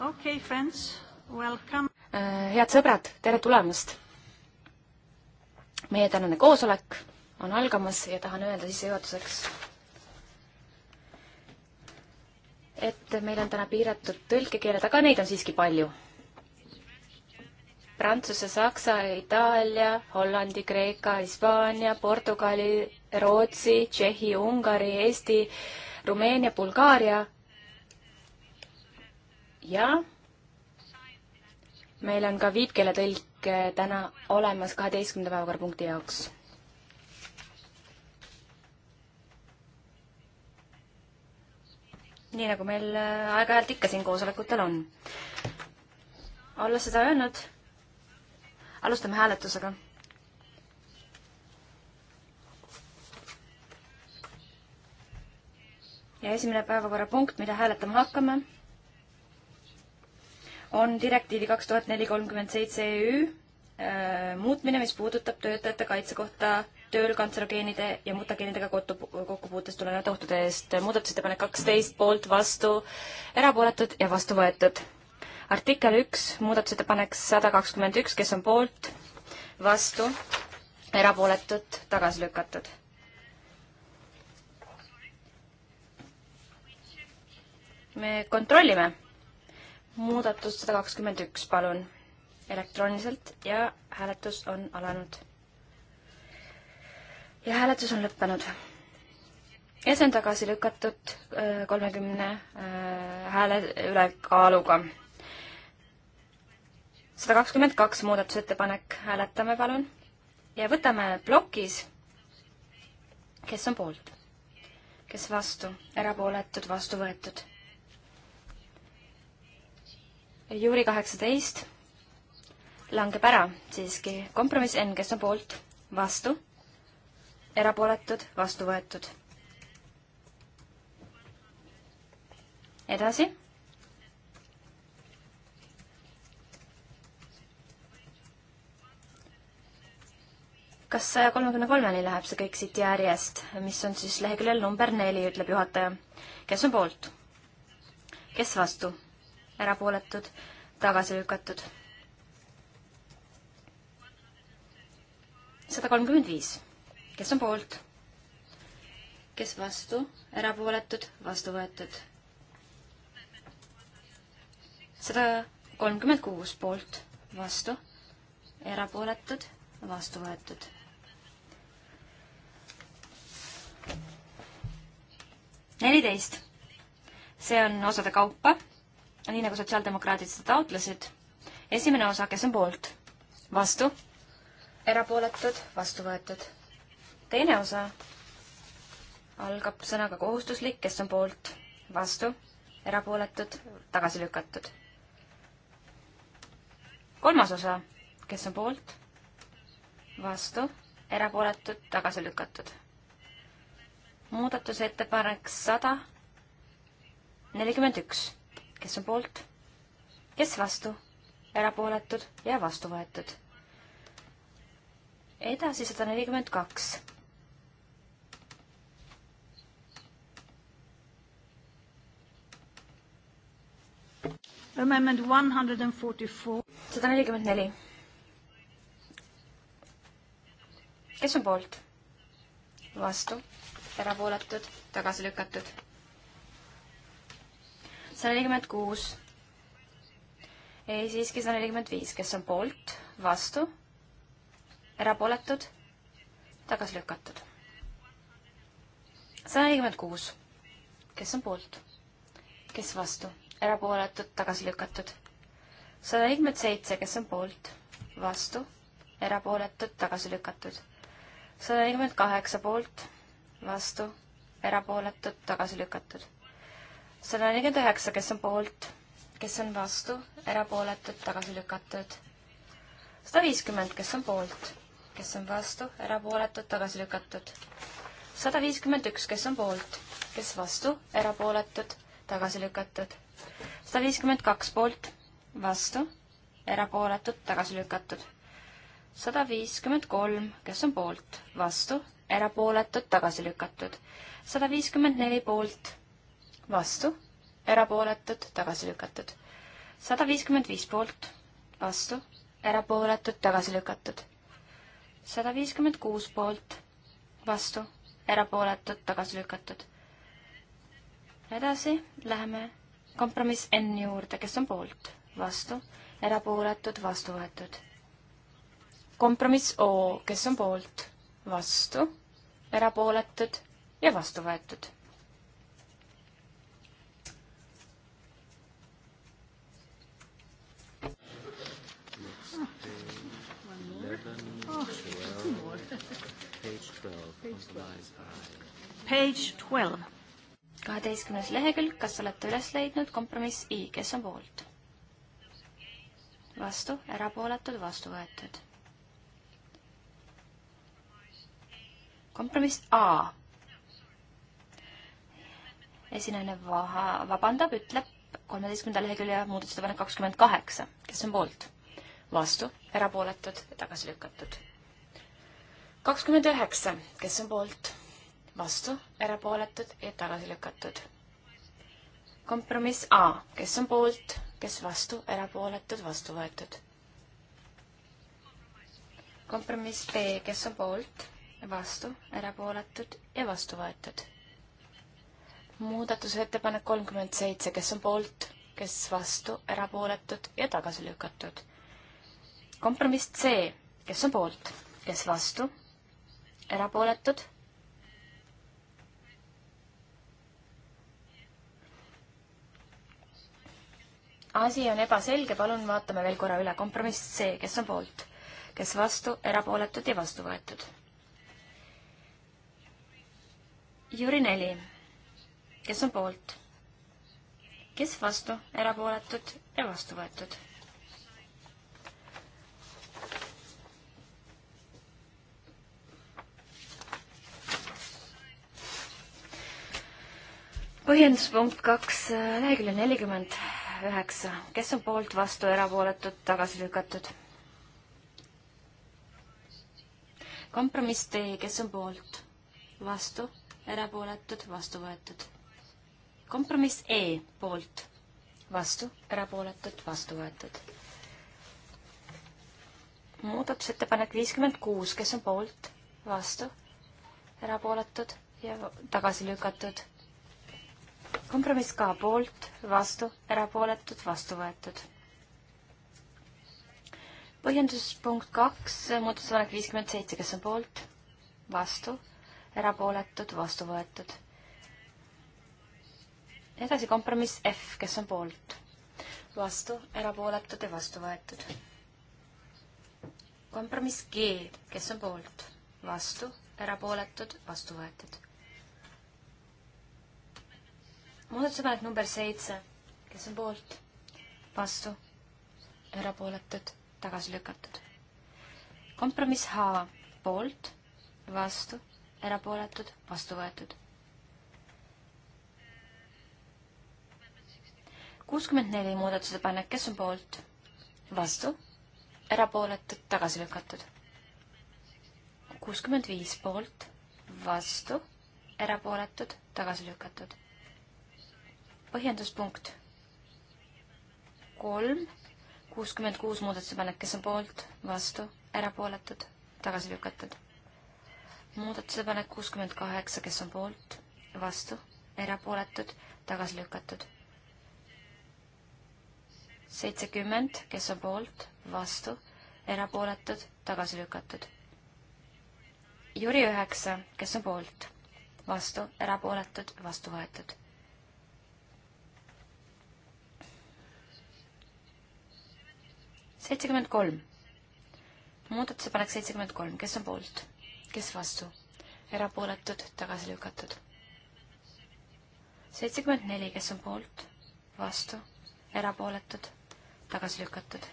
okay, friends, welcome. Äh, head sõbrad, tere tulemast! meie tänane koosolek on algamas ja tahan öelda sissejuhatuseks, et meil on täna piiratud tõlkekeeled, aga neid on siiski palju. Prantsuse, Saksa, Itaalia, Hollandi, Kreeka, Hispaania, Portugali, Rootsi, Tšehhi, Ungari, Eesti, Rumeenia, Bulgaaria ja meil on ka viipkeeletõlk eh, täna olemas kaheteistkümnenda päevakorrapunkti jaoks nii nagu meil eh, aeg-ajalt ikka siin koosolekutel on. olles seda öelnud, alustame hääletusega. ja esimene päevakorrapunkt, mida hääletama hakkame, on direktiivi kaks tuhat neli kolmkümmend seitse EÜ äh, muutmine, mis puudutab töötajate kaitse kohta tööl kantserogeenide ja mutageenidega kokkupuutest tulenevate ohtude eest. muudatusettepanek kaksteist, poolt, vastu, erapooletud ja vastu võetud. artikkel üks, muudatusettepanek sada kakskümmend üks, kes on poolt, vastu, erapooletud, tagasi lükatud me kontrollime muudatus sada kakskümmend üks, palun elektrooniliselt ja hääletus on alanud. ja hääletus on lõppenud. ja see on tagasi lükatud äh, kolmekümne äh, hääle ülekaaluga. sada kakskümmend kaks muudatusettepanek, hääletame palun ja võtame plokis, kes on poolt, kes vastu, erapooletud, vastu võetud juuri kaheksateist langeb ära siiski. kompromiss N, kes on poolt, vastu, erapooletud, vastu võetud. edasi kas saja kolmekümne kolmeni läheb see kõik siit järjest, mis on siis leheküljel number neli, ütleb juhataja. kes on poolt? kes vastu? erapooletud, tagasi lükatud. sada kolmkümmend viis, kes on poolt, kes vastu, erapooletud, vastu võetud. sada kolmkümmend kuus poolt, vastu, erapooletud, vastu võetud neliteist. see on osade kaupa, nii nagu sotsiaaldemokraadid seda taotlesid. esimene osa, kes on poolt? vastu? erapooletud, vastu võetud. teine osa algab sõnaga kohustuslik, kes on poolt? vastu? erapooletud, tagasi lükatud. kolmas osa, kes on poolt? vastu? erapooletud, tagasi lükatud. muudatusettepanek sada nelikümmend üks kes on poolt, kes vastu, erapooletud ja vastu võetud. edasi sada nelikümmend kaks Amendment 144. 144. Kes on poolt? Vastu. Erapooletud. Tagasi lükatud sada nelikümmend kuus. ei, siiski sada nelikümmend viis, kes on poolt, vastu, erapooletud, tagasi lükatud. sada nelikümmend kuus, kes on poolt, kes vastu, erapooletud, tagasi lükatud. sada nelikümmend seitse, kes on poolt, vastu, erapooletud, tagasi lükatud. sada nelikümmend kaheksa poolt, vastu, erapooletud, tagasi lükatud sada nelikümmend üheksa, kes on poolt, kes on vastu, erapooletud, tagasi lükatud. sada viiskümmend, kes on poolt, kes on vastu, erapooletud, tagasi lükatud. sada viiskümmend üks, kes on poolt, kes vastu, erapooletud, tagasi lükatud. sada viiskümmend kaks poolt, vastu, erapooletud, tagasi lükatud. sada viiskümmend kolm, kes on poolt, vastu, erapooletud, tagasi lükatud. sada viiskümmend neli poolt vastu, erapooletud, tagasi lükatud. sada viiskümmend viis poolt, vastu, erapooletud, tagasi lükatud. sada viiskümmend kuus poolt, vastu, erapooletud, tagasi lükatud. edasi läheme kompromiss N juurde, kes on poolt, vastu, erapooletud, vastu võetud. kompromiss O, kes on poolt, vastu, erapooletud ja vastu võetud Page twelve. kaheteistkümnes lehekülg, kas olete üles leidnud kompromiss I, kes on poolt? vastu, erapooletud, vastu võetud. kompromiss A. esinejana vaha, vabandab, ütleb kolmeteistkümnenda lehekülje muudatusettepanek kakskümmend kaheksa, kes on poolt? vastu, erapooletud ja tagasi lükatud kakskümmend üheksa, kes on poolt, vastu, erapooletud ja tagasi lükatud. kompromiss A, kes on poolt, kes vastu, erapooletud, vastu võetud. kompromiss B, kes on poolt, vastu, erapooletud ja vastu võetud. muudatusettepanek kolmkümmend seitse, kes on poolt, kes vastu, erapooletud ja tagasi lükatud. kompromiss C, kes on poolt, kes vastu, erapooletud. asi on ebaselge, palun vaatame veel korra üle. kompromiss C, kes on poolt, kes vastu, erapooletud ja vastu võetud. Jüri neli, kes on poolt, kes vastu, erapooletud ja vastu võetud põhjenduspunkt kaks, lehekülje nelikümmend üheksa, kes on poolt, vastu, erapooletud, tagasi lükatud? kompromiss D, kes on poolt, vastu, erapooletud, vastu võetud. kompromiss E, poolt, vastu, erapooletud, vastu võetud. muudatusettepanek viiskümmend kuus, kes on poolt, vastu, erapooletud ja tagasi lükatud kompromiss ka poolt, vastu, erapooletud, vastu võetud. põhjenduspunkt kaks, muudatusettepanek viiskümmend seitse, kes on poolt, vastu, erapooletud, vastu võetud. edasi kompromiss F, kes on poolt, vastu, erapooletud ja vastu võetud. kompromiss G, kes on poolt, vastu, erapooletud, vastu võetud muudatusepanek number seitse, kes on poolt, vastu, erapooletud, tagasi lükatud. kompromiss H, poolt, vastu, erapooletud, vastu võetud. kuuskümmend neli muudatusepanek, kes on poolt, vastu, erapooletud, tagasi lükatud. kuuskümmend viis poolt, vastu, erapooletud, tagasi lükatud põhjenduspunkt kolm, kuuskümmend kuus muudatusepanek, kes on poolt, vastu, erapooletud, tagasi lükatud. muudatusepanek kuuskümmend kaheksa, kes on poolt, vastu, erapooletud, tagasi lükatud. seitsekümmend, kes on poolt, vastu, erapooletud, tagasi lükatud. Jüri üheksa, kes on poolt, vastu, erapooletud, vastu võetud seitsekümmend kolm. muudatusepanek seitsekümmend kolm, kes on poolt, kes vastu? erapooletud, tagasi lükatud. seitsekümmend neli, kes on poolt, vastu, erapooletud, tagasi lükatud.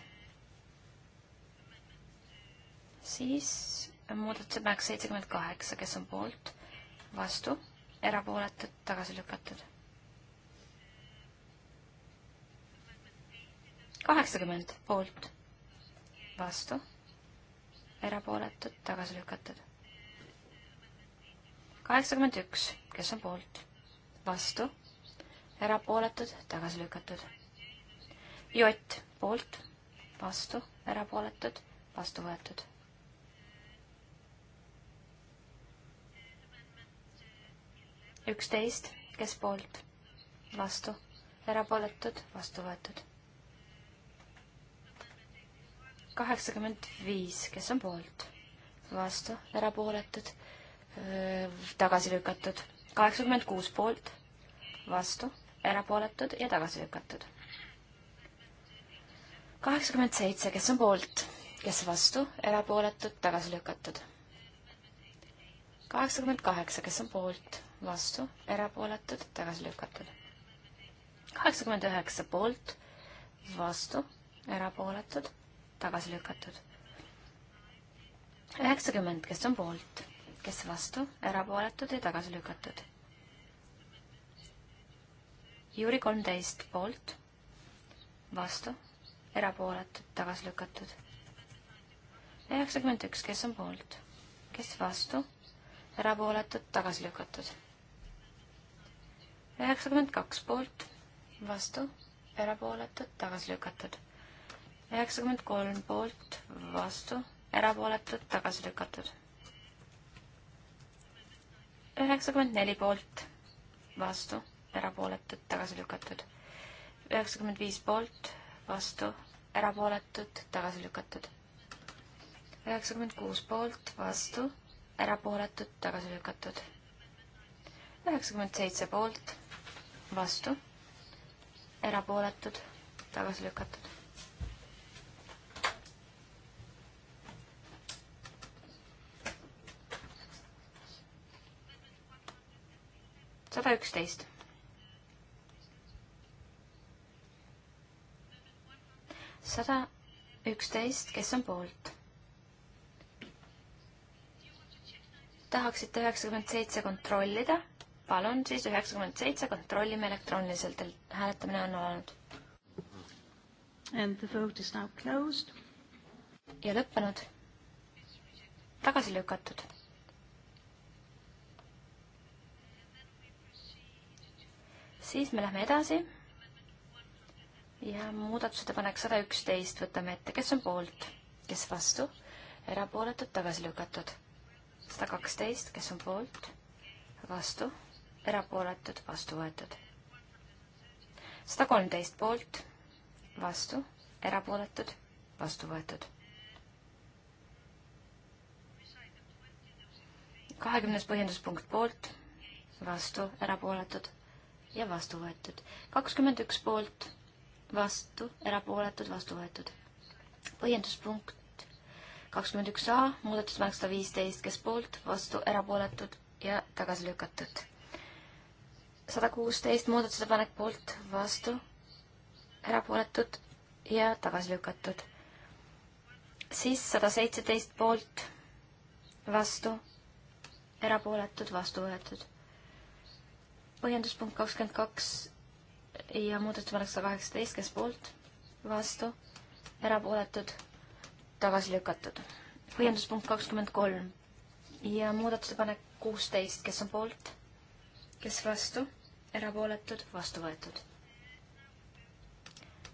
siis muudatusepanek seitsekümmend kaheksa, kes on poolt, vastu, erapooletud, tagasi lükatud kaheksakümmend poolt, vastu, erapooletud, tagasi lükatud. kaheksakümmend üks, kes on poolt, vastu, erapooletud, tagasi lükatud. J poolt, vastu, erapooletud, vastu võetud. üksteist, kes poolt, vastu, erapooletud, vastu võetud kaheksakümmend viis, kes on poolt, vastu, erapooletud, tagasi lükatud. kaheksakümmend kuus poolt, vastu, erapooletud ja tagasi lükatud. kaheksakümmend seitse, kes on poolt, kes vastu, erapooletud, tagasi lükatud. kaheksakümmend kaheksa, kes on poolt, vastu, erapooletud, tagasi lükatud. kaheksakümmend üheksa poolt, vastu, erapooletud tagasi lükatud. üheksakümmend, kes on poolt, kes vastu, erapooletud ja tagasi lükatud. Jüri kolmteist poolt, vastu, erapooletud, tagasi lükatud. üheksakümmend üks, kes on poolt, kes vastu, erapooletud, tagasi lükatud. üheksakümmend kaks poolt, vastu, erapooletud, tagasi lükatud üheksakümmend kolm poolt, vastu, erapooletud, tagasi lükatud. üheksakümmend neli poolt, vastu, erapooletud, tagasi lükatud. üheksakümmend viis poolt, vastu, erapooletud, tagasi lükatud. üheksakümmend kuus poolt, vastu, erapooletud, tagasi lükatud. üheksakümmend seitse poolt, vastu, erapooletud, tagasi lükatud sada üksteist. sada üksteist, kes on poolt? tahaksite üheksakümmend seitse kontrollida? palun siis üheksakümmend seitse kontrollime elektrooniliselt, hääletamine on alanud. And the vote is now closed. ja lõppenud. tagasi lükatud siis me lähme edasi. ja muudatusettepanek sada üksteist võtame ette, kes on poolt, kes vastu, erapooletud, tagasi lükatud. sada kaksteist, kes on poolt, vastu, erapooletud, vastu võetud. sada kolmteist poolt, vastu, erapooletud, vastu võetud. kahekümnes põhjenduspunkt poolt, vastu, erapooletud ja vastu võetud. kakskümmend üks poolt, vastu, erapooletud, vastu võetud. põhjenduspunkt kakskümmend üks A, muudatusettepanek sada viisteist, kes poolt, vastu, erapooletud ja tagasi lükatud. sada kuusteist muudatusettepanek poolt, vastu, erapooletud ja tagasi lükatud. siis sada seitseteist poolt, vastu, erapooletud, vastu võetud põhjenduspunkt kakskümmend kaks ja muudatusettepanek sada kaheksateist, kes poolt, vastu, erapooletud, tagasi lükatud. põhjenduspunkt kakskümmend kolm ja muudatusettepanek kuusteist, kes on poolt, kes vastu, erapooletud, vastu võetud.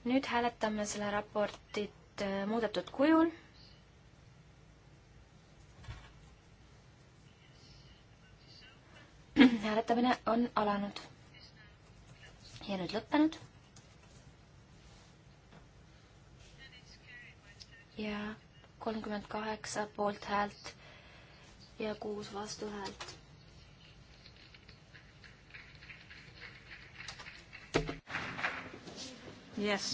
nüüd hääletame selle raportit äh, muudetud kujul hääletamine on alanud. ja nüüd lõppenud. ja kolmkümmend kaheksa poolthäält ja kuus vastuhäält. Yes.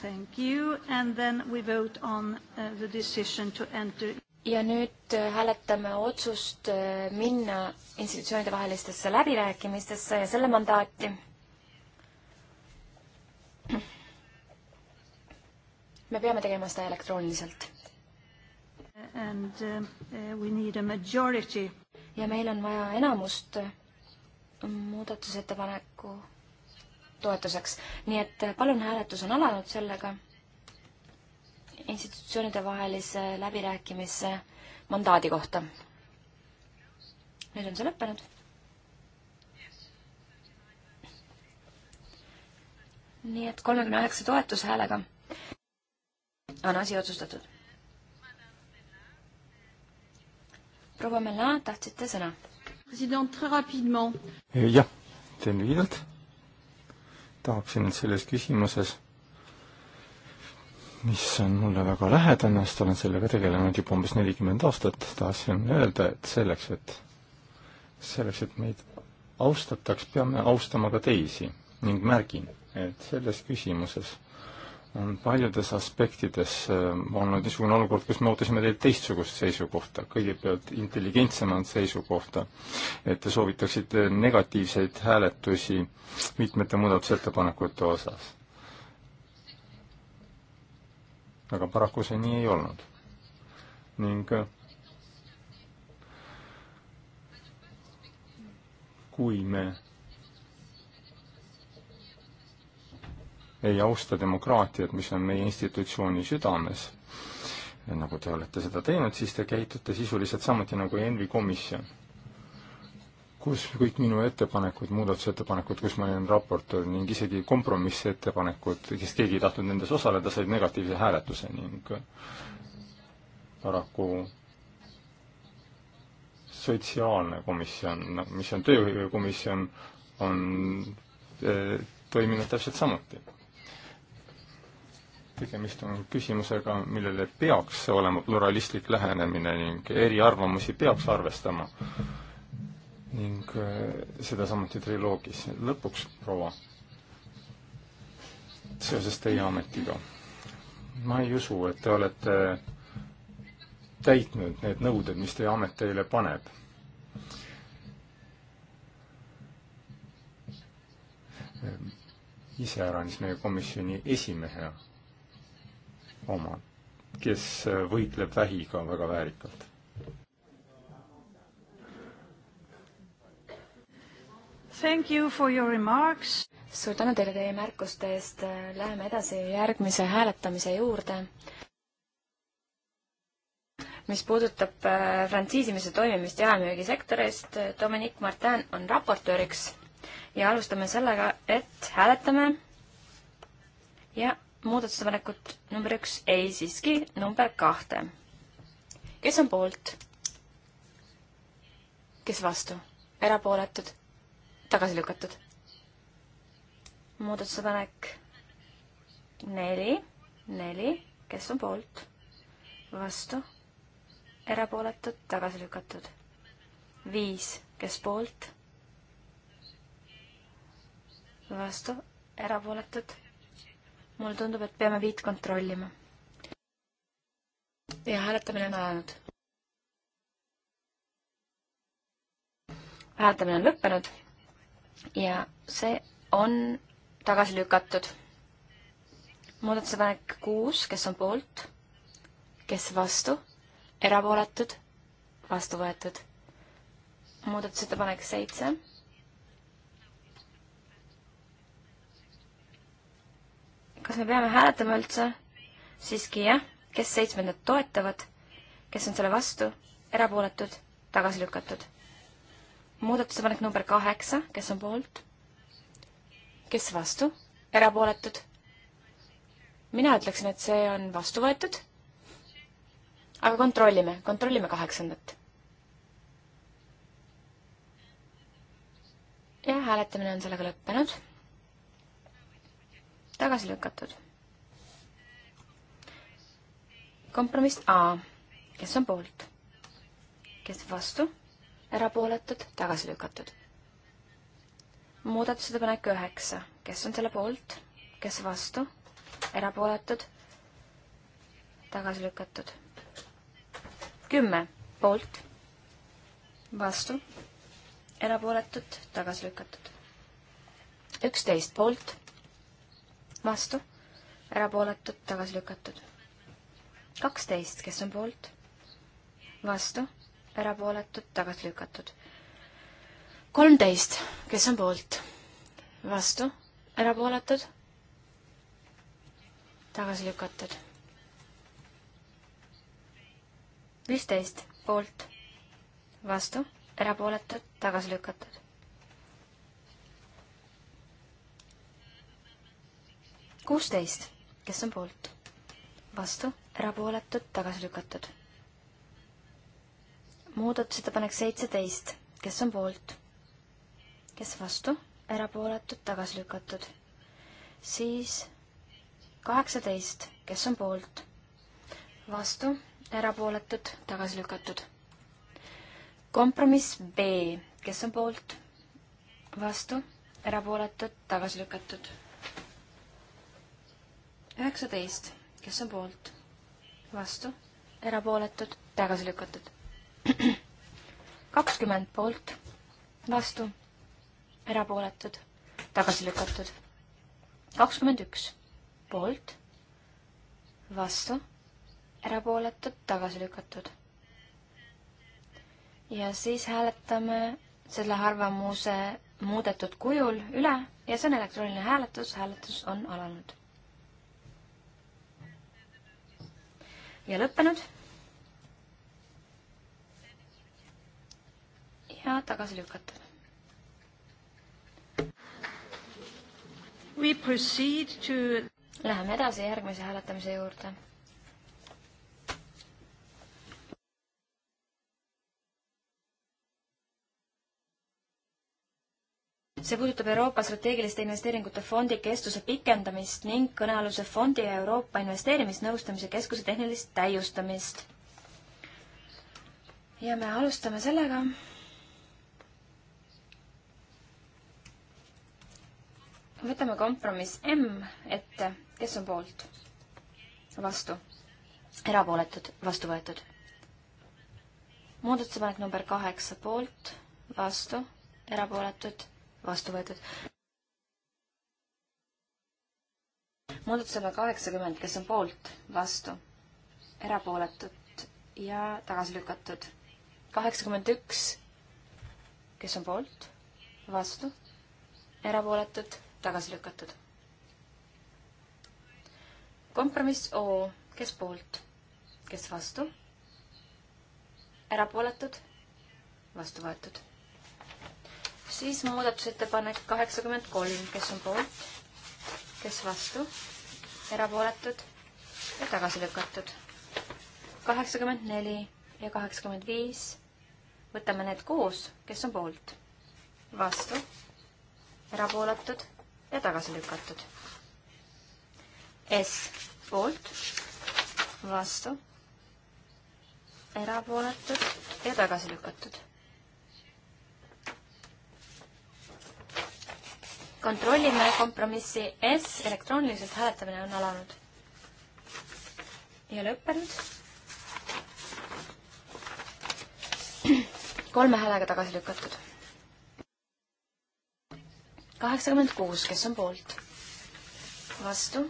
Thank you. And then we vote on uh, the decision to enter ja nüüd äh, hääletame otsust äh, minna institutsioonide vahelistesse läbirääkimistesse ja selle mandaati. me peame tegema seda elektrooniliselt. And uh, uh we need a majority. ja meil on vaja enamust äh, muudatusettepaneku toetuseks, nii et palun, hääletus on alanud sellega institutsioonide vahelise läbirääkimise mandaadi kohta. nüüd on see lõppenud. nii et kolmekümne üheksa toetushäälega on asi otsustatud. proua Mela, tahtsite sõna? Eh, jah, teen lühidalt. tahaksin selles küsimuses mis on mulle väga lähedane, sest olen sellega tegelenud juba umbes nelikümmend aastat, tahtsin öelda, et selleks, et selleks, et meid austataks, peame austama ka teisi ning märgin, et selles küsimuses on paljudes aspektides äh, olnud niisugune olukord, kus me ootasime teilt teistsugust seisukohta, kõigepealt intelligentsemat seisukohta, et te soovitaksite negatiivseid hääletusi mitmete muudatusettepanekute osas aga paraku see nii ei olnud. ning kui me ei austa demokraatiat, mis on meie institutsiooni südames, nagu te olete seda teinud, siis te käitute sisuliselt samuti nagu ENVI komisjon kus kõik minu ettepanekud, muudatusettepanekud, kus ma olin raportöör ning isegi kompromissettepanekud, kes keegi ei tahtnud nendes osaleda, said negatiivse hääletuse ning paraku sotsiaalne komisjon, mis on tööhõivekomisjon, on e, toiminud täpselt samuti. tegemist on küsimusega, millele peaks olema pluralistlik lähenemine ning eriarvamusi peaks arvestama ning äh, seda samuti triloogis. lõpuks, proua, seoses teie ametiga, ma ei usu, et te olete täitnud need nõuded, mis teie amet teile paneb. iseäranis meie komisjoni esimehe oma, kes võitleb vähiga väga väärikalt Thank you for your remarks. suur tänu teile teie märkuste eest, läheme edasi järgmise hääletamise juurde. mis puudutab äh, frantsiisimise toimimist jaemüügisektorist, Dominic Martin on raportööriks ja alustame sellega, et hääletame ja muudatusettepanekut number üks, ei siiski, number kahte. kes on poolt? kes vastu? erapooletud tagasi lükatud. muudatusettepanek neli, neli, kes on poolt, vastu, erapooletud, tagasi lükatud. viis, kes poolt, vastu, erapooletud. mulle tundub, et peame viit kontrollima. ja hääletamine on alanud. hääletamine on lõppenud ja see on tagasi lükatud. muudatusettepanek kuus, kes on poolt, kes vastu, erapooletud, vastu võetud. muudatusettepanek seitse kas me peame hääletama üldse? siiski jah, kes seitsmendat toetavad, kes on selle vastu, erapooletud, tagasi lükatud muudatusepanek number kaheksa, kes on poolt? kes vastu? erapooletud? mina ütleksin, et see on vastu võetud. aga kontrollime, kontrollime kaheksandat. ja hääletamine on sellega lõppenud. tagasi lükatud. kompromiss A, kes on poolt? kes vastu? erapooletud, tagasi lükatud. muudatusettepanek üheksa, kes on selle poolt, kes vastu, erapooletud, tagasi lükatud. kümme poolt, vastu, erapooletud, tagasi lükatud. üksteist poolt, vastu, erapooletud, tagasi lükatud. kaksteist, kes on poolt, vastu erapooletud, tagasi lükatud. kolmteist, kes on poolt? vastu, erapooletud, tagasi lükatud. viisteist, poolt, vastu, erapooletud, tagasi lükatud. kuusteist, kes on poolt? vastu, erapooletud, tagasi lükatud muudatusettepanek seitseteist, kes on poolt? kes vastu? erapooletud, tagasi lükatud. siis kaheksateist, kes on poolt? vastu, erapooletud, tagasi lükatud. kompromiss B, kes on poolt? vastu, erapooletud, tagasi lükatud. üheksateist, kes on poolt? vastu, erapooletud, tagasi lükatud kakskümmend poolt, vastu, erapooletud, tagasi lükatud. kakskümmend üks poolt, vastu, erapooletud, tagasi lükatud. ja siis hääletame selle arvamuse muudetud kujul üle ja see on elektrooniline hääletus, hääletus on alanud. ja lõppenud ja tagasi lükatud. We proceed to Läheme edasi järgmise hääletamise juurde. see puudutab Euroopa strateegiliste investeeringute fondi kestuse pikendamist ning kõnealuse fondi ja Euroopa Investeerimisnõustamise Keskuse tehnilist täiustamist. ja me alustame sellega võtame kompromiss M ette, kes on poolt? vastu. erapooletud, vastu võetud. muudatusepanek number kaheksa poolt, vastu, erapooletud, vastu võetud. muudatusepanek kaheksakümmend, kes on poolt, vastu, erapooletud ja tagasi lükatud. kaheksakümmend üks, kes on poolt, vastu, erapooletud tagasi lükatud. kompromiss O, kes poolt, kes vastu? erapooletud, vastu võetud. siis muudatusettepanek kaheksakümmend kolm, kes on poolt, kes vastu, erapooletud ja tagasi lükatud. kaheksakümmend neli ja kaheksakümmend viis, võtame need koos, kes on poolt, vastu erapooletud, ja tagasi lükatud. S poolt, vastu, erapooletud ja tagasi lükatud. kontrollime kompromissi S, elektrooniliselt hääletamine on alanud ja lõppenud. kolme häälega tagasi lükatud kaheksakümmend kuus, kes on poolt? vastu?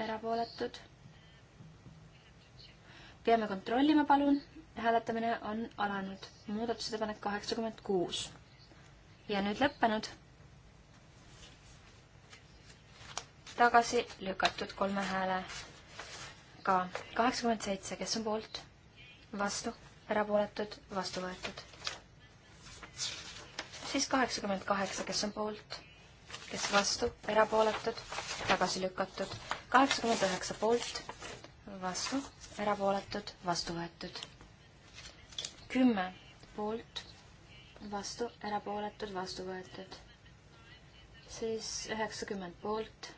erapooletud? peame kontrollima, palun. hääletamine on alanud. muudatusettepanek kaheksakümmend kuus. ja nüüd lõppenud. tagasi lükatud kolme häälega. kaheksakümmend seitse, kes on poolt? vastu? erapooletud? vastu võetud? siis kaheksakümmend kaheksa, kes on poolt, kes vastu, erapooletud, tagasi lükatud. kaheksakümmend üheksa poolt, vastu, erapooletud, vastu võetud. kümme poolt, vastu, erapooletud, vastu võetud. siis üheksakümmend poolt,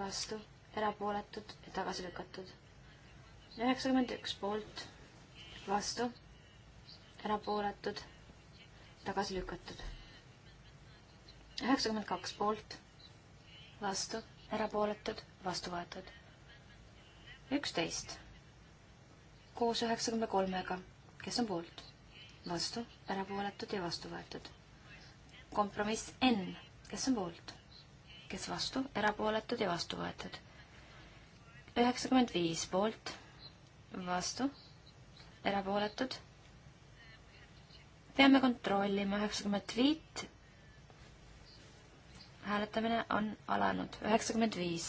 vastu, erapooletud ja tagasi lükatud. üheksakümmend üks poolt, vastu, erapooletud tagasi lükatud üheksakümmend kaks poolt, vastu, erapooletud, vastu võetud. üksteist koos üheksakümne kolmega, kes on poolt, vastu, erapooletud ja vastu võetud. kompromiss N, kes on poolt, kes vastu, erapooletud ja vastu võetud. üheksakümmend viis poolt, vastu, erapooletud. peame kontrollima üheksakümmet viit hääletamine on alanud, üheksakümmend viis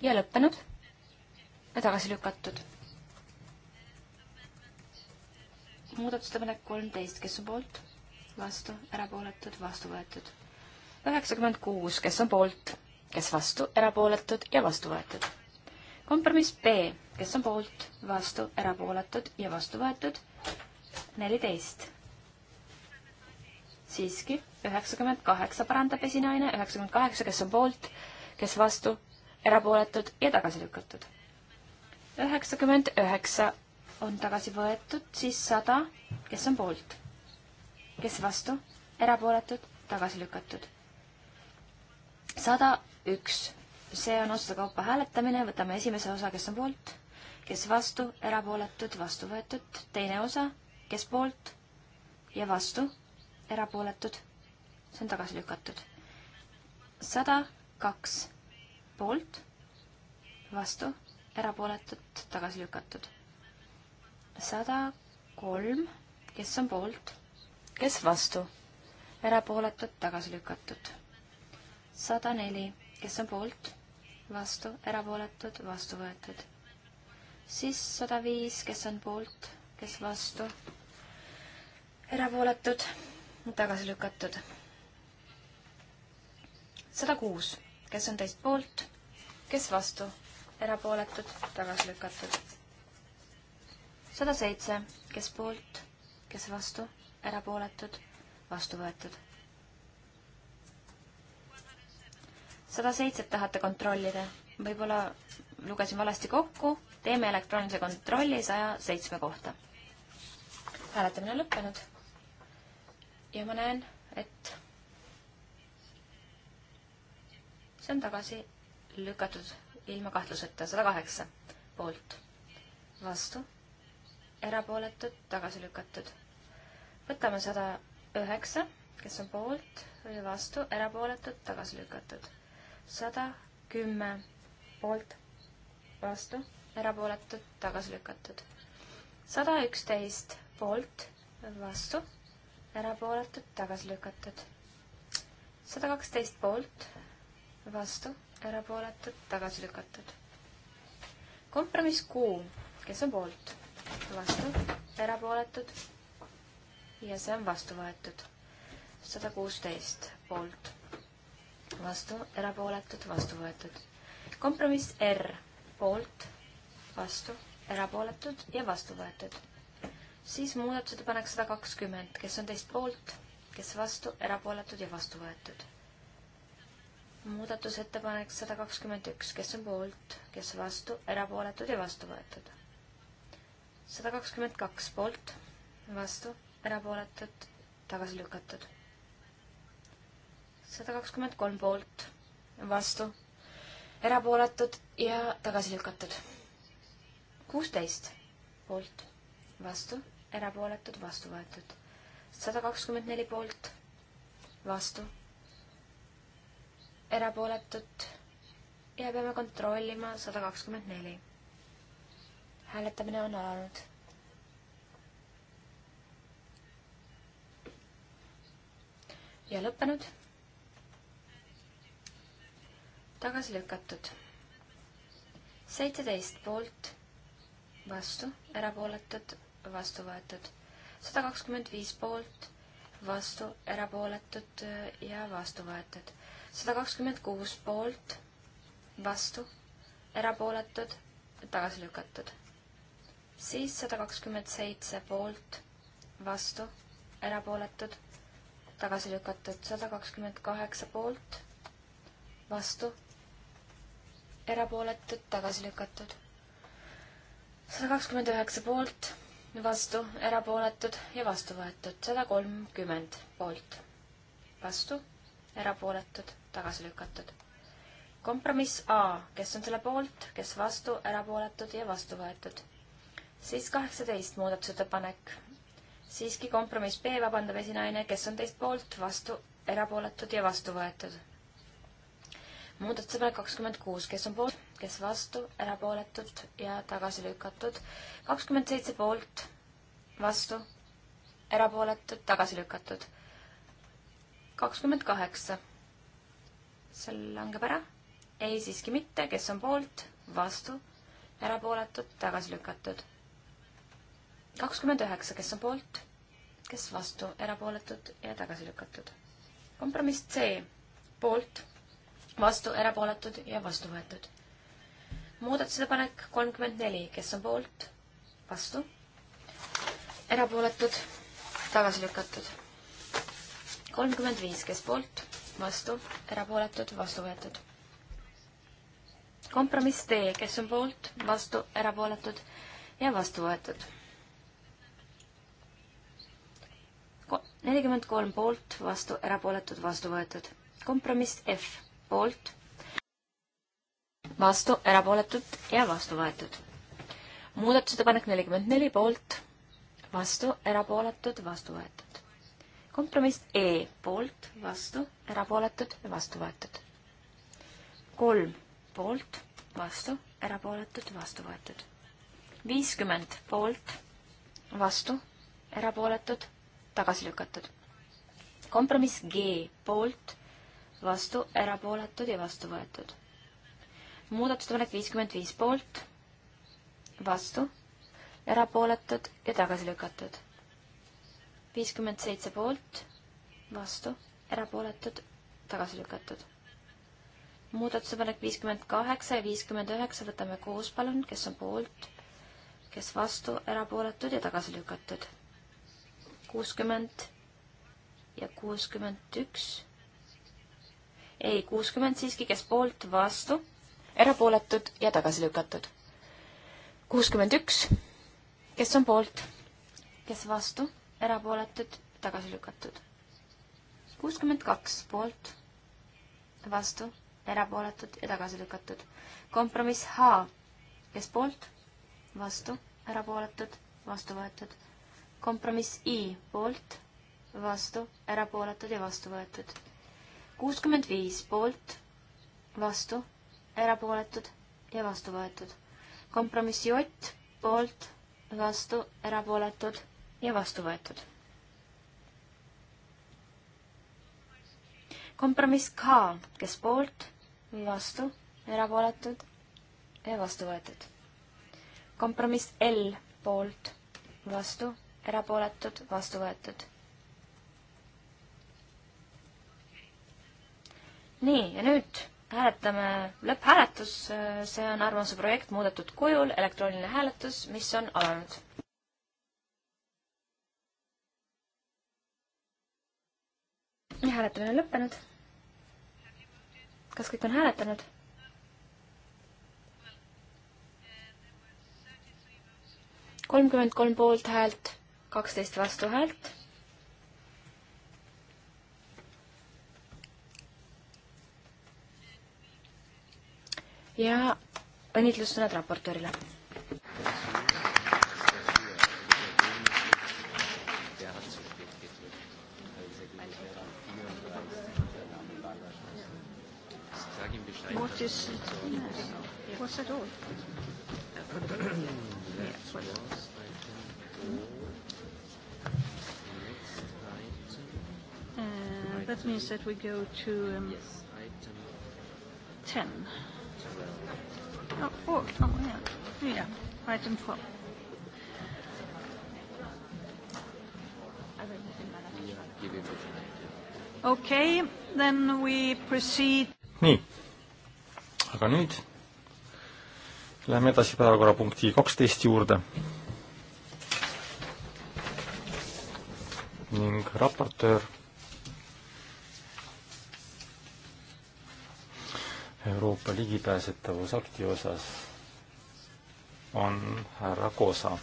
ja lõppenud ja tagasi lükatud. muudatusettepanek kolmteist, kes on poolt, vastu, erapooletud, vastu võetud. üheksakümmend kuus, kes on poolt, kes vastu, erapooletud ja vastu võetud. kompromiss B, kes on poolt, vastu, erapooletud ja vastu võetud. neliteist siiski, üheksakümmend kaheksa parandab esinaine, üheksakümmend kaheksa, kes on poolt, kes vastu, erapooletud ja tagasi lükatud. üheksakümmend üheksa on tagasi võetud, siis sada, kes on poolt, kes vastu, erapooletud, tagasi lükatud. sada üks, see on otsade kaupa hääletamine, võtame esimese osa, kes on poolt, kes vastu, erapooletud, vastu võetud, teine osa, kes poolt ja vastu, erapooletud, see on tagasi lükatud. sada kaks poolt, vastu, erapooletud, tagasi lükatud. sada kolm, kes on poolt, kes vastu, erapooletud, tagasi lükatud. sada neli, kes on poolt, vastu, erapooletud, vastu võetud. siis sada viis, kes on poolt, kes vastu, erapooletud tagasi lükatud. sada kuus, kes on teist poolt, kes vastu, erapooletud, tagasi lükatud. sada seitse, kes poolt, kes vastu, erapooletud, vastu võetud. sada seitset tahate kontrollida, võib-olla lugesin valesti kokku, teeme elektroonilise kontrolli saja seitsme kohta. hääletamine on lõppenud ja ma näen, et see on tagasi lükatud ilma kahtluseta, sada kaheksa poolt, vastu, erapooletud, tagasi lükatud. võtame sada üheksa, kes on poolt, vastu, erapooletud, tagasi lükatud. sada kümme poolt, vastu, erapooletud, tagasi lükatud. sada üksteist poolt, vastu erapooletud, tagasi lükatud. sada kaksteist poolt, vastu, erapooletud, tagasi lükatud. kompromiss Q, kes on poolt, vastu, erapooletud ja see on vastu võetud. sada kuusteist poolt, vastu, erapooletud, vastu võetud. kompromiss R, poolt, vastu, erapooletud ja vastu võetud siis muudatusettepanek sada kakskümmend, kes on teist poolt, kes vastu, erapooletud ja vastu võetud. muudatusettepanek sada kakskümmend üks, kes on poolt, kes vastu, erapooletud ja vastu võetud. sada kakskümmend kaks poolt, vastu, erapooletud, tagasi lükatud. sada kakskümmend kolm poolt, vastu, erapooletud ja tagasi lükatud. kuusteist poolt, vastu, erapooletud, vastu võetud. sada kakskümmend neli poolt, vastu, erapooletud ja peame kontrollima sada kakskümmend neli. hääletamine on alanud. ja lõppenud. tagasi lükatud. seitseteist poolt, vastu, erapooletud vastu võetud. sada kakskümmend viis poolt, vastu, erapooletud äh, ja vastu võetud. sada kakskümmend kuus poolt, vastu, erapooletud, tagasi lükatud. siis sada kakskümmend seitse poolt, vastu, erapooletud, tagasi lükatud. sada kakskümmend kaheksa poolt, vastu, erapooletud, tagasi lükatud. sada kakskümmend üheksa poolt vastu, erapooletud ja vastu võetud. sada kolmkümmend poolt, vastu, erapooletud, tagasi lükatud. kompromiss A, kes on selle poolt, kes vastu, erapooletud ja vastu võetud. siis kaheksateist muudatusettepanek. siiski kompromiss B, vabandab esinaine, kes on teist poolt, vastu, erapooletud ja vastu võetud muudatusettepanek kakskümmend kuus, kes on poolt, kes vastu, erapooletud ja tagasi lükatud. kakskümmend seitse poolt, vastu, erapooletud, tagasi lükatud. kakskümmend kaheksa. see langeb ära? ei, siiski mitte, kes on poolt, vastu, erapooletud, tagasi lükatud. kakskümmend üheksa, kes on poolt, kes vastu, erapooletud ja tagasi lükatud. kompromiss C, poolt vastu, erapooletud ja vastu võetud. muudatusettepanek kolmkümmend neli, kes on poolt, vastu, erapooletud, tagasi lükatud. kolmkümmend viis, kes poolt, vastu, erapooletud, vastu võetud. kompromiss D, kes on poolt, vastu, erapooletud ja vastu võetud nelikümmend kolm poolt, vastu, erapooletud, vastu võetud. kompromiss F, poolt, vastu, erapooletud ja vastu võetud. muudatusettepanek nelikümmend neli poolt, vastu, erapooletud, vastu võetud. kompromiss E poolt, vastu, erapooletud ja vastu võetud. kolm poolt, vastu, erapooletud, vastu võetud. viiskümmend poolt, vastu, erapooletud, tagasi lükatud. kompromiss G poolt vastu, erapooletud ja vastu võetud. muudatusettepanek viiskümmend viis poolt, vastu, erapooletud ja tagasi lükatud. viiskümmend seitse poolt, vastu, erapooletud, tagasi lükatud. muudatusettepanek viiskümmend kaheksa ja viiskümmend üheksa võtame koos, palun, kes on poolt, kes vastu, erapooletud ja tagasi lükatud. kuuskümmend ja kuuskümmend üks ei, kuuskümmend siiski, kes poolt, vastu, erapooletud ja tagasi lükatud. kuuskümmend üks, kes on poolt, kes vastu, erapooletud, tagasi lükatud. kuuskümmend kaks poolt, vastu, erapooletud ja tagasi lükatud. kompromiss H, kes poolt, vastu, erapooletud, vastu võetud. kompromiss I poolt, vastu, erapooletud ja vastu võetud kuuskümmend viis poolt, vastu, erapooletud ja vastu võetud. kompromiss J poolt, vastu, erapooletud ja vastu võetud. kompromiss K, kes poolt, vastu, erapooletud ja vastu võetud. kompromiss L poolt, vastu, erapooletud, vastu võetud nii, ja nüüd hääletame lõpphääletus, see on arvamuse projekt muudetud kujul, elektrooniline hääletus, mis on alanud. hääletamine on lõppenud. kas kõik on hääletanud? kolmkümmend kolm poolthäält, kaksteist vastuhäält ja õnnitlussõnad raportöörile. What is what's that all? yes, what else? Uh, that means that we go to um, yes, item 10. Oh, four. Oh, yeah. Yeah, item four. okei okay,, then we proceed. nii, aga nüüd läheme edasi päevakorrapunkti kaksteist juurde. ning raportöör Euroopa ligipääsetavusakti osas on härra Koosa.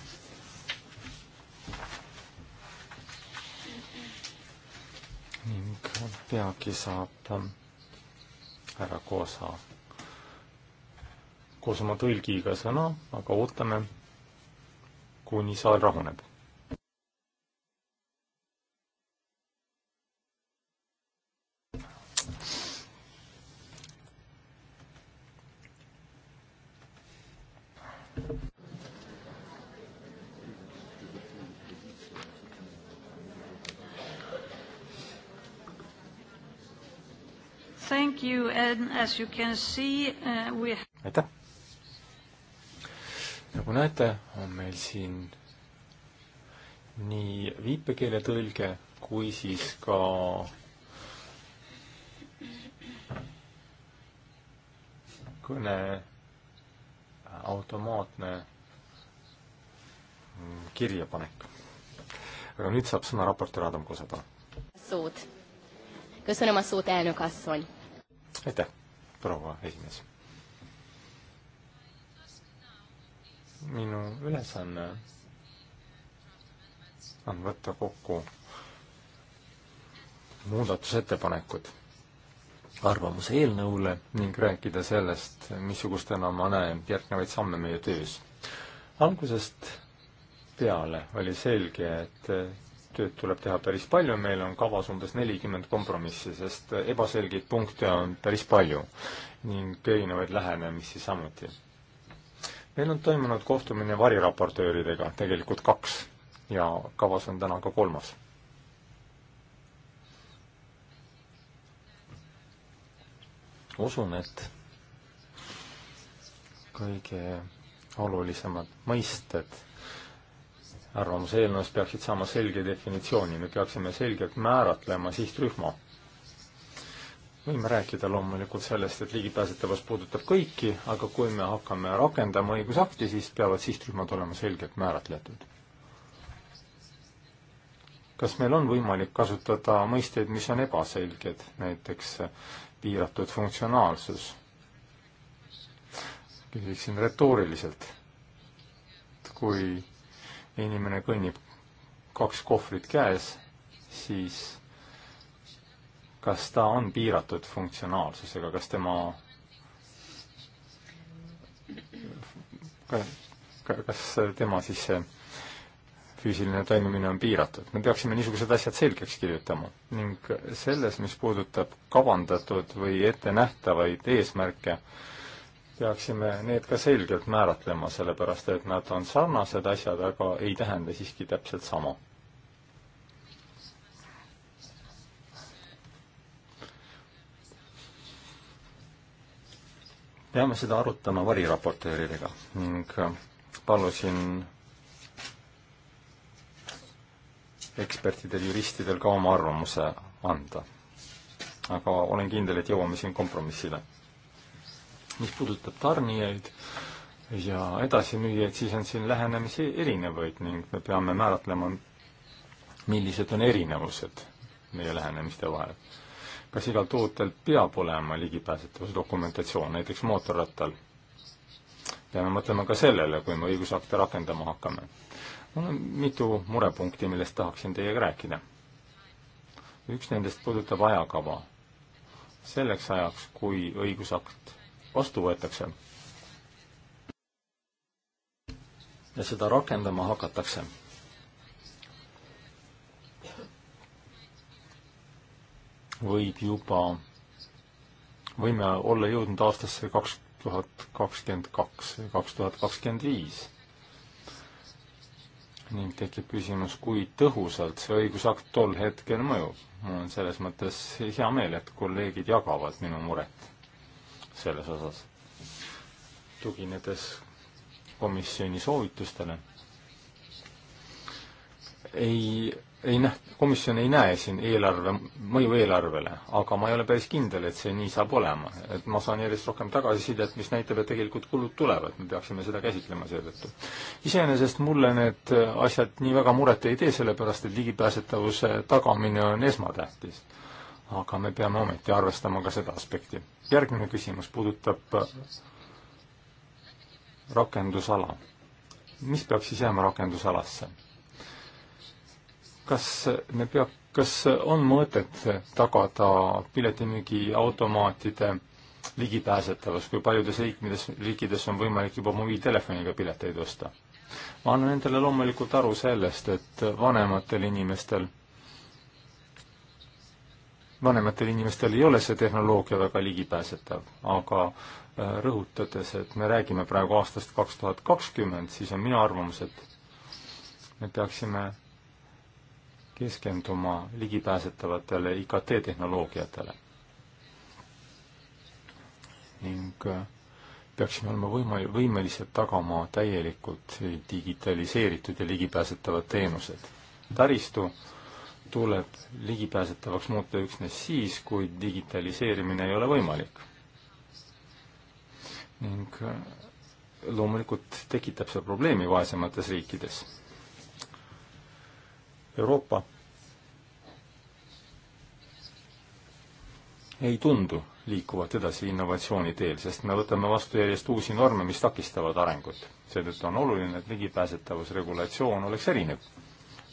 ning peagi saab härra Koosa koos oma tõlgiga sõna, aga ootame, kuni saal rahuneb. you and as you can see uh, we aitäh! nagu näete, on meil siin nii viipekeeletõlge kui siis ka kõne automaatne kirjapanek. aga nüüd saab sõna raportöör Adam Kose, palun. suud. köszönöm a szót, elnök asszony aitäh, proua esimees. minu ülesanne on võtta kokku muudatusettepanekud arvamuse eelnõule ning rääkida sellest, missugustena ma näen järgnevaid samme meie töös. algusest peale oli selge, et tööd tuleb teha päris palju, meil on kavas umbes nelikümmend kompromissi, sest ebaselgeid punkte on päris palju ning erinevaid lähenemisi samuti. meil on toimunud kohtumine variraportööridega, tegelikult kaks, ja kavas on täna ka kolmas. usun, et kõige olulisemad mõisted arvamuse eelnõus peaksid saama selge definitsiooni, me peaksime selgelt määratlema sihtrühma. võime rääkida loomulikult sellest, et ligipääsetavus puudutab kõiki, aga kui me hakkame rakendama õigusakti, siis peavad sihtrühmad olema selgelt määratletud. kas meil on võimalik kasutada mõisteid, mis on ebaselged, näiteks piiratud funktsionaalsus? küsiksin retooriliselt, kui inimene kõnnib kaks kohvrit käes, siis kas ta on piiratud funktsionaalsusega, kas tema kas tema siis see füüsiline toimimine on piiratud. me peaksime niisugused asjad selgeks kirjutama ning selles, mis puudutab kavandatud või ettenähtavaid eesmärke, peaksime need ka selgelt määratlema, sellepärast et nad on sarnased asjad, aga ei tähenda siiski täpselt sama. peame seda arutama variraportööridega ning palusin ekspertidel, juristidel ka oma arvamuse anda. aga olen kindel, et jõuame siin kompromissile mis puudutab tarnijaid ja edasimüüjaid, siis on siin lähenemisi erinevaid ning me peame määratlema, millised on erinevused meie lähenemiste vahel. kas igal tootel peab olema ligipääsetavusdokumentatsioon, näiteks mootorrattal? peame mõtlema ka sellele, kui me õigusakte rakendama hakkame. mul on mitu murepunkti, millest tahaksin teiega rääkida. üks nendest puudutab ajakava selleks ajaks, kui õigusakt vastu võetakse. ja seda rakendama hakatakse. võib juba, võime olla jõudnud aastasse kaks tuhat kakskümmend kaks või kaks tuhat kakskümmend viis ning tekib küsimus, kui tõhusalt see õigusakt tol hetkel mõjub. mul on selles mõttes hea meel, et kolleegid jagavad minu muret selles osas, tuginedes komisjoni soovitustele. ei, ei näh-, komisjon ei näe siin eelarve, mõju eelarvele, aga ma ei ole päris kindel, et see nii saab olema. et ma saan järjest rohkem tagasisidet, mis näitab, et tegelikult kulud tulevad, me peaksime seda käsitlema seetõttu. iseenesest mulle need asjad nii väga muret ei tee, sellepärast et ligipääsetavuse tagamine on esmatähtis aga me peame ometi arvestama ka seda aspekti. järgmine küsimus puudutab äh, rakendusala. mis peab siis jääma rakendusalasse? kas me peab, kas on mõtet tagada piletimüügiautomaatide ligipääsetavus, kui paljudes riikides, riikides on võimalik juba mobiiltelefoniga pileteid osta? ma annan endale loomulikult aru sellest, et vanematel inimestel vanematel inimestel ei ole see tehnoloogia väga ligipääsetav, aga äh, rõhutades, et me räägime praegu aastast kaks tuhat kakskümmend, siis on minu arvamus, et me peaksime keskenduma ligipääsetavatele IKT tehnoloogiatele. ning äh, peaksime olema võima-, võimelised tagama täielikult digitaliseeritud ja ligipääsetavad teenused. taristu äh, tuleb ligipääsetavaks muuta üksnes siis, kui digitaliseerimine ei ole võimalik. ning äh, loomulikult tekitab see probleemi vaesemates riikides. Euroopa ei tundu liikuvat edasi innovatsiooni teel, sest me võtame vastu järjest uusi norme, mis takistavad arengut. seetõttu on oluline, et ligipääsetavusregulatsioon oleks erinev.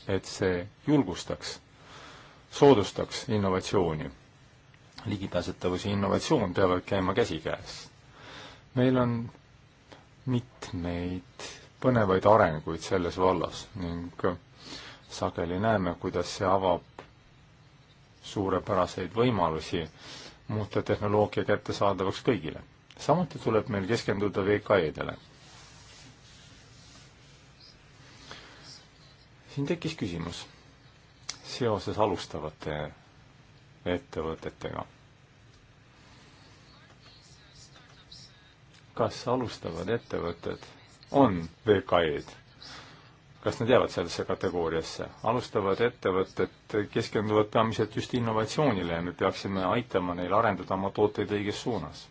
et see julgustaks soodustaks innovatsiooni. ligipääsetavus ja innovatsioon peavad käima käsikäes. meil on mitmeid põnevaid arenguid selles vallas ning sageli näeme, kuidas see avab suurepäraseid võimalusi muuta tehnoloogia kättesaadavaks kõigile. samuti tuleb meil keskenduda VKE-dele. siin tekkis küsimus seoses alustavate ettevõtetega. kas alustavad ettevõtted on VKE-d? kas nad jäävad sellesse kategooriasse? alustavad ettevõtted keskenduvad peamiselt just innovatsioonile ja me peaksime aitama neil arendada oma tooteid õiges suunas.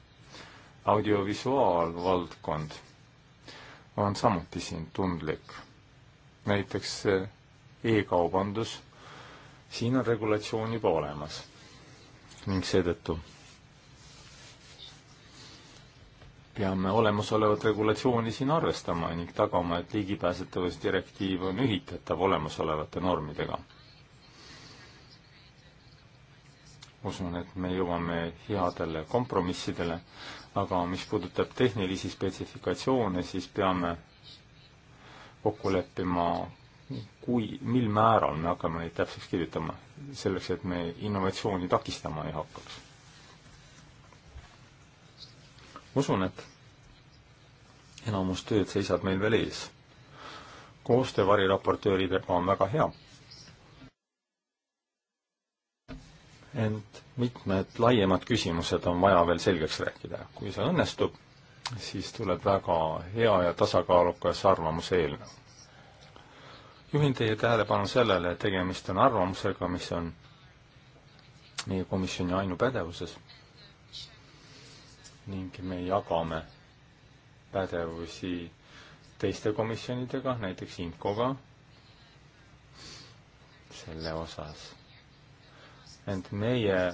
audiovisuaalvaldkond on samuti siin tundlik. näiteks e-kaubandus siin on regulatsioon juba olemas. ning seetõttu peame olemasolevat regulatsiooni siin arvestama ning tagama, et ligipääsetavusdirektiiv on ühitatav olemasolevate normidega. usun, et me jõuame headele kompromissidele, aga mis puudutab tehnilisi spetsifikatsioone, siis peame kokku leppima kui, mil määral me hakkame neid täpseks kirjutama, selleks et me innovatsiooni takistama ei hakkaks? usun, et enamus tööd seisab meil veel ees. koostöö variraportööridega on väga hea. ent mitmed laiemad küsimused on vaja veel selgeks rääkida. kui see õnnestub, siis tuleb väga hea ja tasakaalukas arvamuse eelnõu juhin teie tähelepanu sellele, et tegemist on arvamusega, mis on meie komisjoni ainupädevuses ning me jagame pädevusi teiste komisjonidega, näiteks IMCO-ga selle osas. ent meie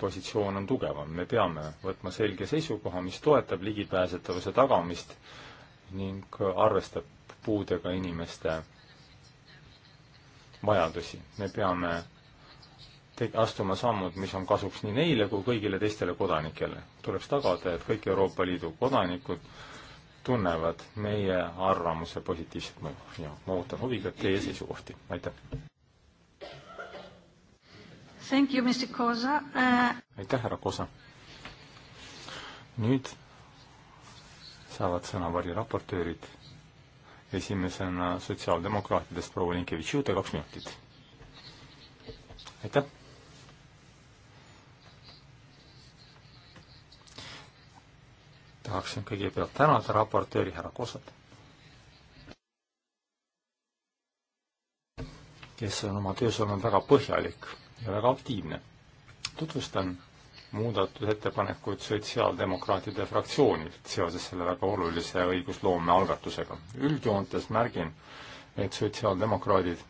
positsioon on tugevam, me peame võtma selge seisukoha, mis toetab ligipääsetavuse tagamist ning arvestab puudega inimeste vajadusi. me peame te-, astuma sammud, mis on kasuks nii neile kui kõigile teistele kodanikele. tuleks tagada, et kõik Euroopa Liidu kodanikud tunnevad meie arvamuse positiivset mõju ja ma ootan huviga teie seisukohti, aitäh! Thank you, Mr Kosa uh.... aitäh, härra Kosa! nüüd saavad sõna variraportöörid esimesena sotsiaaldemokraatidest proua Linkevitš-Jute, kaks minutit. aitäh! tahaksin kõigepealt tänada raportööri härra Kosat, kes on oma töös olnud väga põhjalik ja väga aktiivne. tutvustan muudatusettepanekuid Sotsiaaldemokraatide fraktsioonilt seoses selle väga olulise õigusloome algatusega. üldjoontes märgin, et sotsiaaldemokraadid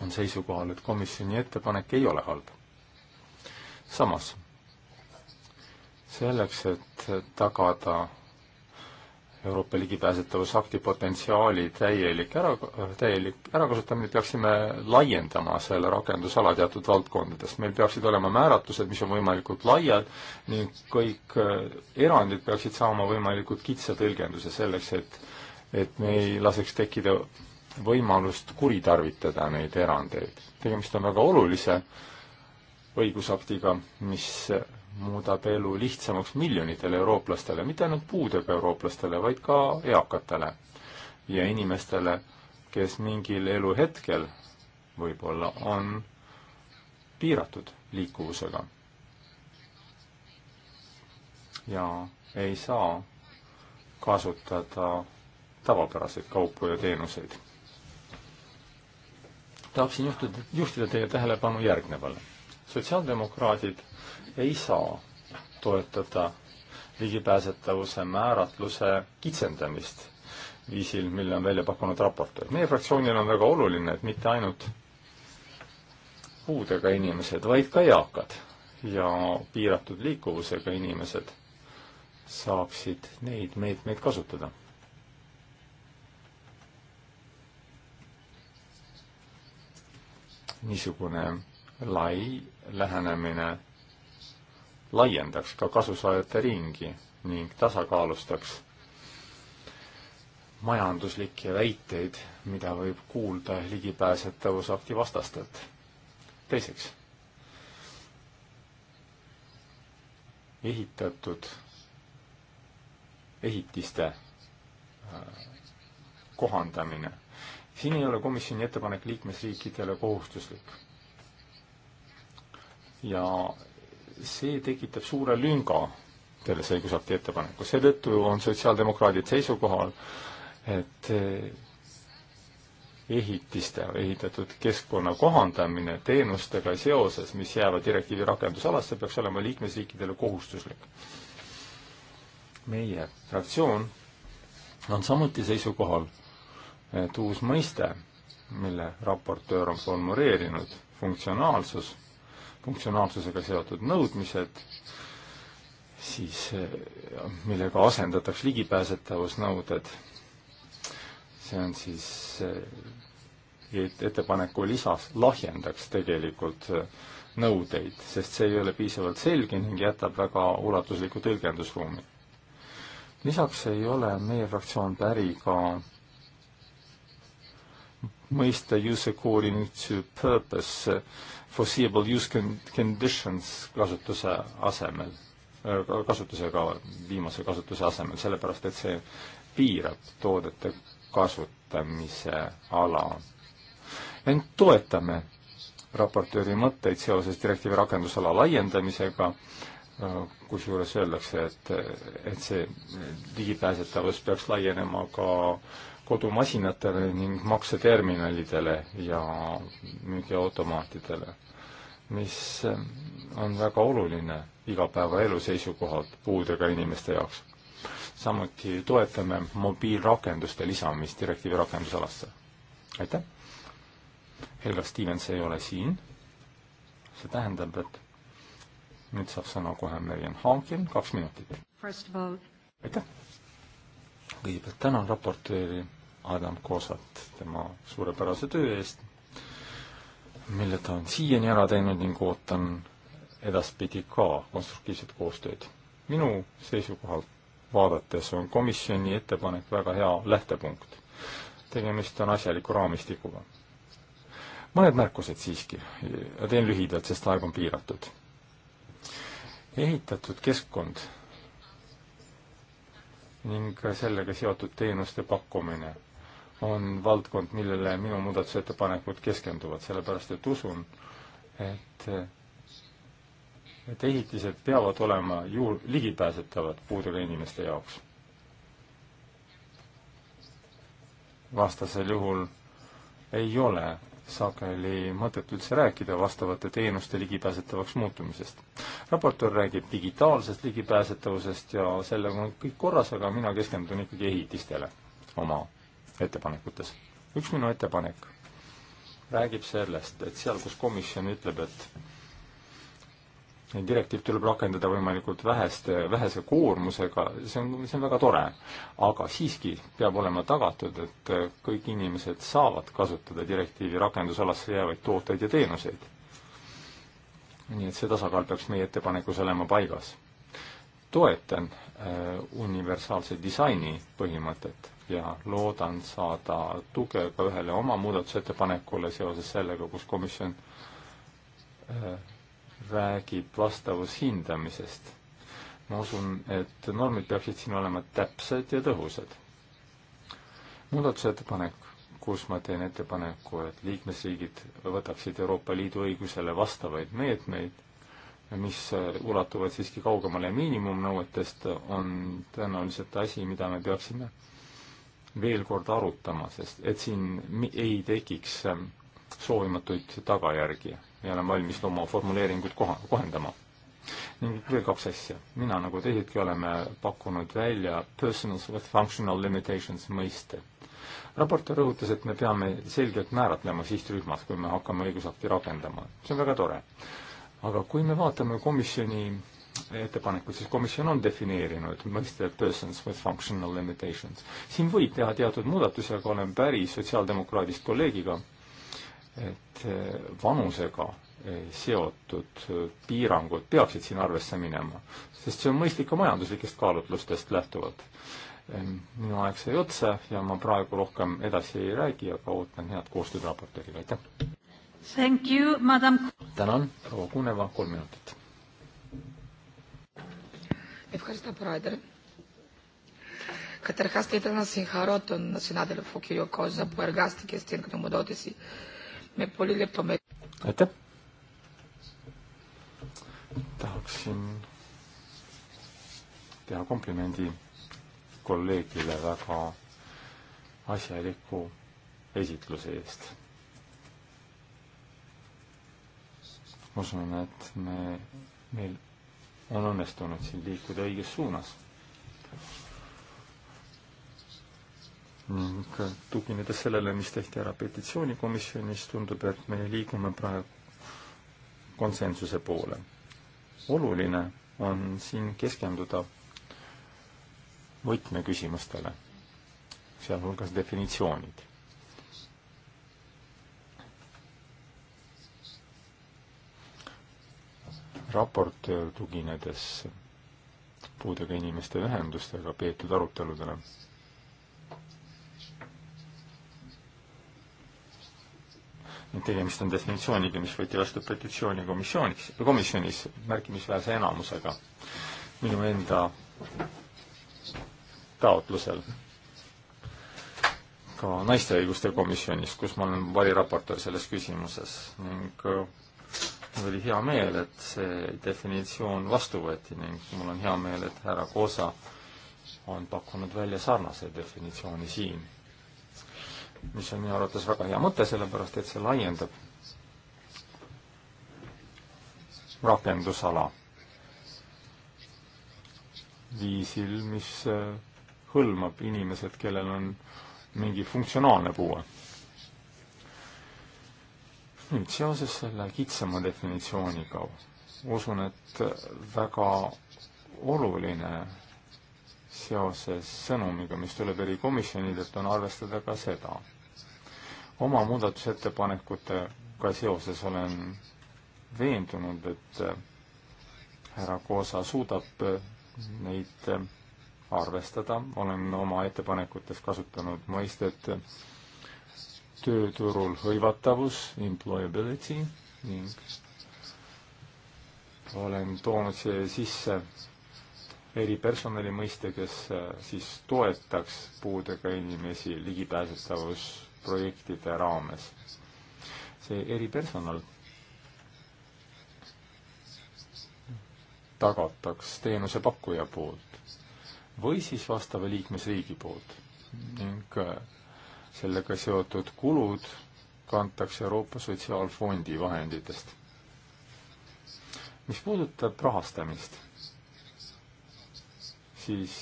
on seisukohal, et komisjoni ettepanek ei ole halb. samas, selleks, et tagada Euroopa ligipääsetavusakti potentsiaali täielik ära, täielik ärakasutamine, peaksime laiendama selle rakendusala teatud valdkondades. meil peaksid olema määratused, mis on võimalikult laiad ning kõik äh, erandid peaksid saama võimalikult kitsa tõlgenduse selleks, et et me ei laseks tekkida võimalust kuritarvitada neid erandeid. tegemist on väga olulise õigusaktiga, mis muudab elu lihtsamaks miljonitele eurooplastele, mitte ainult puudega eurooplastele, vaid ka eakatele ja inimestele, kes mingil eluhetkel võib-olla on piiratud liikuvusega. ja ei saa kasutada tavapäraseid kaupu ja teenuseid. tahaksin juhtida, juhtida teie tähelepanu järgnevale. sotsiaaldemokraadid ei saa toetada ligipääsetavuse määratluse kitsendamist viisil, mille on välja pakkunud raportöör. meie fraktsioonil on väga oluline, et mitte ainult puudega inimesed, vaid ka eakad ja piiratud liikuvusega inimesed saaksid neid meetmeid kasutada. niisugune lai lähenemine laiendaks ka kasusaajate ringi ning tasakaalustaks majanduslikke väiteid, mida võib kuulda ligipääsetavusakti vastastelt. teiseks, ehitatud ehitiste äh, kohandamine. siin ei ole komisjoni ettepanek liikmesriikidele kohustuslik. ja see tekitab suure lünga selles õigusakti ettepanekus, seetõttu on sotsiaaldemokraadid seisukohal, et eh, ehitiste, ehitatud keskkonna kohandamine teenustega seoses, mis jäävad direktiivi rakendusalasse, peaks olema liikmesriikidele kohustuslik. meie fraktsioon on samuti seisukohal, et uus mõiste, mille raportöör on formuleerinud, funktsionaalsus funktsionaalsusega seotud nõudmised, siis eh, millega asendatakse ligipääsetavusnõuded. see on siis, eh, ettepaneku lisas lahjendaks tegelikult eh, nõudeid, sest see ei ole piisavalt selge ning jätab väga ulatusliku tõlgendusruumi. lisaks ei ole meie fraktsioon päri ka mõiste use according to purpose foreseeable use conditions kasutuse asemel, äh, kasutusega, viimase kasutuse asemel, sellepärast et see piirab toodete kasutamise ala. ent toetame raportööri mõtteid seoses direktiivi rakendusala laiendamisega, äh, kusjuures öeldakse, et, et see ligipääsetavus peaks laienema ka äh, kodumasinatele ning makseterminalidele ja müügiautomaatidele, mis eh, on väga oluline igapäevaelu seisukohalt puudega inimeste jaoks. samuti toetame mobiilrakenduste lisamist direktiivi rakendusalasse. aitäh! Helga Stevens ei ole siin, see tähendab, et nüüd saab sõna kohe Marian Haakin, kaks minutit. aitäh! kõigepealt tänan raportööri Adam Kosat tema suurepärase töö eest, mille ta on siiani ära teinud ning ootan edaspidi ka konstruktiivset koostööd. minu seisukohalt vaadates on komisjoni ettepanek väga hea lähtepunkt. tegemist on asjaliku raamistikuga. mõned märkused siiski, teen lühidalt, sest aeg on piiratud. ehitatud keskkond ning sellega seotud teenuste pakkumine on valdkond, millele minu muudatusettepanekud keskenduvad, sellepärast et usun, et et ehitised peavad olema juur-, ligipääsetavad puudega inimeste jaoks. vastasel juhul ei ole sageli mõtet üldse rääkida vastavate teenuste ligipääsetavaks muutumisest. raportöör räägib digitaalsest ligipääsetavusest ja sellega on kõik korras, aga mina keskendun ikkagi ehitistele oma ettepanekutes. üks minu ettepanek räägib sellest, et seal, kus komisjon ütleb, et direktiiv tuleb rakendada võimalikult väheste, vähese koormusega, see on, see on väga tore. aga siiski peab olema tagatud, et kõik inimesed saavad kasutada direktiivi rakendusalasse jäävaid tooteid ja teenuseid. nii et see tasakaal peaks meie ettepanekus olema paigas. toetan äh, universaalse disaini põhimõtet ja loodan saada tuge ka ühele oma muudatusettepanekule seoses sellega, kus komisjon äh, räägib vastavushindamisest. ma usun, et normid peaksid siin olema täpsed ja tõhusad. muudatusettepanek, kus ma teen ettepaneku, et liikmesriigid võtaksid Euroopa Liidu õigusele vastavaid meetmeid, mis äh, ulatuvad siiski kaugemale miinimumnõuetest, on tõenäoliselt asi, mida me peaksime veel kord arutama, sest et siin ei tekiks ähm, soovimatuid tagajärgi ja olen valmis oma formuleeringut koha, kohendama. ning veel kaks asja. mina nagu teisedki oleme pakkunud välja personals with functional limitations mõiste. raportöör rõhutas, et me peame selgelt määratlema sihtrühmas, kui me hakkame õigusakti rakendama. see on väga tore. aga kui me vaatame komisjoni ettepanekut, siis komisjon on defineerinud mõiste persons with functional limitations. siin võib teha teatud muudatusi, aga olen päri sotsiaaldemokraadist kolleegiga, et eh, vanusega eh, seotud eh, piirangud peaksid siin arvesse minema, sest see on mõistlik ka majanduslikest kaalutlustest lähtuvalt. Ehm, minu aeg sai otsa ja ma praegu rohkem edasi ei räägi, aga ootan head koostööd raportööriga, aitäh! Thank you, madam. tänan, proua Kuneva, kolm minutit Ευχαριστώ, Πρόεδρε. Καταρχάς θα ήθελα να συγχαρώ τον συνάδελφο κύριο Κόζα που εργάστηκε στην γνωμοδότηση με πολύ λεπτομέρεια. Aitäh. tahaksin teha komplimendi kolleegile väga asjaliku esitluse eest. ma usun, et me, meil on õnnestunud siin liikuda õiges suunas. ning tuginedes sellele, mis tehti ära petitsioonikomisjonis, tundub, et me liigume praegu konsensuse poole. oluline on siin keskenduda võtmeküsimustele, sealhulgas definitsioonid raportöör, tuginedes puudega inimeste ühendustega peetud aruteludele. tegemist on definitsiooniga, mis võeti vastu petitsioonikomisjoniks, komisjonis märkimisväärse enamusega minu enda taotlusel ka naiste õiguste komisjonis, kus ma olen variraportor selles küsimuses ning mul oli hea meel, et see definitsioon vastu võeti ning mul on hea meel, et härra Koosa on pakkunud välja sarnase definitsiooni siin, mis on minu arvates väga hea mõte, sellepärast et see laiendab rakendusala viisil, mis äh, hõlmab inimesed, kellel on mingi funktsionaalne puue nüüd seoses selle kitsama definitsiooniga usun, et väga oluline seoses sõnumiga, mis tuleb eri komisjonidelt, on arvestada ka seda. oma muudatusettepanekutega seoses olen veendunud, et härra Koosa suudab neid arvestada, olen oma ettepanekutes kasutanud mõistet et tööturul hõivatavus, employability ning olen toonud siia sisse eripersonali mõiste, kes äh, siis toetaks puudega inimesi ligipääsetavusprojektide raames. see eripersonal tagataks teenusepakkuja poolt või siis vastava liikmesriigi poolt ning äh, sellega seotud kulud kantakse Euroopa Sotsiaalfondi vahenditest. mis puudutab rahastamist, siis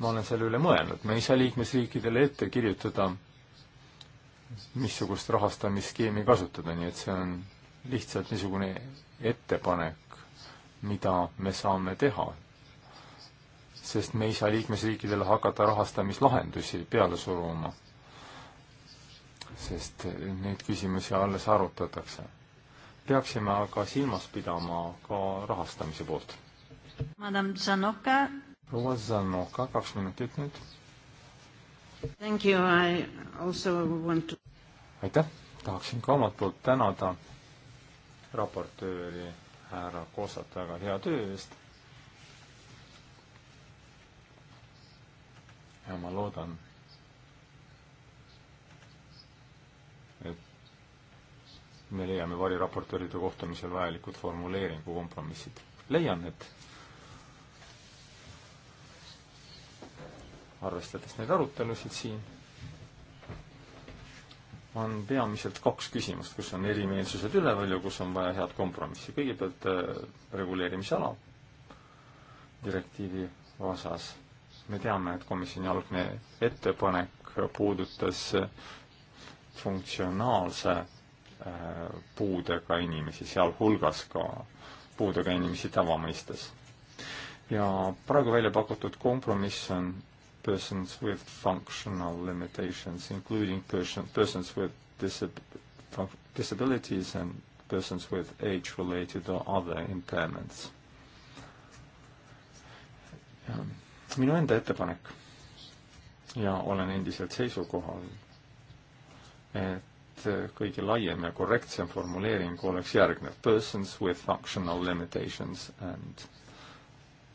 ma olen selle üle mõelnud, me ei saa liikmesriikidele ette kirjutada, missugust rahastamisskeemi kasutada, nii et see on lihtsalt niisugune ettepanek, mida me saame teha sest me ei saa liikmesriikidele hakata rahastamislahendusi peale suruma, sest neid küsimusi alles arutatakse. peaksime aga silmas pidama ka rahastamise poolt. Madam Zanoka. proua Zanoka, kaks minutit nüüd. Thank you, I also want to aitäh, tahaksin ka omalt poolt tänada raportööri härra Koosat väga hea töö eest ja ma loodan, et me leiame variraportööride kohtumisel vajalikud formuleeringu kompromissid. leian, et arvestades neid arutelusid siin, on peamiselt kaks küsimust, kus on erimeelsused üleval ja kus on vaja head kompromissi. kõigepealt äh, reguleerimisala direktiivi osas me teame, et komisjoni algne ettepanek puudutas funktsionaalse äh, puudega inimesi, sealhulgas ka puudega inimesi tavamõistes. ja praegu välja pakutud kompromiss on persons with functional limitations, including person, persons with disab-, disabilities and persons with age-related or other impairments. Um, minu enda ettepanek ja olen endiselt seisukohal, et kõige laiem ja korrektsem formuleering oleks järgnev. Persons with functional limitations and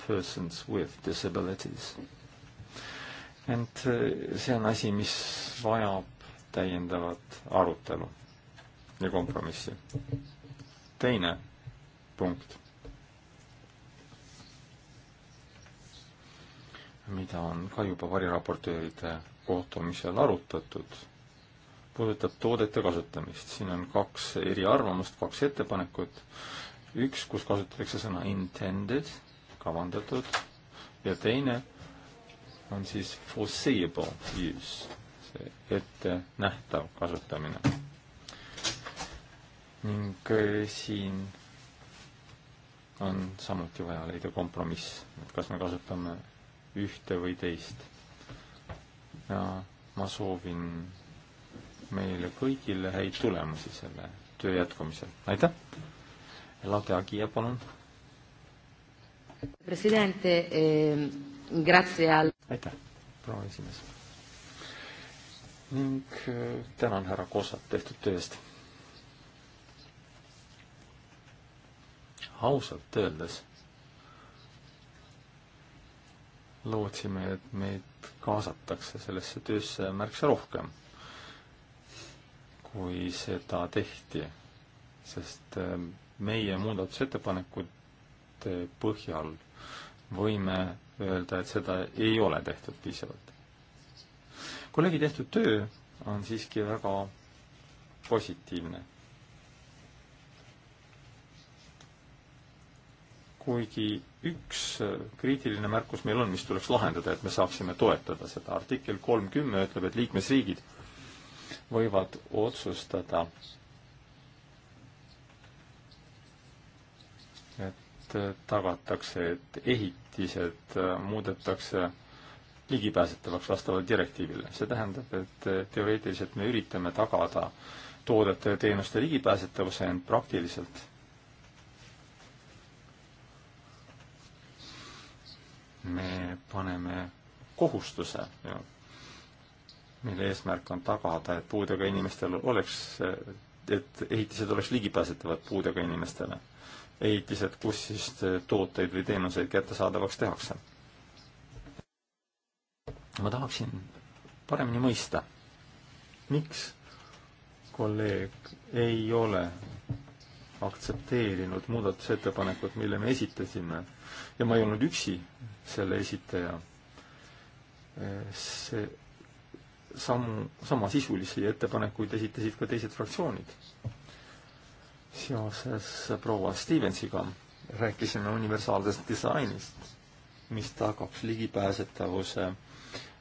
persons with disabilities. ent eh, see on asi, mis vajab täiendavat arutelu ja kompromissi. teine punkt mida on ka juba variraportööride kohtumisel arutatud, puudutab toodete kasutamist. siin on kaks eriarvamust, kaks ettepanekut. üks, kus kasutatakse sõna intended, kavandatud, ja teine on siis foreseeable use, see ettenähtav kasutamine. ning eh, siin on samuti vaja leida kompromiss, et kas me kasutame ühte või teist. ja ma soovin meile kõigile häid tulemusi selle töö jätkumisel, aitäh! Lade Agia, palun! president eh,, grazie al-. aitäh, proua esimees! ning äh, tänan härra Kossat tehtud töö eest. ausalt öeldes lootsime, et meid kaasatakse sellesse töösse märksa rohkem, kui seda tehti. sest äh, meie muudatusettepanekute põhjal võime öelda, et seda ei ole tehtud piisavalt. kolleegi tehtud töö on siiski väga positiivne. kuigi üks äh, kriitiline märkus meil on, mis tuleks lahendada, et me saaksime toetada seda. artikkel kolmkümmend ütleb, et liikmesriigid võivad otsustada, et äh, tagatakse, et ehitised äh, muudetakse ligipääsetavaks vastavalt direktiivile. see tähendab, et teoreetiliselt me üritame tagada toodete ja teenuste ligipääsetavuse, ent praktiliselt me paneme kohustuse, mille eesmärk on tagada, et puudega inimestel oleks, et ehitised oleks ligipääsetavad puudega inimestele. ehitised, kus siis tooteid või teenuseid kättesaadavaks tehakse. ma tahaksin paremini mõista, miks kolleeg ei ole aktsepteerinud muudatusettepanekut, mille me esitasime. ja ma ei olnud üksi selle esitaja. see samu, samasisulisi ettepanekuid esitasid ka teised fraktsioonid. seoses proua Stevensiga rääkisime universaalsest disainist, mis tagab ligipääsetavuse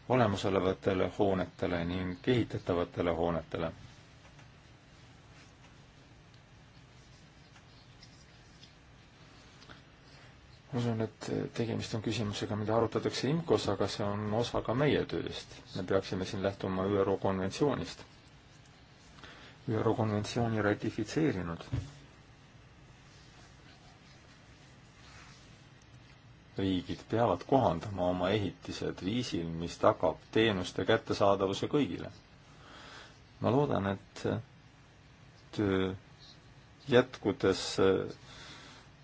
olemasolevatele hoonetele ning ehitatavatele hoonetele usun, et tegemist on küsimusega, mida arutatakse IMCO-s, aga see on osa ka meie tööst. me peaksime siin lähtuma ÜRO konventsioonist. ÜRO konventsiooni ratifitseerinud riigid peavad kohandama oma ehitised viisil, mis tagab teenuste kättesaadavuse kõigile. ma loodan, et töö jätkudes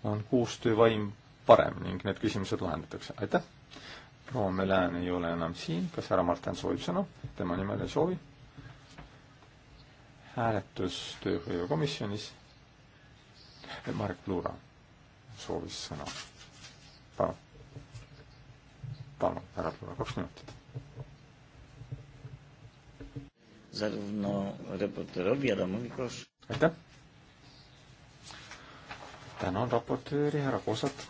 on koostöövaim parem ning need küsimused lahendatakse. aitäh! proua Melään ei ole enam siin, kas härra Martin soovib sõna? tema nimel ei soovi. hääletus tööhõivekomisjonis. Marek Luura soovis sõna. palun, palun, härra Luura, kaks minutit. aitäh! tänan raportööri härra Kosat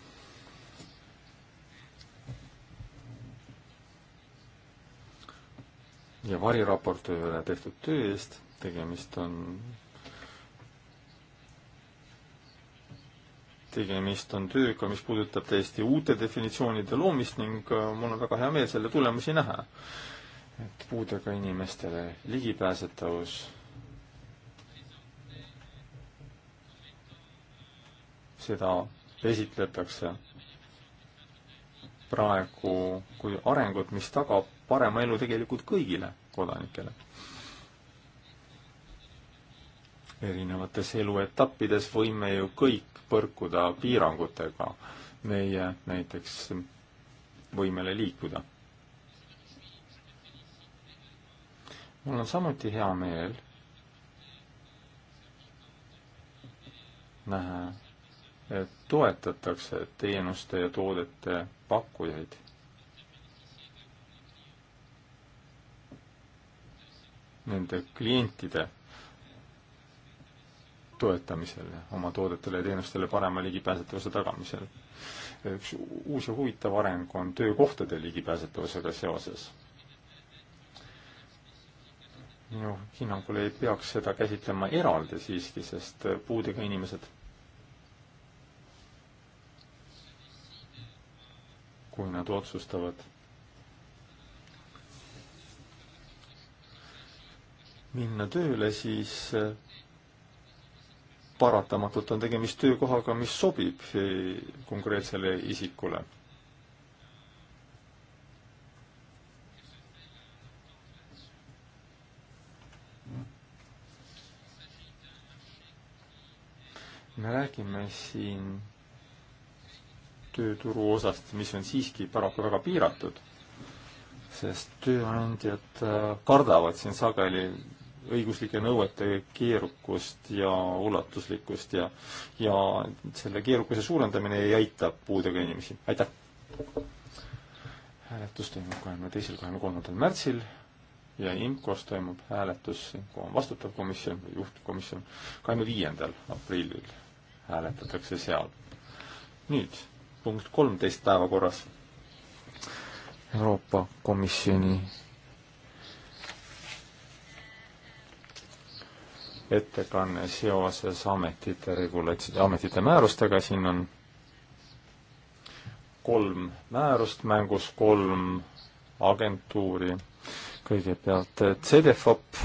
ja variraportööre tehtud töö eest, tegemist on, tegemist on tööga, mis puudutab täiesti uute definitsioonide loomist ning äh, mul on väga hea meel selle tulemusi näha. et puudega inimestele ligipääsetavus seda esitletakse praegu kui arengut, mis tagab parema elu tegelikult kõigile kodanikele. erinevates eluetappides võime ju kõik põrkuda piirangutega meie näiteks võimele liikuda. mul on samuti hea meel näha, et toetatakse teenuste ja toodete pakkujaid nende klientide toetamisel, oma toodetele ja teenustele parema ligipääsetavuse tagamisel. üks uus ja huvitav areng on töökohtade ligipääsetavusega seoses. minu hinnangul ei peaks seda käsitlema eraldi siiski, sest puudega inimesed kui nad otsustavad minna tööle, siis äh, paratamatult on tegemist töökohaga, mis sobib äh, konkreetsele isikule. me räägime siin tööturu osast, mis on siiski paraku väga piiratud, sest tööandjad äh, kardavad siin sageli õiguslike nõuete keerukust ja ulatuslikkust ja, ja selle keerukuse suurendamine ei aita puudega inimesi. aitäh! hääletus toimub kahekümne teisel, kahekümne kolmandal märtsil ja IMCO-s toimub hääletus, IMCO on vastutav komisjon või juhtkomisjon, kahekümne viiendal aprillil hääletatakse seal. nüüd punkt kolmteist päevakorras. Euroopa Komisjoni ettekanne seoses ametite regulats-, ametite määrustega, siin on kolm määrust mängus, kolm agentuuri, kõigepealt CDFOP,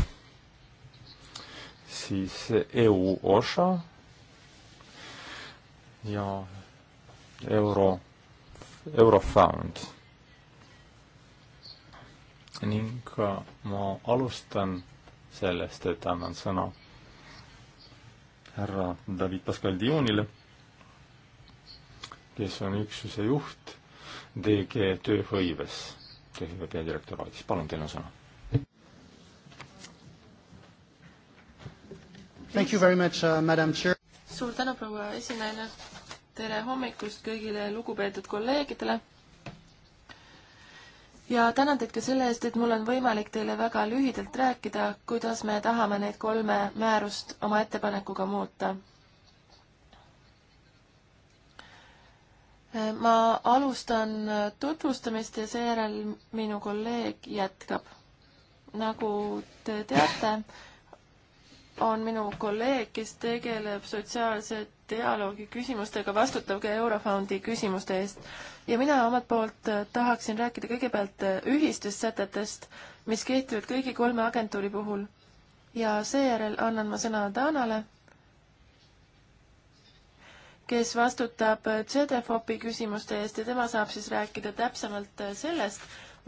siis EU OSHA ja Euro, Eurofound. ning ma alustan sellest, et annan sõna härra David Pascal Dionile, kes on üksuse juht DG Tööhõives, tööhõive peadirektoraadis. palun, teil on sõna. Thank you very much uh,, madam chair. suur tänu, proua esinaine. tere hommikust kõigile lugupeetud kolleegidele ja tänan teid ka selle eest, et mul on võimalik teile väga lühidalt rääkida, kuidas me tahame neid kolme määrust oma ettepanekuga muuta. ma alustan tutvustamist ja seejärel minu kolleeg jätkab. nagu te teate, on minu kolleeg, kes tegeleb sotsiaalset dialoogi küsimustega, vastutab ka Eurofondi küsimuste eest. ja mina omalt poolt äh, tahaksin rääkida kõigepealt äh, ühistest sätetest, mis kehtivad kõigi kolme agentuuri puhul. ja seejärel annan ma sõna Danale, kes vastutab äh, CDFOP-i küsimuste eest ja tema saab siis rääkida täpsemalt sellest,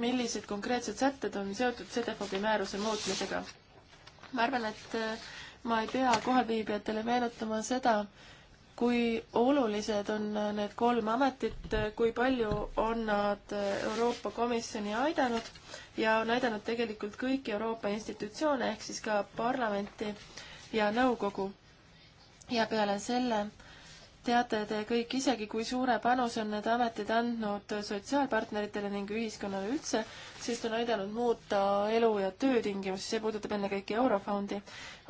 millised konkreetsed sätted on seotud CDFOP-i määruse muutmisega. ma arvan, et ma ei pea kohalviibijatele meenutama seda, kui olulised on need kolm ametit, kui palju on nad Euroopa Komisjoni aidanud ja on aidanud tegelikult kõiki Euroopa institutsioone ehk siis ka parlamenti ja nõukogu. ja peale selle teate te kõik isegi, kui suure panuse on need ametid andnud sotsiaalpartneritele ning ühiskonnale üldse, sest on aidanud muuta elu ja töötingimusi, see puudutab ennekõike Eurofondi,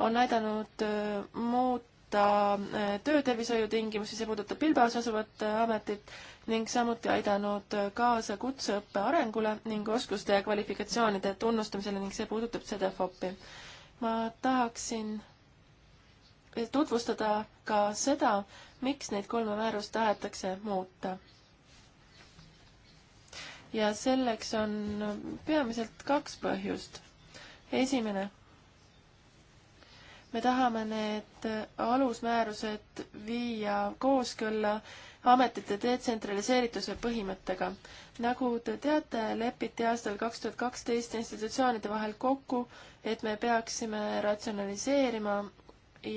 on aidanud äh, muuta puuduta äh, töötervishoiutingimusi, see puudutab Bilbaos asuvat äh, ametit ning samuti aidanud äh, kaasa kutseõppe arengule ning oskuste ja kvalifikatsioonide tunnustamisele ning see puudutab CDFOP-i. ma tahaksin tutvustada ka seda, miks neid kolme määrust tahetakse muuta. ja selleks on peamiselt kaks põhjust. esimene me tahame need alusmäärused viia kooskõlla ametite detsentraliseerituse põhimõttega. nagu te teate, lepiti aastal kaks tuhat kaksteist institutsioonide vahel kokku, et me peaksime ratsionaliseerima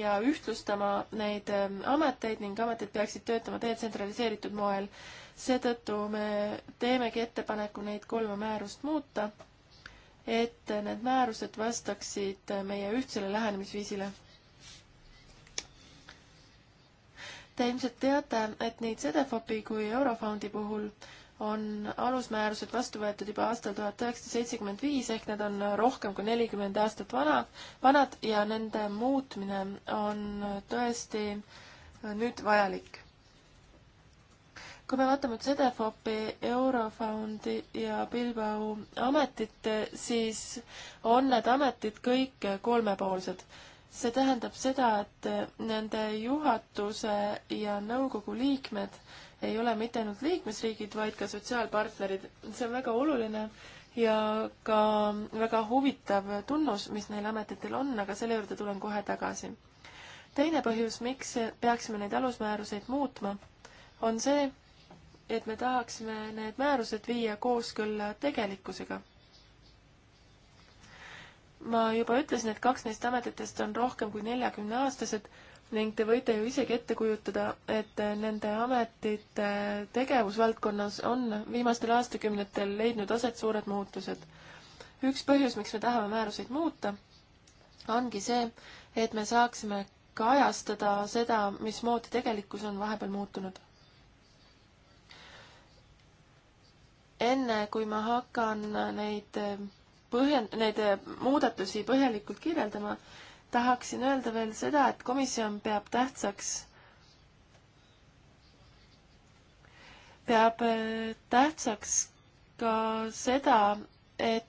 ja ühtlustama neid ähm, ameteid ning ametid peaksid töötama detsentraliseeritud moel. seetõttu me teemegi ettepaneku neid kolme määrust muuta et need määrused vastaksid meie ühtsele lähenemisviisile. Te ilmselt teate, et nii CDFOP-i kui Eurofondi puhul on alusmäärused vastu võetud juba aastal tuhat üheksasada seitsekümmend viis, ehk need on rohkem kui nelikümmend aastat vana, vanad ja nende muutmine on tõesti nüüd vajalik kui me vaatame nüüd Cedefopi, Eurofondi ja Bilbao ametit, siis on need ametid kõik kolmepoolsed. see tähendab seda, et nende juhatuse ja nõukogu liikmed ei ole mitte ainult liikmesriigid, vaid ka sotsiaalpartnerid. see on väga oluline ja ka väga huvitav tunnus, mis neil ametitel on, aga selle juurde tulen kohe tagasi. teine põhjus, miks peaksime neid alusmääruseid muutma, on see, et me tahaksime need määrused viia kooskõlla tegelikkusega. ma juba ütlesin, et kaks neist ametitest on rohkem kui neljakümneaastased ning te võite ju isegi ette kujutada, et nende ametite tegevusvaldkonnas on viimastel aastakümnetel leidnud aset suured muutused. üks põhjus, miks me tahame määruseid muuta, ongi see, et me saaksime kajastada seda, mismoodi tegelikkus on vahepeal muutunud enne kui ma hakkan neid eh, põhjend-, neid eh, muudatusi põhjalikult kirjeldama, tahaksin öelda veel seda, et komisjon peab tähtsaks, peab eh, tähtsaks ka seda, et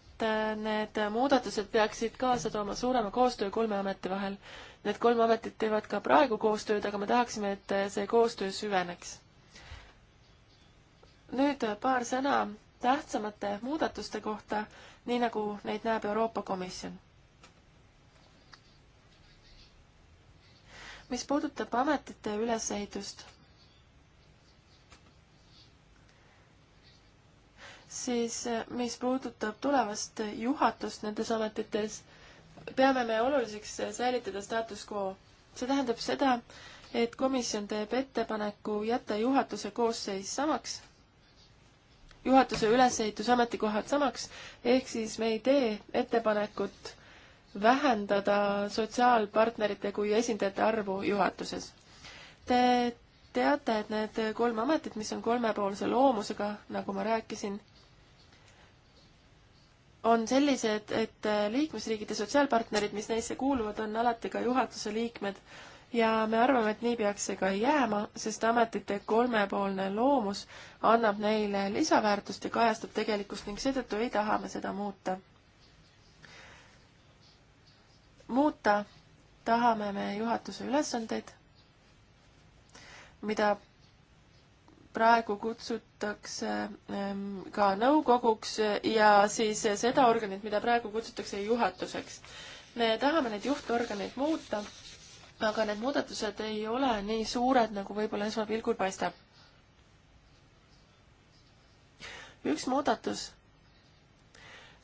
need muudatused peaksid kaasa tooma suurema koostöö kolme ameti vahel. Need kolm ametit teevad ka praegu koostööd, aga me tahaksime, et see koostöö süveneks nüüd äh, paar sõna tähtsamate muudatuste kohta, nii nagu neid näeb Euroopa Komisjon. mis puudutab ametite ülesehitust, siis äh, mis puudutab tulevast juhatust nendes ametites, peame me oluliseks äh, säilitada status quo. see tähendab seda, et komisjon teeb ettepaneku jätta juhatuse koosseis samaks juhatuse ülesehitus ametikohad samaks, ehk siis me ei tee ettepanekut vähendada sotsiaalpartnerite kui esindajate arvu juhatuses. Te teate, et need kolm ametit, mis on kolmepoolse loomusega, nagu ma rääkisin, on sellised, et liikmesriigid ja sotsiaalpartnerid, mis neisse kuuluvad, on alati ka juhatuse liikmed ja me arvame, et nii peaks see ka jääma, sest ametite kolmepoolne loomus annab neile lisaväärtust ja kajastab tegelikkust ning seetõttu ei taha me seda muuta. muuta tahame me juhatuse ülesandeid, mida praegu kutsutakse ehm, ka nõukoguks ja siis seda organit, mida praegu kutsutakse juhatuseks. me tahame neid juhtorganeid muuta aga need muudatused ei ole nii suured, nagu võib-olla esmapilgul paistab. üks muudatus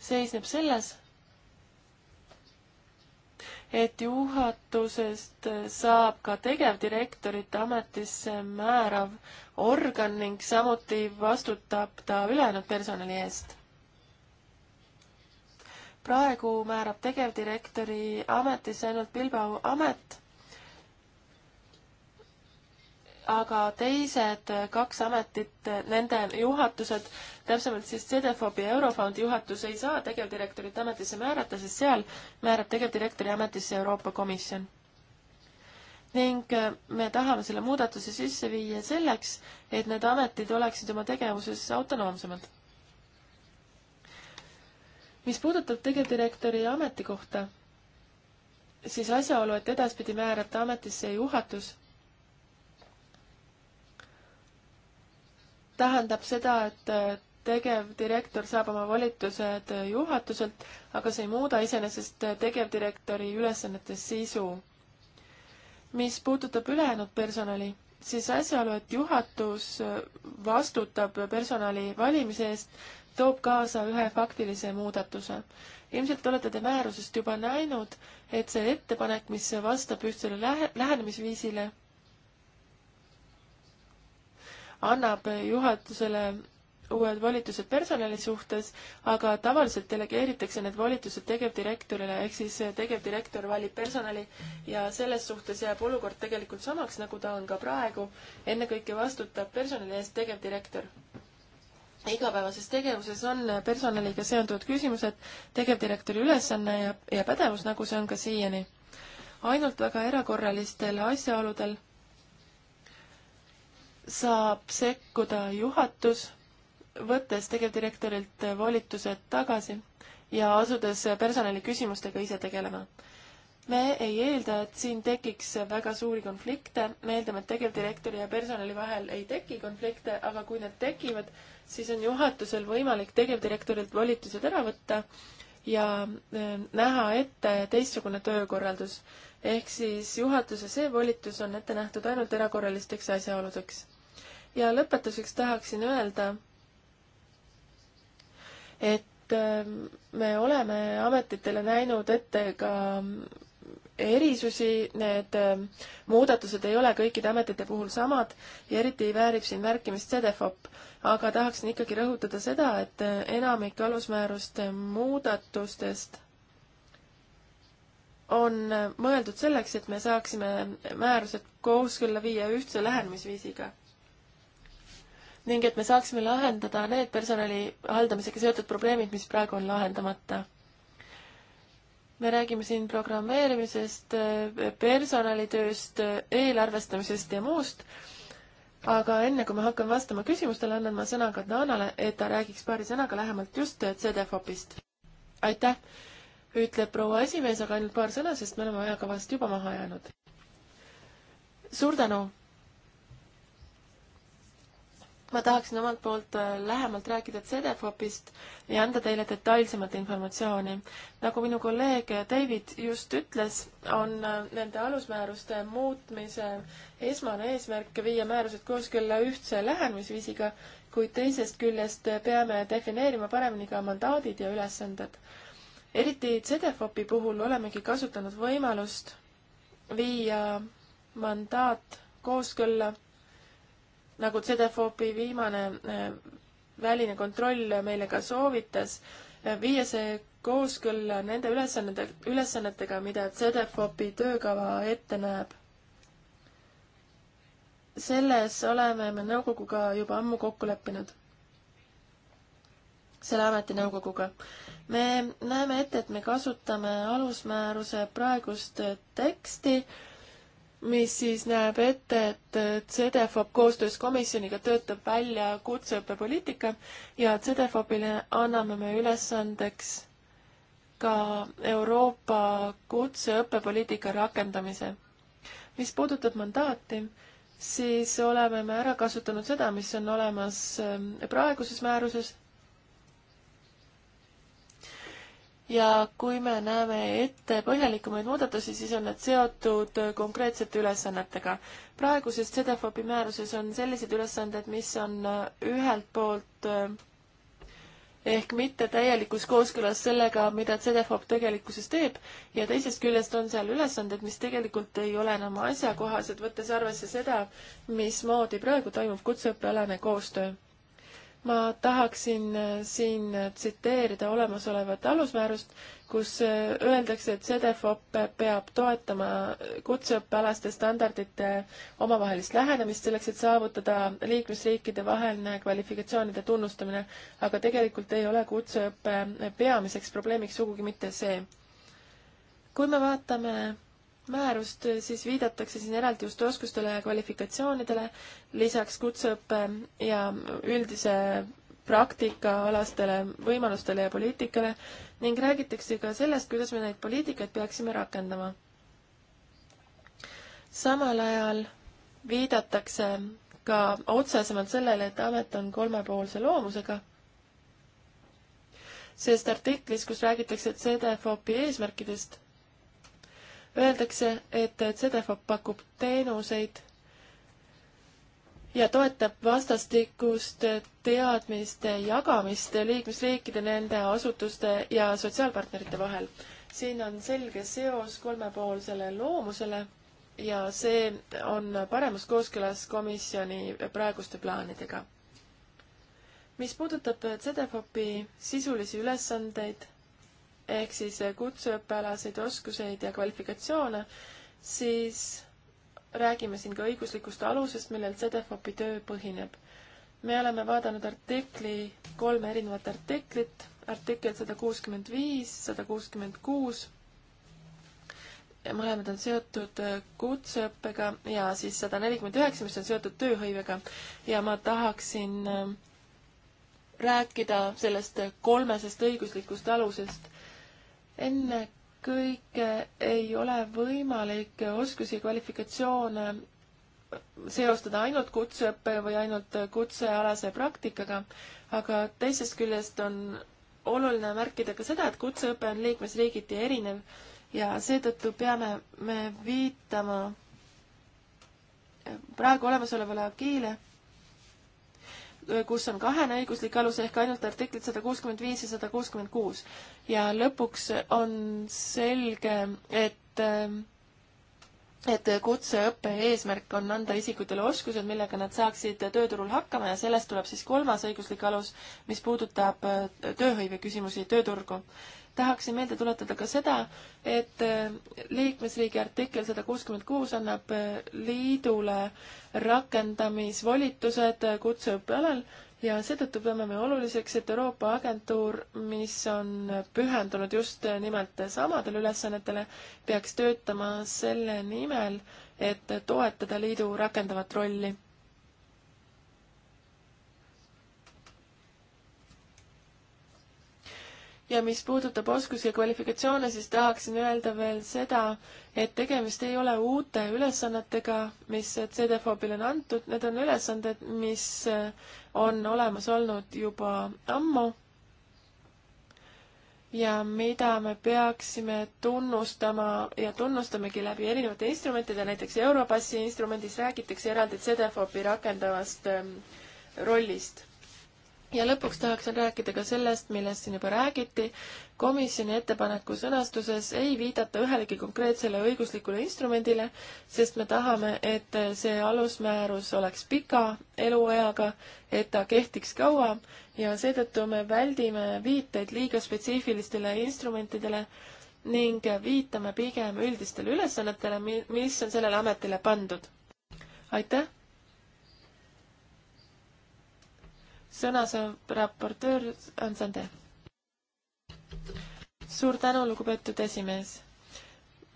seisneb selles, et juhatusest saab ka tegevdirektorite ametisse määrav organ ning samuti vastutab ta ülejäänud personali eest. praegu määrab tegevdirektori ametisse ainult Bilbao amet aga teised kaks ametit, nende juhatused, täpsemalt siis CDFOB ja Eurofondi juhatus ei saa tegevdirektorit ametisse määrata, sest seal määrab tegevdirektori ametisse Euroopa Komisjon. ning äh, me tahame selle muudatuse sisse viia selleks, et need ametid oleksid oma tegevuses autonoomsemad. mis puudutab tegevdirektori ametikohta, siis asjaolu, et edaspidi määrab ta ametisse juhatus tähendab seda, et äh, tegevdirektor saab oma volitused äh, juhatuselt, aga see ei muuda iseenesest äh, tegevdirektori ülesannete sisu. mis puudutab ülejäänud personali, siis asjaolu, et juhatus vastutab personali valimise eest, toob kaasa ühe faktilise muudatuse. ilmselt olete te määrusest juba näinud, et see ettepanek, mis vastab ühtsele lähe-, lähenemisviisile, annab juhatusele uued volitused personali suhtes, aga tavaliselt delegeeritakse need volitused tegevdirektorile, ehk siis tegevdirektor valib personali ja selles suhtes jääb olukord tegelikult samaks, nagu ta on ka praegu. ennekõike vastutab personali eest tegevdirektor. igapäevases tegevuses on personaliga seonduvad küsimused tegevdirektori ülesanne ja, ja pädevus, nagu see on ka siiani. ainult väga erakorralistel asjaoludel saab sekkuda juhatus, võttes tegevdirektorilt volitused tagasi ja asudes personaliküsimustega ise tegelema. me ei eelda, et siin tekiks väga suuri konflikte, me eeldame, et tegevdirektori ja personali vahel ei teki konflikte, aga kui need tekivad, siis on juhatusel võimalik tegevdirektorilt volitused ära võtta ja e, näha ette teistsugune töökorraldus. ehk siis juhatuse see volitus on ette nähtud ainult erakorralisteks asjaoludeks ja lõpetuseks tahaksin öelda, et ähm, me oleme ametitele näinud ette ka ähm, erisusi, need ähm, muudatused ei ole kõikide ametite puhul samad ja eriti väärib siin märkimist CDFOP. aga tahaksin ikkagi rõhutada seda, et äh, enamik alusmääruste äh, muudatustest on äh, mõeldud selleks, et me saaksime määrused kooskõlla viia ühtse lähenemisviisiga ning et me saaksime lahendada need personali haldamisega seotud probleemid, mis praegu on lahendamata. me räägime siin programmeerimisest, personalitööst, eelarvestamisest ja muust, aga enne, kui ma hakkan vastama küsimustele, annan ma sõna Katlanale, et ta räägiks paari sõnaga lähemalt just CDFOPist. aitäh, ütleb proua esimees, aga ainult paar sõna, sest me oleme ajakavast juba maha jäänud. suur tänu ma tahaksin omalt poolt äh, lähemalt rääkida CDFOPist ja anda teile detailsemat informatsiooni. nagu minu kolleeg David just ütles, on äh, nende alusmääruste muutmise esmane eesmärk viia määrused kooskõlla ühtse lähenemisviisiga, kuid teisest küljest peame defineerima paremini ka mandaadid ja ülesanded. eriti CDFOPi puhul olemegi kasutanud võimalust viia mandaat kooskõlla nagu CDFOP-i viimane äh, väline kontroll meile ka soovitas, äh, viia see kooskõlla nende ülesannete, ülesannetega, mida CDFOP-i töökava ette näeb. selles oleme me nõukoguga juba ammu kokku leppinud, selle ameti nõukoguga. me näeme ette, et me kasutame alusmääruse praegust teksti, mis siis näeb ette, et CDFOP koostöös komisjoniga töötab välja kutseõppepoliitika ja CDFOPile anname me ülesandeks ka Euroopa kutseõppepoliitika rakendamise. mis puudutab mandaati, siis oleme me ära kasutanud seda, mis on olemas ähm, praeguses määruses ja kui me näeme ette põhjalikumaid muudatusi, siis on need seotud konkreetsete ülesannetega. praeguses CDFOP-i määruses on sellised ülesanded, mis on äh, ühelt poolt äh, ehk mitte täielikus kooskõlas sellega, mida CDFOP tegelikkuses teeb ja teisest küljest on seal ülesanded, mis tegelikult ei ole enam asjakohased, võttes arvesse seda, mismoodi praegu toimub kutseõppealane koostöö ma tahaksin äh, siin tsiteerida olemasolevat alusmäärust, kus äh, öeldakse, et CDFOP peab toetama kutseõppealaste standardite omavahelist lähenemist selleks, et saavutada liikmesriikide vaheline kvalifikatsioonide tunnustamine, aga tegelikult ei ole kutseõppe peamiseks probleemiks sugugi mitte see. kui me vaatame määrust, siis viidatakse siin eraldi just oskustele ja kvalifikatsioonidele, lisaks kutseõppe ja üldise praktikaalastele võimalustele ja poliitikale ning räägitakse ka sellest, kuidas me neid poliitikaid peaksime rakendama. samal ajal viidatakse ka otsesemalt sellele, et amet on kolmepoolse loomusega, sest artiklis, kus räägitakse CDFOP eesmärkidest öeldakse, et CDFOP pakub teenuseid ja toetab vastastikust teadmiste jagamist liikmesriikide, nende asutuste ja sotsiaalpartnerite vahel. siin on selge seos kolmepoolsele loomusele ja see on paremas kooskõlas komisjoni praeguste plaanidega. mis puudutab CDFOP-i sisulisi ülesandeid ehk siis kutseõppealaseid oskuseid ja kvalifikatsioone, siis räägime siin ka õiguslikust alusest, millel CDFOP-i töö põhineb. me oleme vaadanud artikli, kolme erinevat artiklit, artikkel sada kuuskümmend viis, sada kuuskümmend kuus, mõlemad on seotud kutseõppega ja siis sada nelikümmend üheksa, mis on seotud tööhõivega ja ma tahaksin äh, rääkida sellest kolmesest õiguslikust alusest ennekõike ei ole võimalik oskusi, kvalifikatsioone seostada ainult kutseõppe või ainult kutsealase praktikaga, aga teisest küljest on oluline märkida ka seda, et kutseõpe on liikmesriigiti erinev ja seetõttu peame me viitama praegu olemasolevale agiile kus on kahene õiguslik alus ehk ainult artiklid sada kuuskümmend viis ja sada kuuskümmend kuus. ja lõpuks on selge, et äh, et kutseõppe eesmärk on anda isikutele oskused, millega nad saaksid tööturul hakkama ja sellest tuleb siis kolmas õiguslik alus, mis puudutab äh, tööhõive küsimusi, tööturgu tahaksin meelde tuletada ka seda, et äh, liikmesriigi artikkel sada kuuskümmend kuus annab äh, liidule rakendamisvolitused äh, kutseõppealal ja seetõttu peame me oluliseks, et Euroopa agentuur, mis on pühendunud just nimelt samadele ülesannetele, peaks töötama selle nimel, et toetada liidu rakendavat rolli ja mis puudutab oskusi ja kvalifikatsioone, siis tahaksin öelda veel seda, et tegemist ei ole uute ülesannetega, mis CDFOBile on antud, need on ülesanded, mis eh, on olemas olnud juba ammu ja mida me peaksime tunnustama ja tunnustamegi läbi erinevate instrumentide, näiteks Europassi instrumendis räägitakse eraldi CDFOBi rakendavast eh, rollist ja lõpuks tahaksin rääkida ka sellest, millest siin juba räägiti. komisjoni ettepaneku sõnastuses ei viidata ühelegi konkreetsele õiguslikule instrumendile, sest me tahame, et see alusmäärus oleks pika elueaga, et ta kehtiks kaua ja seetõttu me väldime viiteid liiga spetsiifilistele instrumentidele ning viitame pigem üldistele ülesannetele, mis on sellele ametile pandud. aitäh! sõna saab raportöör Ansande. suur tänu, lugupeetud esimees.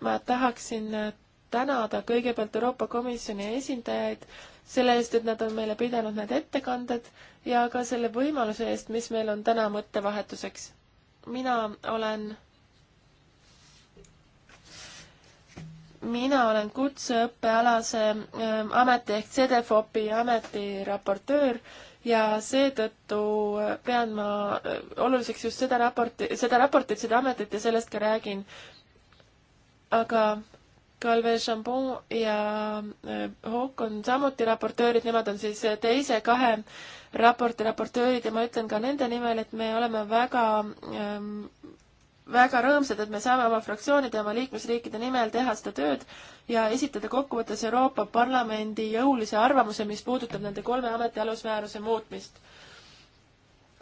ma tahaksin tänada kõigepealt Euroopa Komisjoni esindajaid selle eest, et nad on meile pidanud need ettekanded ja ka selle võimaluse eest, mis meil on täna mõttevahetuseks. mina olen mina olen kutseõppealase ähm, ameti ehk CDFOPi ameti raportöör ja seetõttu pean ma äh, oluliseks just seda raporti, seda raportit, seda ametit ja sellest ka räägin. aga Calve Chambon ja äh, Hawk on samuti raportöörid, nemad on siis äh, teise kahe raporti raportöörid ja ma ütlen ka nende nimel, et me oleme väga ähm, väga rõõmsad, et me saame oma fraktsioonide ja oma liikmesriikide nimel teha seda tööd ja esitada kokkuvõttes Euroopa Parlamendi jõulise arvamuse, mis puudutab nende kolme ameti alusmääruse muutmist.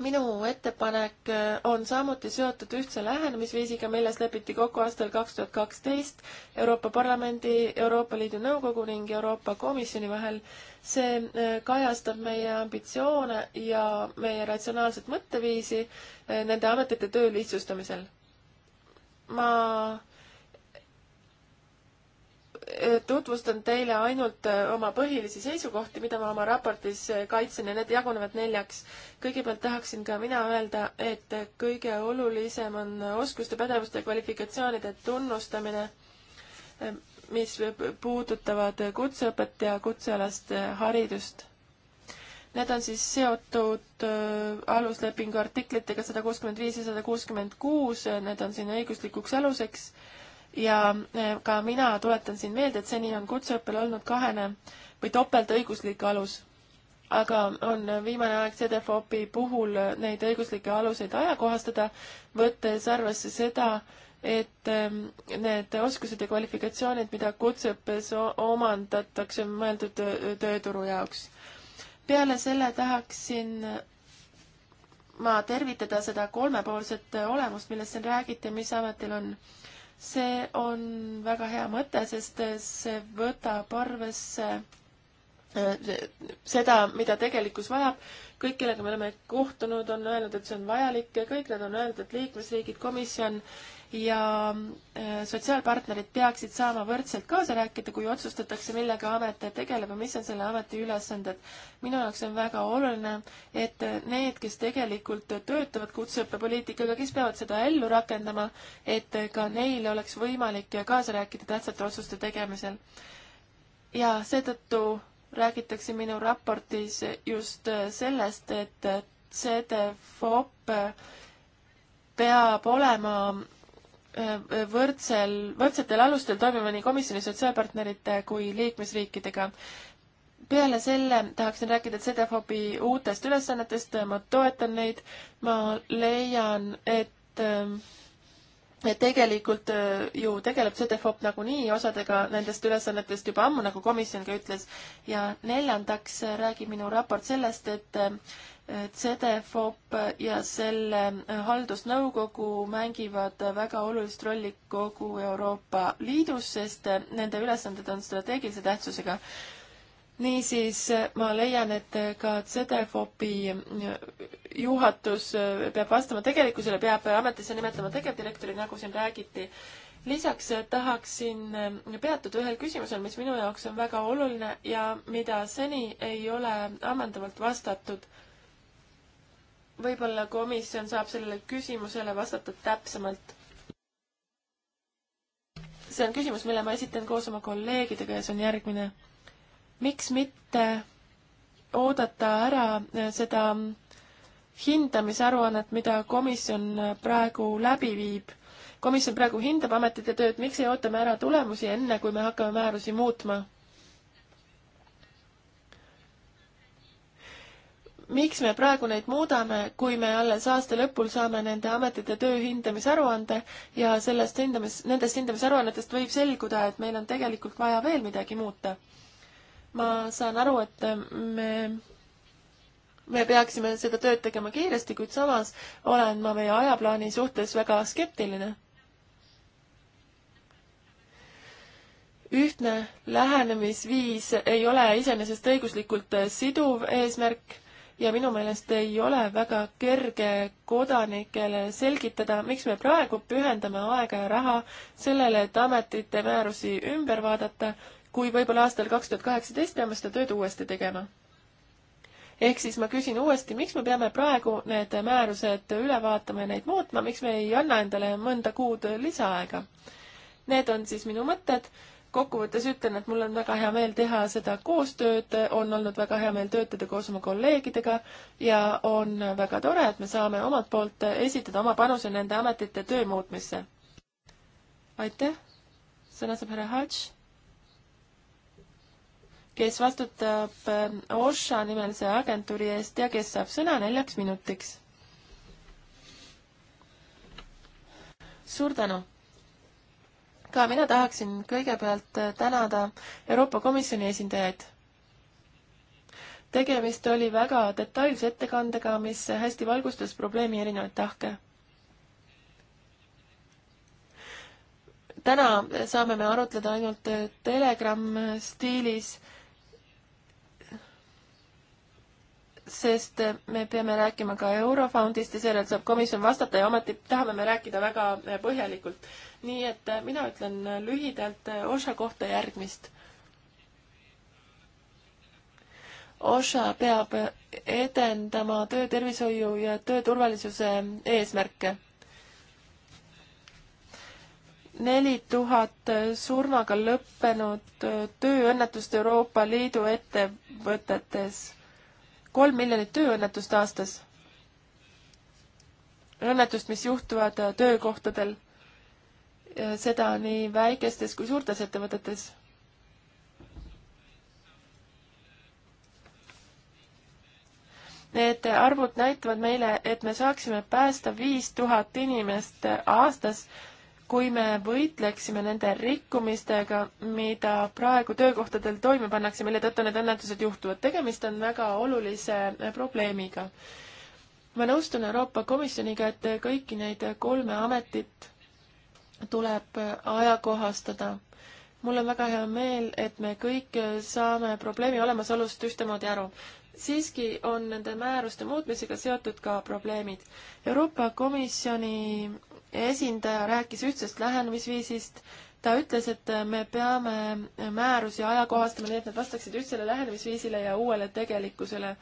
minu ettepanek äh, on samuti seotud ühtse lähenemisviisiga, milles lepiti kokku aastal kaks tuhat kaksteist Euroopa Parlamendi, Euroopa Liidu Nõukogu ning Euroopa Komisjoni vahel. see äh, kajastab meie ambitsioone ja meie ratsionaalset mõtteviisi äh, nende ametite töö lihtsustamisel ma äh, tutvustan teile ainult äh, oma põhilisi seisukohti, mida ma oma raportis äh, kaitsen ja need jagunevad neljaks. kõigepealt tahaksin ka mina öelda, et kõige olulisem on oskuste, pädevuste, kvalifikatsioonide tunnustamine, mis puudutavad kutseõpet ja kutsealast haridust Need on siis seotud äh, aluslepingu artiklitega sada kuuskümmend viis ja sada kuuskümmend kuus, need on siin õiguslikuks aluseks ja äh, ka mina tuletan siin meelde, et seni on kutseõppel olnud kahene või topeltõiguslik alus. aga on viimane aeg CDFOP-i puhul neid õiguslikke aluseid ajakohastada, võttes arvesse seda, et ähm, need oskused ja kvalifikatsioonid, mida kutseõppes omandatakse, on mõeldud äh, tööturu jaoks peale selle tahaksin ma tervitada seda kolmepoolset olemust, millest siin räägiti, mis ametil on. see on väga hea mõte, sest see võtab arvesse eh, seda, mida tegelikkus vajab. kõik, kellega me oleme kohtunud, on öelnud, et see on vajalik ja kõik nad on öelnud, et liikmesriigid, komisjon ja äh, sotsiaalpartnerid peaksid saama võrdselt kaasa rääkida, kui otsustatakse, millega amet tegeleb ja mis on selle ameti ülesanded. minu jaoks on väga oluline, et need, kes tegelikult töötavad kutseõppepoliitikaga, kes peavad seda ellu rakendama, et ka neil oleks võimalik kaasa rääkida tähtsate otsuste tegemisel. ja seetõttu räägitakse minu raportis just sellest, et CDFOP peab olema Äh, võrdsel, võrdsetel alustel toimima nii komisjoni sotsiaalpartnerite kui liikmesriikidega. peale selle tahaksin rääkida CDFOP-i uutest ülesannetest, ma toetan neid, ma leian, et äh, et tegelikult äh, ju tegeleb CDFOP nagunii osadega nendest ülesannetest juba ammu, nagu komisjon ka ütles. ja neljandaks äh, räägib minu raport sellest, et CDFOP äh, ja selle haldusnõukogu mängivad väga olulist rolli kogu Euroopa Liidus, sest nende ülesanded on strateegilise tähtsusega niisiis ma leian, et ka CDFOP-i juhatus peab vastama tegelikkusele, peab ametisse nimetama tegevdirektori, nagu siin räägiti. lisaks tahaksin peatuda ühel küsimusel, mis minu jaoks on väga oluline ja mida seni ei ole ammendavalt vastatud. võib-olla komisjon saab sellele küsimusele vastata täpsemalt. see on küsimus, mille ma esitan koos oma kolleegidega ja see on järgmine miks mitte oodata ära äh, seda hindamisaruannet, mida komisjon äh, praegu läbi viib. komisjon praegu hindab ametite tööd, miks ei oota me ära tulemusi, enne kui me hakkame määrusi muutma? miks me praegu neid muudame, kui me alles aasta lõpul saame nende ametite töö hindamisaruande ja sellest hindamis, nendest hindamisaruannetest võib selguda, et meil on tegelikult vaja veel midagi muuta ma saan aru, et me, me peaksime seda tööd tegema kiiresti, kuid samas olen ma meie ajaplaani suhtes väga skeptiline. ühtne lähenemisviis ei ole iseenesest õiguslikult siduv eesmärk ja minu meelest ei ole väga kerge kodanikele selgitada, miks me praegu pühendame aega ja raha sellele, et ametite määrusi ümber vaadata kui võib-olla aastal kaks tuhat kaheksateist peame seda tööd uuesti tegema. ehk siis ma küsin uuesti, miks me peame praegu need määrused üle vaatama ja neid muutma, miks me ei anna endale mõnda kuud lisaaega? Need on siis minu mõtted kokkuvõttes ütlen, et mul on väga hea meel teha seda koostööd, on olnud väga hea meel töötada koos oma kolleegidega ja on väga tore, et me saame omalt poolt esitada oma panuse nende ametite töö muutmisse. aitäh, sõna saab härra Hatš kes vastutab äh, OSHA nimelise agentuuri eest ja kes saab sõna neljaks minutiks. suur tänu! ka mina tahaksin kõigepealt äh, tänada Euroopa Komisjoni esindajaid. tegemist oli väga detailse ettekandega, mis hästi valgustas probleemi erinevaid tahke täna saame me arutleda ainult Telegram stiilis sest me peame rääkima ka Eurofondist ja sellele saab komisjon vastata ja ometi tahame me rääkida väga põhjalikult. nii et mina ütlen lühidalt OSHA kohta järgmist. OSHA peab edendama töötervishoiu ja tööturvalisuse eesmärke. neli tuhat surmaga lõppenud tööõnnetust Euroopa Liidu ettevõtetes kolm miljonit tööõnnetust aastas. õnnetust, mis juhtuvad äh, töökohtadel, seda nii väikestes kui suurtes ettevõtetes. Need arvud näitavad meile, et me saaksime päästa viis tuhat inimest äh, aastas kui me võitleksime nende rikkumistega, mida praegu töökohtadel toime pannakse, mille tõttu need õnnetused juhtuvad. tegemist on väga olulise probleemiga. ma nõustun Euroopa Komisjoniga, et kõiki neid kolme ametit tuleb ajakohastada. mul on väga hea meel, et me kõik saame probleemi olemasolust ühtemoodi aru siiski on nende määruste muutmisega seotud ka probleemid. Euroopa Komisjoni esindaja rääkis ühtsest lähenemisviisist, ta ütles, et me peame määrusi ajakohastama nii, et nad vastaksid ühtsele lähenemisviisile ja uuele tegelikkusele.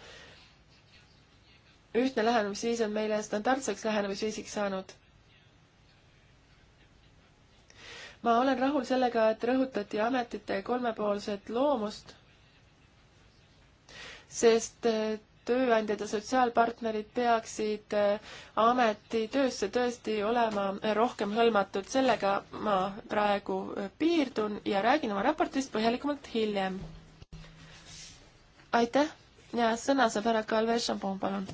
ühtne lähenemisviis on meile standardseks lähenemisviisiks saanud. ma olen rahul sellega, et rõhutati ametite kolmepoolset loomust, sest tööandjad ja sotsiaalpartnerid peaksid äh, ametitöösse tõesti olema äh, rohkem hõlmatud. sellega ma praegu äh, piirdun ja räägin oma raportist põhjalikumalt hiljem. aitäh ja sõna saab ära Kalver Šampon, palun.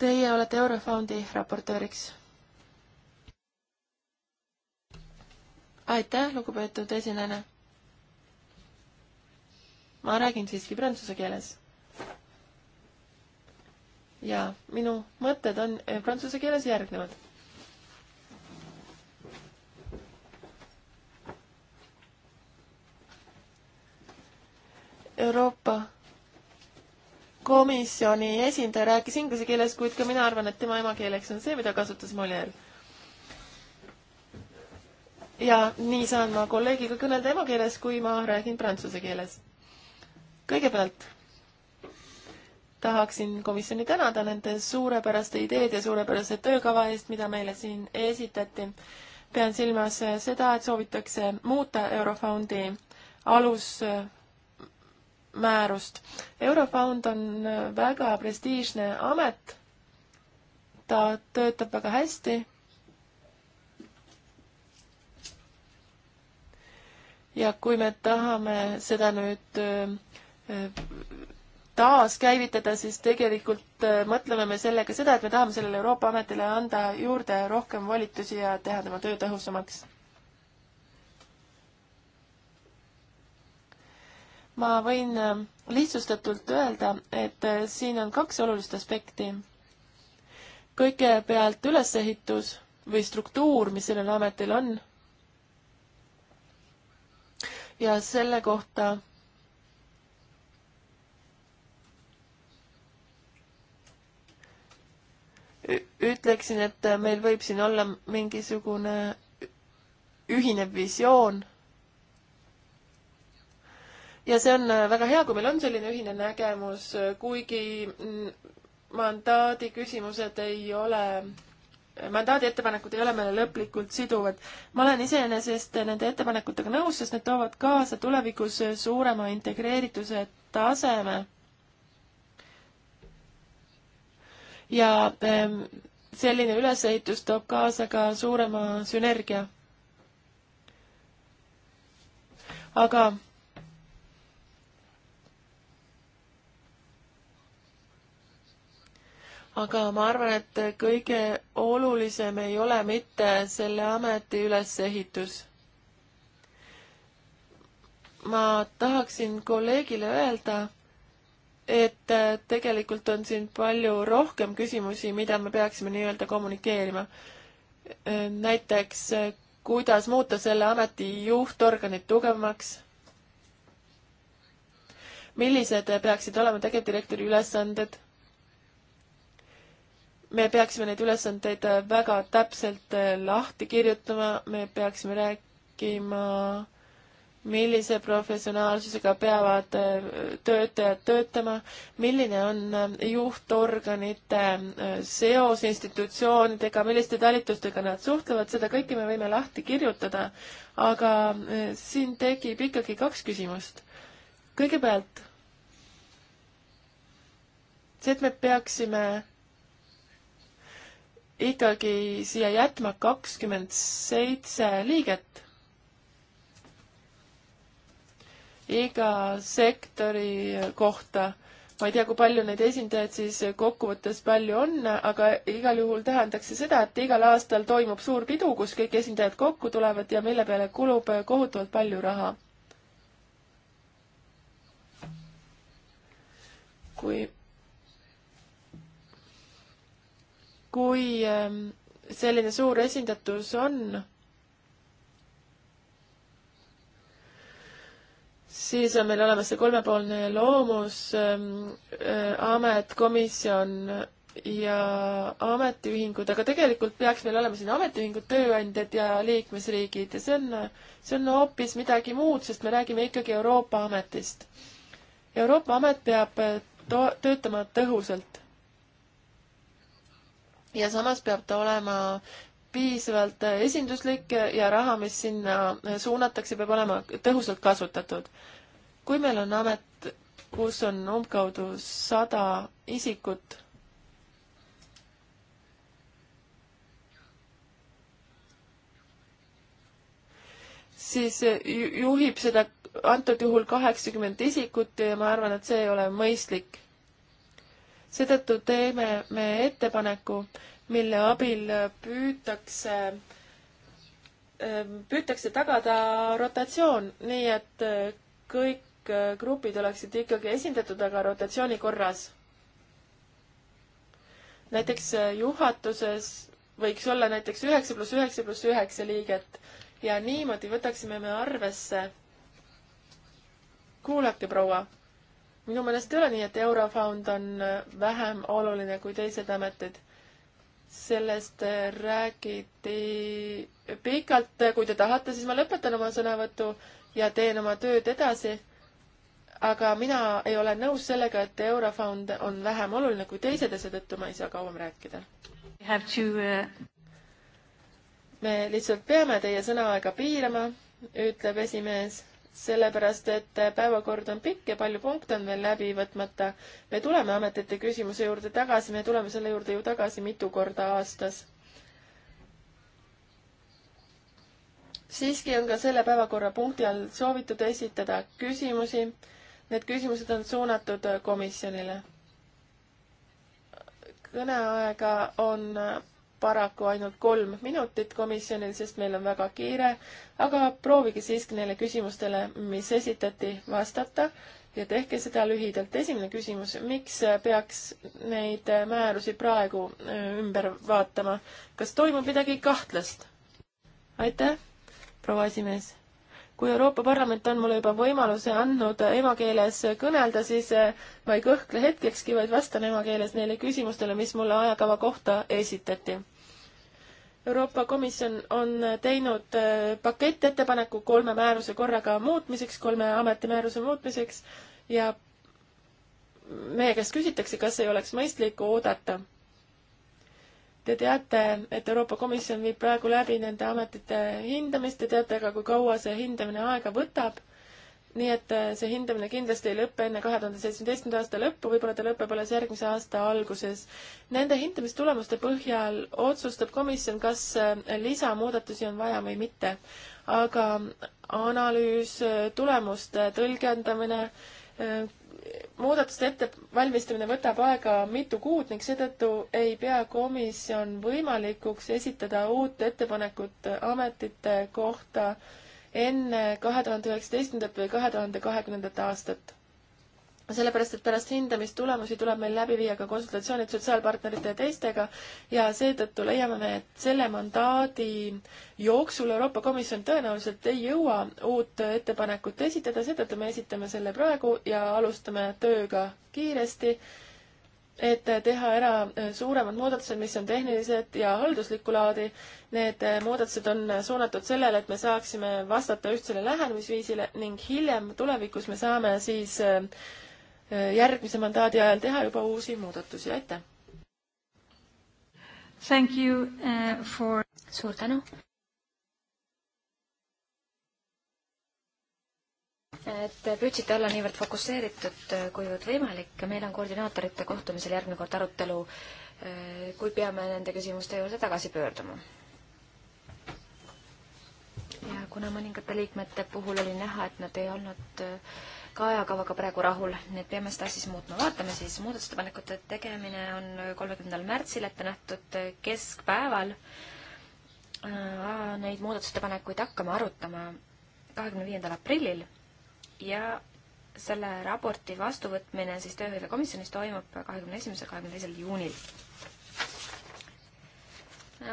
Teie olete Eurofondi raportööriks. aitäh, lugupeetud esinejana ma räägin siiski prantsuse keeles. ja minu mõtted on eh, prantsuse keeles järgnevad. Euroopa Komisjoni esindaja rääkis inglise keeles, kuid ka mina arvan, et tema emakeeleks on see, mida kasutas Molière ja nii saan ma kolleegiga kõnelda emakeeles, kui ma räägin prantsuse keeles kõigepealt tahaksin komisjoni tänada nende suurepäraste ideede ja suurepärase töökava eest, mida meile siin esitati. pean silmas seda, et soovitakse muuta Eurofondi alusmäärust. Eurofond on väga prestiižne amet, ta töötab väga hästi ja kui me tahame seda nüüd äh, taaskäivitada, siis tegelikult äh, mõtleme me sellega seda, et me tahame sellele Euroopa Ametile anda juurde rohkem volitusi ja teha tema töö tõhusamaks. ma võin äh, lihtsustatult öelda, et äh, siin on kaks olulist aspekti. kõigepealt ülesehitus või struktuur, mis sellel ametil on. ja selle kohta ütleksin, et meil võib siin olla mingisugune ühine visioon. ja see on väga hea, kui meil on selline ühine nägemus, kuigi mandaadi küsimused ei ole, mandaadi ettepanekud ei ole meile lõplikult siduvad. ma olen iseenesest nende ettepanekutega nõus, sest need toovad kaasa tulevikus suurema integreerituse taseme ja ähm, selline ülesehitus toob kaasa ka suurema sünergia. aga aga ma arvan, et kõige olulisem ei ole mitte selle ameti ülesehitus. ma tahaksin kolleegile öelda et äh, tegelikult on siin palju rohkem küsimusi, mida me peaksime nii-öelda kommunikeerima. Äh, näiteks, äh, kuidas muuta selle ameti juhtorganit tugevamaks? millised peaksid olema tegevdirektori ülesanded? me peaksime neid ülesandeid väga täpselt lahti kirjutama, me peaksime rääkima äh, millise professionaalsusega peavad äh, töötajad töötama, milline on äh, juhtorganite äh, seos institutsioonidega, milliste talitustega nad suhtlevad, seda kõike me võime lahti kirjutada, aga siin tekib ikkagi kaks küsimust. kõigepealt see, et me peaksime ikkagi siia jätma kakskümmend seitse liiget iga sektori kohta. ma ei tea, kui palju neid esindajaid siis kokkuvõttes palju on, aga igal juhul tähendaks see seda, et igal aastal toimub suur pidu, kus kõik esindajad kokku tulevad ja mille peale kulub kohutavalt palju raha. kui kui ähm, selline suur esindatus on, siis on meil olemas see kolmepoolne loomus ähm,, äh, amet, komisjon ja ametiühingud, aga tegelikult peaks meil olema siin ametiühingud, tööandjad ja liikmesriigid ja see on, see on hoopis midagi muud, sest me räägime ikkagi Euroopa ametist. Euroopa amet peab äh, to-, töötama tõhusalt. ja samas peab ta olema piisavalt äh, esinduslik ja raha, mis sinna äh, suunatakse, peab olema tõhusalt kasutatud kui meil on amet, kus on umbkaudu sada isikut, siis juhib seda antud juhul kaheksakümmend isikut ja ma arvan, et see ei ole mõistlik. seetõttu teeme me ettepaneku, mille abil püütakse, püütakse tagada rotatsioon, nii et kõik grupid oleksid ikkagi esindatud, aga rotatsiooni korras. näiteks äh, juhatuses võiks olla näiteks üheksa pluss üheksa pluss üheksa liiget ja niimoodi võtaksime me arvesse. kuulake, proua, minu meelest ei ole nii, et Eurofond on äh, vähem oluline kui teised ametid sellest äh, räägiti pikalt, kui te tahate, siis ma lõpetan oma sõnavõtu ja teen oma tööd edasi aga mina ei ole nõus sellega, et Eurofond on vähem oluline kui teised ja seetõttu ma ei saa kauem rääkida. Uh, me lihtsalt peame teie sõnaaega piirama, ütleb esimees, sellepärast et päevakord on pikk ja palju punkte on veel läbi võtmata. me tuleme ametite küsimuse juurde tagasi, me tuleme selle juurde ju tagasi mitu korda aastas siiski on ka selle päevakorrapunkti all soovitud esitada küsimusi Need küsimused on suunatud äh, komisjonile. kõneaega on äh, paraku ainult kolm minutit komisjonil, sest meil on väga kiire, aga proovige siiski neile küsimustele, mis esitati, vastata ja tehke seda lühidalt. esimene küsimus, miks peaks neid äh, määrusi praegu ümber vaatama? kas toimub midagi kahtlast? aitäh, proua esimees kui Euroopa Parlament on mulle juba võimaluse andnud emakeeles kõnelda, siis eh, ma ei kõhkle hetkekski, vaid vastan emakeeles neile küsimustele, mis mulle ajakava kohta esitati. Euroopa Komisjon on teinud eh, pakettettepaneku kolme määruse korraga muutmiseks, kolme ametimääruse muutmiseks ja meie käest küsitakse, kas ei oleks mõistlik oodata Te teate, et Euroopa Komisjon viib praegu läbi nende ametite hindamist, te teate ka, kui kaua see hindamine aega võtab. nii et äh, see hindamine kindlasti ei lõpe enne kahe tuhande seitsmeteistkümnenda aasta lõppu, võib-olla ta lõpeb alles järgmise aasta alguses. Nende hindamistulemuste põhjal otsustab komisjon, kas äh, lisamuudatusi on vaja või mitte. aga analüüs, äh, tulemuste tõlgendamine muudatuste ettevalmistamine võtab aega mitu kuud ning seetõttu ei pea komisjon võimalikuks esitada uut ettepanekut ametite kohta enne kahe tuhande üheksateistkümnendat või kahe tuhande kahekümnendat aastat sellepärast, et pärast hindamistulemusi tuleb meil läbi viia ka konsultatsioonid sotsiaalpartnerite ja teistega ja seetõttu leiame me, et selle mandaadi jooksul Euroopa Komisjon tõenäoliselt ei jõua uut ettepanekut esitada, seetõttu me esitame selle praegu ja alustame tööga kiiresti, et teha ära suuremad muudatused, mis on tehnilised ja halduslikku laadi. Need muudatused on suunatud sellele, et me saaksime vastata ühtsele lähenemisviisile ning hiljem tulevikus me saame siis äh, järgmise mandaadi ajal teha juba uusi muudatusi, aitäh! Thank you uh, for suur tänu! et püüdsite olla niivõrd fokusseeritud, eh, kuivõrd võimalik. meil on koordinaatorite kohtumisel järgmine kord arutelu, eh, kui peame nende küsimuste juurde tagasi pöörduma. ja kuna mõningate liikmete puhul oli näha, et nad ei olnud äh, ka ajakavaga praegu rahul, nii et peame seda siis muutma. vaatame siis, muudatusettepanekute tegemine on kolmekümnendal märtsil ette nähtud keskpäeval. Äh, neid muudatusettepanekuid hakkame arutama kahekümne viiendal aprillil ja selle raporti vastuvõtmine siis tööhõivekomisjonis toimub kahekümne esimesel, kahekümne teisel juunil.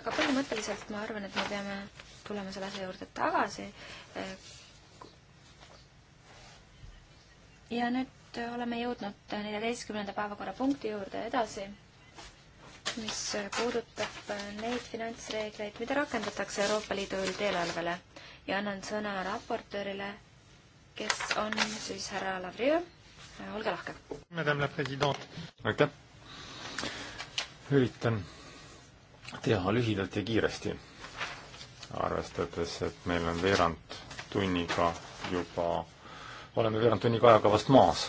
aga põhimõtteliselt ma arvan, et me peame tulema selle asja juurde tagasi ja nüüd äh, oleme jõudnud äh, neljateistkümnenda päevakorrapunkti juurde edasi, mis äh, puudutab neid finantsreegleid, mida rakendatakse Euroopa Liidu üldeelarvele ja annan sõna raportöörile, kes on siis härra Lavrieu. olge lahke. aitäh. üritan teha lühidalt ja kiiresti, arvestades, et meil on veerand tunniga juba oleme veerand tunniga ajakavast maas.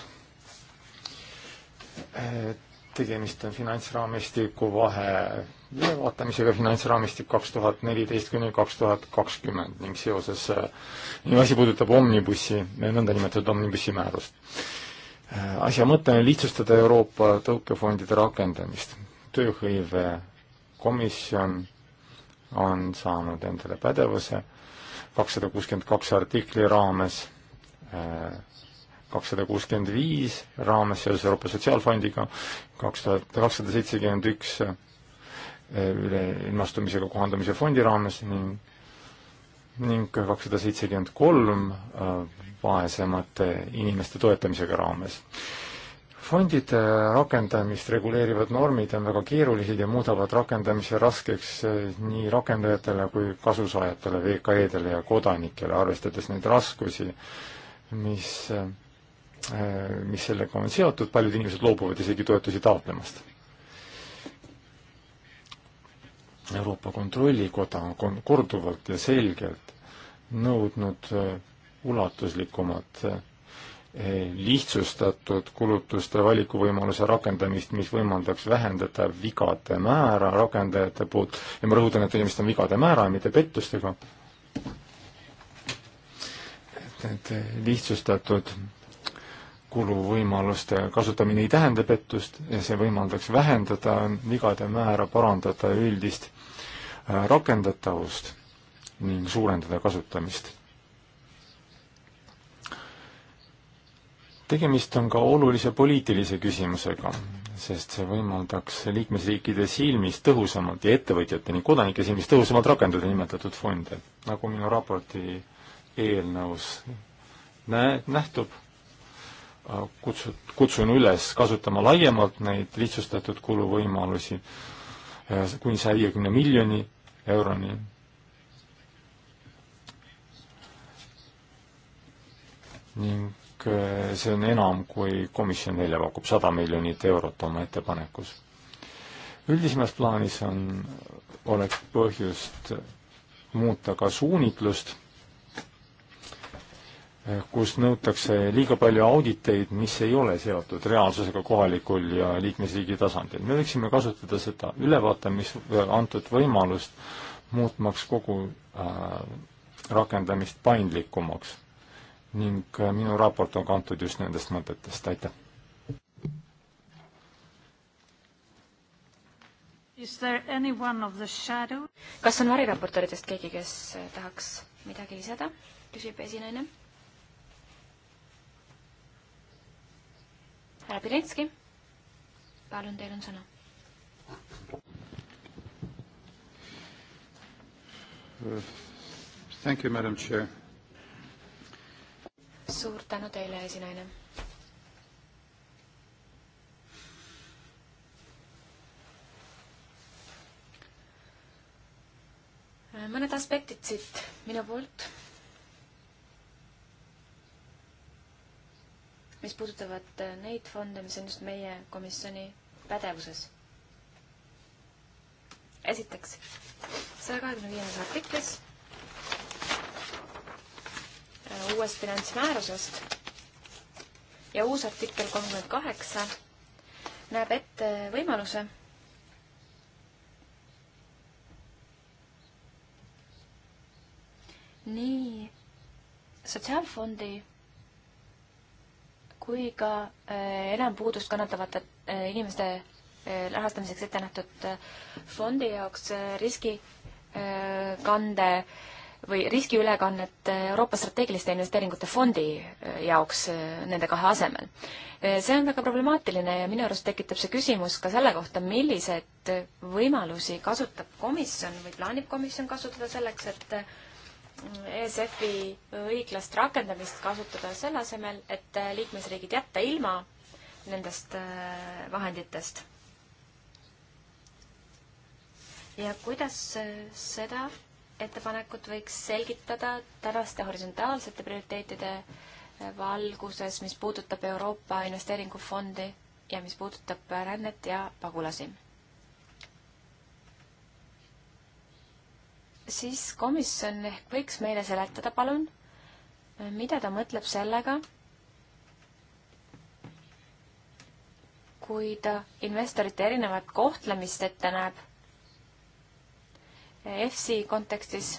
tegemist on finantsraamistiku vahe ülevaatamisega finantsraamistik kaks tuhat neliteist kuni kaks tuhat kakskümmend ning seoses, minu asi puudutab omnibussi, nõndanimetatud omnibussi määrust. asja mõte on lihtsustada Euroopa tõukefondide rakendamist. tööhõive komisjon on saanud endale pädevuse kakssada kuuskümmend kaks artikli raames kakssada kuuskümmend viis raames seoses Euroopa Sotsiaalfondiga, kaks tuhat kakssada seitsekümmend üks eh, üleilmastumisega kohandamise fondi raames ning ning kakssada seitsekümmend kolm eh, vaesemate inimeste toetamisega raames. fondide rakendamist reguleerivad normid on väga keerulised ja muudavad rakendamise raskeks eh, nii rakendajatele kui kasusaajatele, VKE-dele ja kodanikele, arvestades neid raskusi, mis, äh, mis sellega on seotud, paljud inimesed loobuvad isegi toetusi taotlemast. Euroopa Kontrollikoda on korduvalt ja selgelt nõudnud äh, ulatuslikumat äh, lihtsustatud kulutuste valikuvõimaluse rakendamist, mis võimaldaks vähendada vigade määra rakendajate poolt ja ma rõhutan, et tegemist on vigade määra, mitte pettustega et lihtsustatud kuluvõimaluste kasutamine ei tähenda pettust ja see võimaldaks vähendada vigade määra, parandada üldist äh, rakendatavust ning suurendada kasutamist. tegemist on ka olulise poliitilise küsimusega, sest see võimaldaks liikmesriikide silmis tõhusamalt ja ettevõtjate ning kodanike silmis tõhusamalt rakendada nimetatud fonde, nagu minu raporti eelnõus nä-, nähtub, kutsu-, kutsun üles kasutama laiemalt neid lihtsustatud kuluvõimalusi kuni saja viiekümne miljoni euroni. ning äh, see on enam, kui komisjon välja pakub, sada miljonit eurot oma ettepanekus. üldisemas plaanis on, oleks põhjust muuta ka suunitlust kus nõutakse liiga palju auditeid, mis ei ole seotud reaalsusega kohalikul ja liikmesriigi tasandil. me võiksime kasutada seda ülevaatamist, äh, antud võimalust, muutmaks kogu äh, rakendamist paindlikumaks. ning äh, minu raport on kantud just nendest mõtetest, aitäh. kas on variraportoritest keegi, kes äh, tahaks midagi lisada, küsib esinaine härra Piretski, palun, teil on sõna. Thank you, madam chair. suur tänu teile, esinaine mõned aspektid siit minu poolt mis puudutavad äh, neid fonde, mis on just meie komisjoni pädevuses. esiteks, saja kahekümne viiendas artiklis äh, uuest finantsmäärusest ja uus artikkel kolmkümmend kaheksa näeb ette võimaluse nii sotsiaalfondi kui ka äh, enam puudust kannatavate äh, inimeste äh, rahastamiseks ette nähtud fondi jaoks riskikande või riskiülekannet Euroopa strateegiliste investeeringute fondi jaoks nende kahe asemel. see on väga problemaatiline ja minu arust tekitab see küsimus ka selle kohta, milliseid võimalusi kasutab komisjon või plaanib komisjon kasutada selleks, et ESF-i õiglast rakendamist kasutada selle asemel, et liikmesriigid jätta ilma nendest äh, vahenditest. ja kuidas äh, seda ettepanekut võiks selgitada tänaste horisontaalsete prioriteetide äh, valguses, mis puudutab Euroopa Investeeringufondi ja mis puudutab rännet ja pagulasi? siis komisjon ehk võiks meile seletada, palun, mida ta mõtleb sellega, kui ta investorite erinevat kohtlemist ette näeb EFSI kontekstis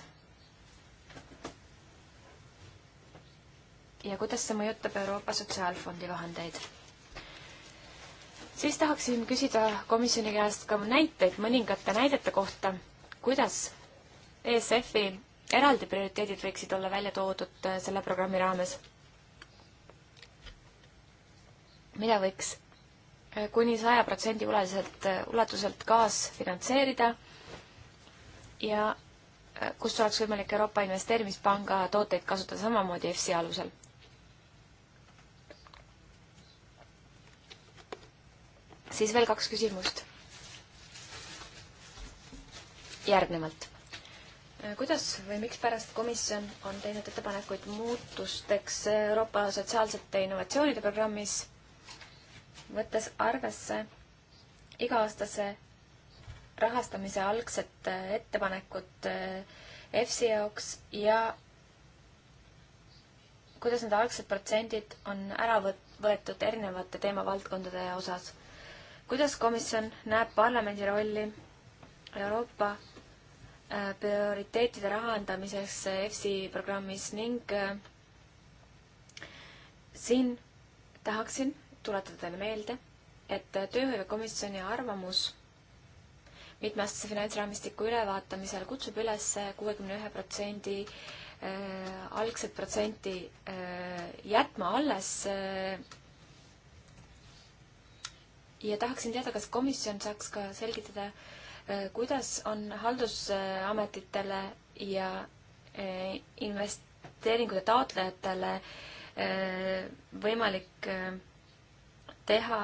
ja kuidas see mõjutab Euroopa Sotsiaalfondi vahendeid. siis tahaksin küsida komisjoni käest ka näiteid mõningate näidete kohta, kuidas ESF-i eraldi prioriteedid võiksid olla välja toodud äh, selle programmi raames? mida võiks äh, kuni saja protsendi ulatuselt, äh, ulatuselt kaasfinantseerida ja kust oleks võimalik Euroopa Investeerimispanga tooteid kasutada samamoodi EFSI alusel? siis veel kaks küsimust järgnevalt kuidas või mikspärast komisjon on teinud ettepanekuid muutusteks Euroopa sotsiaalsete innovatsioonide programmis, võttes arvesse iga-aastase rahastamise algset ettepanekut eh, EFSI jaoks ja kuidas need algsed protsendid on ära võetud erinevate teemavaldkondade osas. kuidas komisjon näeb parlamendi rolli Euroopa Äh, prioriteetide rahandamiseks EFSI programmis ning äh, siin tahaksin tuletada teile meelde, et tööhõivekomisjoni arvamus mitmeaastase finantsraamistiku ülevaatamisel kutsub üles kuuekümne ühe protsendi äh, algset protsenti jätma alles. ja tahaksin teada, kas komisjon saaks ka selgitada äh, Äh, kuidas on haldusametitele ja äh, investeeringute taotlejatele äh, võimalik teha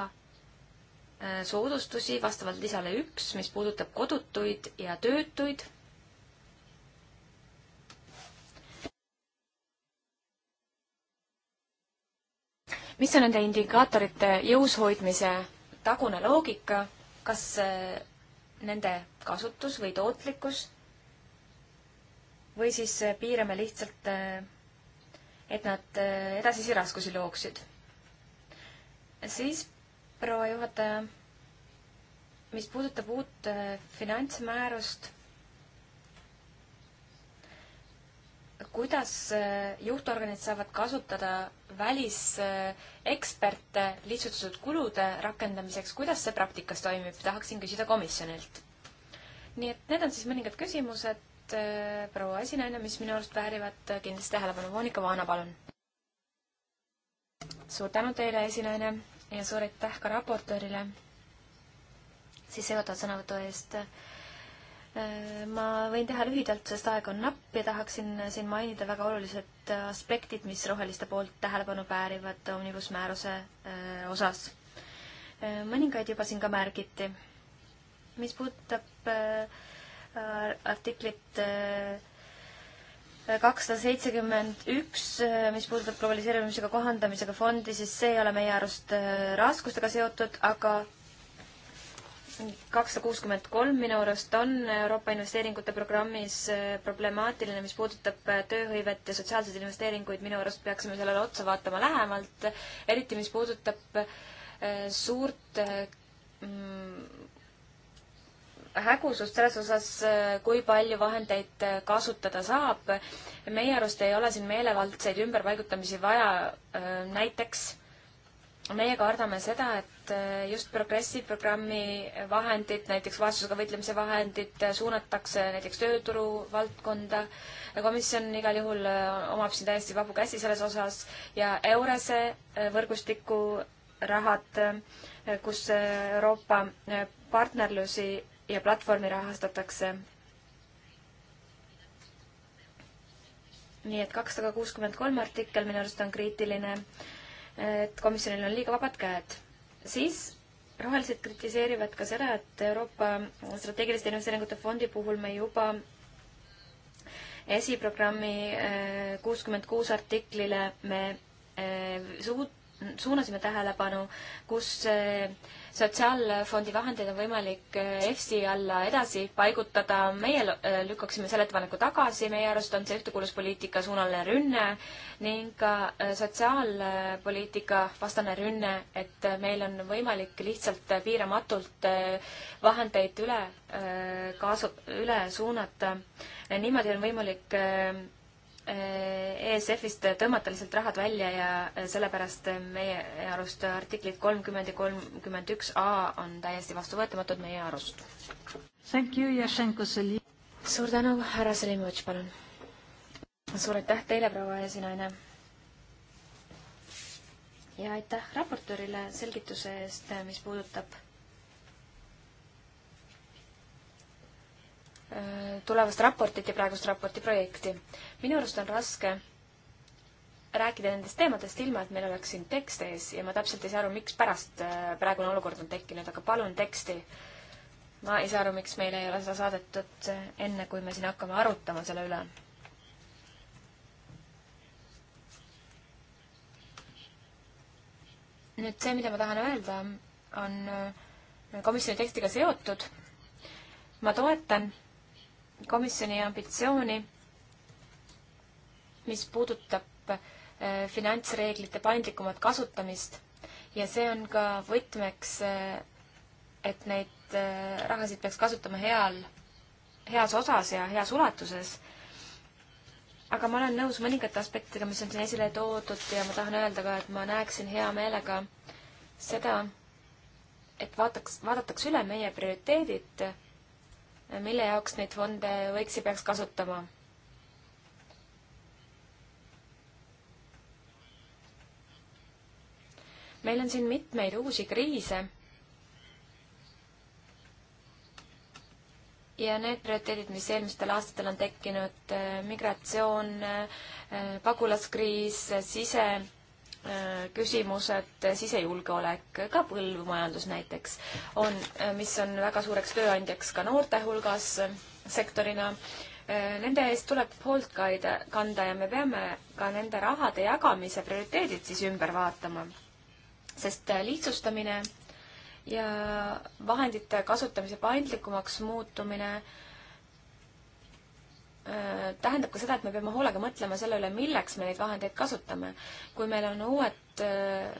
soodustusi vastavalt lisale üks, mis puudutab kodutuid ja töötuid. mis on nende indikaatorite jõus hoidmise tagune loogika, kas nende kasutus või tootlikkus. või siis eh, piirame lihtsalt, eh, et nad eh, edasisi raskusi looksid. siis, proua juhataja, mis puudutab uut finantsmäärust kuidas äh, juhtorganid saavad kasutada väliseksperte lihtsustatud kulude rakendamiseks, kuidas see praktikas toimib, tahaksin küsida komisjonilt. nii et need on siis mõningad küsimused, äh, proua esinaine, mis minu arust väärivad äh, kindlasti tähelepanu. Monika Vaana, palun. suur tänu teile, esinaine, ja suur aitäh ka raportöörile sissejuhatava sõnavõtu eest Äh, ma võin teha lühidalt, sest aeg on napp ja tahaksin siin mainida väga olulised aspektid, mis roheliste poolt tähelepanu päärivad omnibus määruse äh, osas. Äh, mõningaid juba siin ka märgiti. mis puudutab artiklit kakssada seitsekümmend üks, mis puudutab globaliseerumisega kohandamisega fondi, siis see ei ole meie arust raskustega seotud, aga kakssada kuuskümmend kolm minu arust on Euroopa investeeringute programmis äh, problemaatiline, mis puudutab äh, tööhõivet ja sotsiaalseid investeeringuid, minu arust peaksime sellele otsa vaatama lähemalt, eriti mis puudutab äh, suurt mm, hägusust selles osas, kui palju vahendeid kasutada saab. meie arust ei ole siin meelevaldseid ümberpaigutamisi vaja näiteks meie kardame seda, et äh, just Progressi programmi vahendid, näiteks vaesusega võitlemise vahendid äh, suunatakse näiteks tööturu valdkonda. komisjon igal juhul äh, omab siin täiesti vabu käsi selles osas ja Eurese võrgustiku rahad, kus Euroopa partnerlusi ja platvormi rahastatakse. nii et kakssada kuuskümmend kolm artikkel minu arust on kriitiline et komisjonil on liiga vabad käed. siis rohelised kritiseerivad ka seda, et Euroopa strateegiliste investeeringute fondi puhul me juba esiprogrammi äh, kuuskümmend kuus artiklile me äh, suut-, suunasime tähelepanu, kus eh, sotsiaalfondi vahendeid on võimalik eh, EFSI alla edasi paigutada. meie eh, lükkaksime selle ettepaneku tagasi, meie arust on see ühtekuuluvuspoliitika suunaline rünne ning ka sotsiaalpoliitika vastane rünne, et meil on võimalik lihtsalt piiramatult vahendeid üle kaasu-, üle suunata. niimoodi on võimalik Äh, ESF-ist tõmmata lihtsalt rahad välja ja äh, sellepärast meie arust artiklid kolmkümmend ja kolmkümmend üks A on täiesti vastuvõetamatud meie arust. suur tänu, härra Selimovitš, palun. suur aitäh teile, proua esinaine. ja aitäh raportöörile selgituse eest, mis puudutab Äh, tulevast raportit ja praegust raporti projekti. minu arust on raske rääkida nendest teemadest ilma, et meil oleks siin tekst ees ja ma täpselt ei saa aru, mikspärast äh, praegune olukord on tekkinud, aga palun teksti. ma ei saa aru, miks meile ei ole seda saadetud enne, kui me siin hakkame arutama selle üle. nüüd see, mida ma tahan öelda, on äh, komisjoni tekstiga seotud. ma toetan komisjoni ambitsiooni, mis puudutab äh, finantsreeglite paindlikumat kasutamist ja see on ka võtmeks, äh, et neid äh, rahasid peaks kasutama heal, heas osas ja heas ulatuses. aga ma olen nõus mõningate aspektidega, mis on siin esile toodud ja ma tahan öelda ka, et ma näeksin hea meelega seda, et vaataks, vaadatakse üle meie prioriteedid mille jaoks neid fonde võiks ja peaks kasutama? meil on siin mitmeid uusi kriise. ja need prioriteedid, mis eelmistel aastatel on tekkinud, äh, migratsioon, äh, pagulaskriis, äh, sise- Äh, küsimused, äh, sisejulgeolek, ka põllumajandus näiteks, on, äh, mis on väga suureks tööandjaks ka noorte hulgas sektorina. Nende eest tuleb hoolt kanda ja me peame ka nende rahade jagamise prioriteedid siis ümber vaatama. sest lihtsustamine ja vahendite kasutamise paindlikumaks muutumine äh, Äh, tähendab ka seda, et me peame hoolega mõtlema selle üle, milleks me neid vahendeid kasutame. kui meil on uued, äh,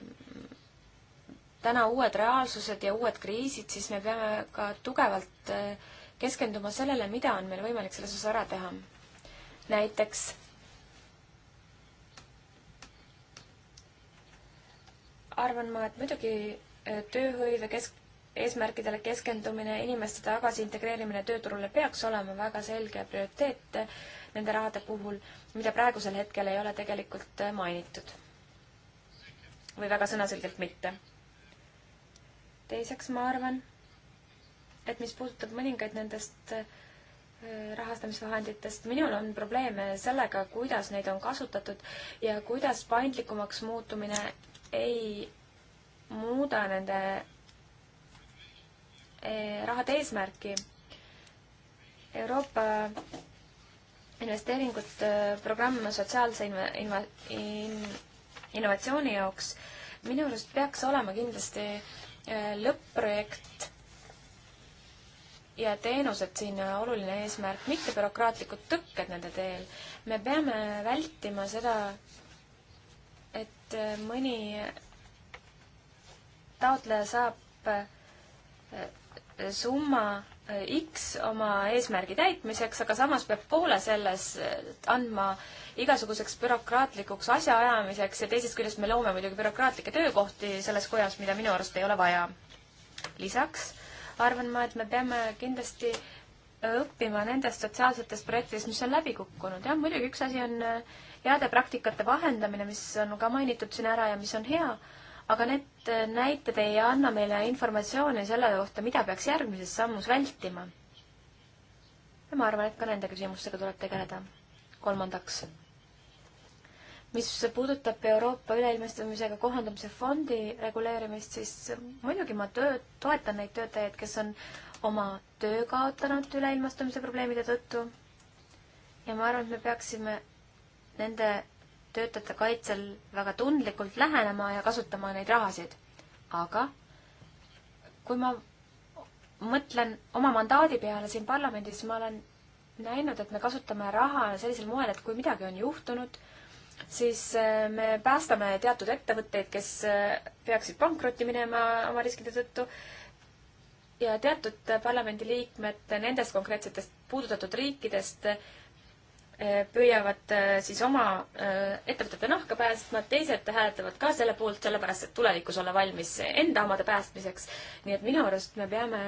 täna uued reaalsused ja uued kriisid, siis me peame ka tugevalt äh, keskenduma sellele, mida on meil võimalik selles osas ära teha. näiteks arvan ma, et muidugi tööhõive kesk-, eesmärkidele keskendumine, inimeste tagasi integreerimine tööturule peaks olema väga selge prioriteet nende rahade puhul, mida praegusel hetkel ei ole tegelikult äh, mainitud. või väga sõnaselgelt mitte. teiseks ma arvan, et mis puudutab mõningaid nendest äh, rahastamisvahenditest. minul on probleeme sellega, kuidas neid on kasutatud ja kuidas paindlikumaks muutumine ei muuda nende E, rahade eesmärki. Euroopa investeeringute programm sotsiaalse inv-, inv-, in-, innovatsiooni jaoks minu arust peaks olema kindlasti e, lõpp-projekt ja teenused siin oluline eesmärk, mitte bürokraatlikud tõkked nende teel. me peame vältima seda, et e, mõni taotleja saab summa eh, X oma eesmärgi täitmiseks, aga samas peab poole sellest eh, andma igasuguseks bürokraatlikuks asjaajamiseks ja teisest küljest me loome muidugi bürokraatlikke töökohti selles kojas, mida minu arust ei ole vaja. lisaks arvan ma, et me peame kindlasti õppima nendest sotsiaalsetest projektidest, mis on läbi kukkunud. jah, muidugi üks asi on eh, heade praktikate vahendamine, mis on ka mainitud siin ära ja mis on hea aga need äh, näited ei anna meile informatsiooni selle kohta, mida peaks järgmises sammus vältima. ja ma arvan, et ka nende küsimustega tuleb tegeleda. kolmandaks, mis puudutab Euroopa üleilmestumisega kohandumise fondi reguleerimist, siis muidugi ma töö, toetan neid töötajaid, kes on oma töö kaotanud üleilmastumise probleemide tõttu. ja ma arvan, et me peaksime nende töötajate kaitsel väga tundlikult lähenema ja kasutama neid rahasid. aga kui ma mõtlen oma mandaadi peale siin parlamendis, ma olen näinud, et me kasutame raha sellisel moel, et kui midagi on juhtunud, siis äh, me päästame teatud ettevõtteid, kes äh, peaksid pankrotti minema oma riskide tõttu ja teatud parlamendiliikmed nendest konkreetsetest puudutatud riikidest Äh, püüavad äh, siis oma äh, ettevõtete nahka päästma, teised hääletavad ka selle poolt, sellepärast et tulevikus olla valmis enda omade päästmiseks. nii et minu arust me peame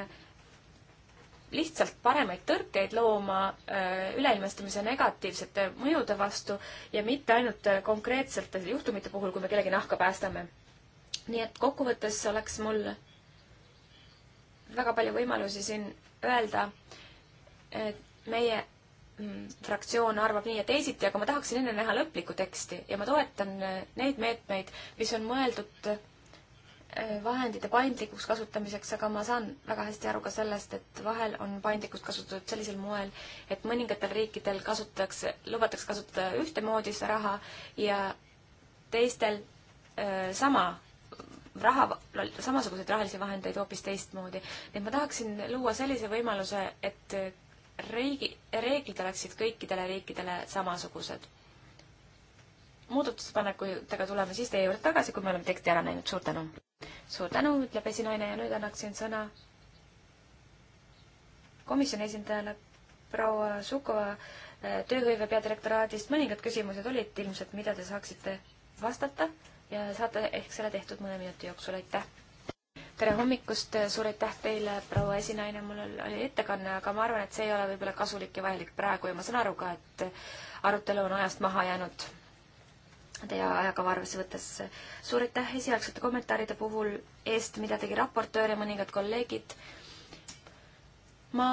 lihtsalt paremaid tõrkeid looma üleilmestumise negatiivsete mõjude vastu ja mitte ainult konkreetsete juhtumite puhul, kui me kellegi nahka päästame. nii et kokkuvõttes oleks mul väga palju võimalusi siin öelda, et meie fraktsioon arvab nii ja teisiti, aga ma tahaksin enne näha lõplikku teksti ja ma toetan äh, neid meetmeid, mis on mõeldud äh, vahendite paindlikuks kasutamiseks, aga ma saan väga hästi aru ka sellest, et vahel on paindlikkust kasutatud sellisel moel, et mõningatel riikidel kasutatakse, lubatakse kasutada ühtemoodi seda raha ja teistel öö, äh, sama raha, samasuguseid rahalisi vahendeid hoopis teistmoodi. nii et ma tahaksin luua sellise võimaluse, et riigi, reeglid oleksid kõikidele riikidele samasugused. muudatusettepanekutega tuleme siis teie juurde tagasi, kui me oleme teksti ära näinud, suur tänu! suur tänu, ütleb esinaine ja nüüd annaksin sõna komisjoni esindajale proua Sukova äh, tööhõive peadirektoraadist. mõningad küsimused olid ilmselt, mida te saaksite vastata ja saate ehk selle tehtud mõne minuti jooksul, aitäh! tere hommikust, suur aitäh teile, proua esinaine, mul oli ettekanne, aga ma arvan, et see ei ole võib-olla kasulik ja vajalik praegu ja ma saan aru ka, et arutelu on ajast maha jäänud teie ajakava arvesse võttes. suur aitäh esialgsete kommentaaride puhul eest, mida tegi raportöör ja mõningad kolleegid. ma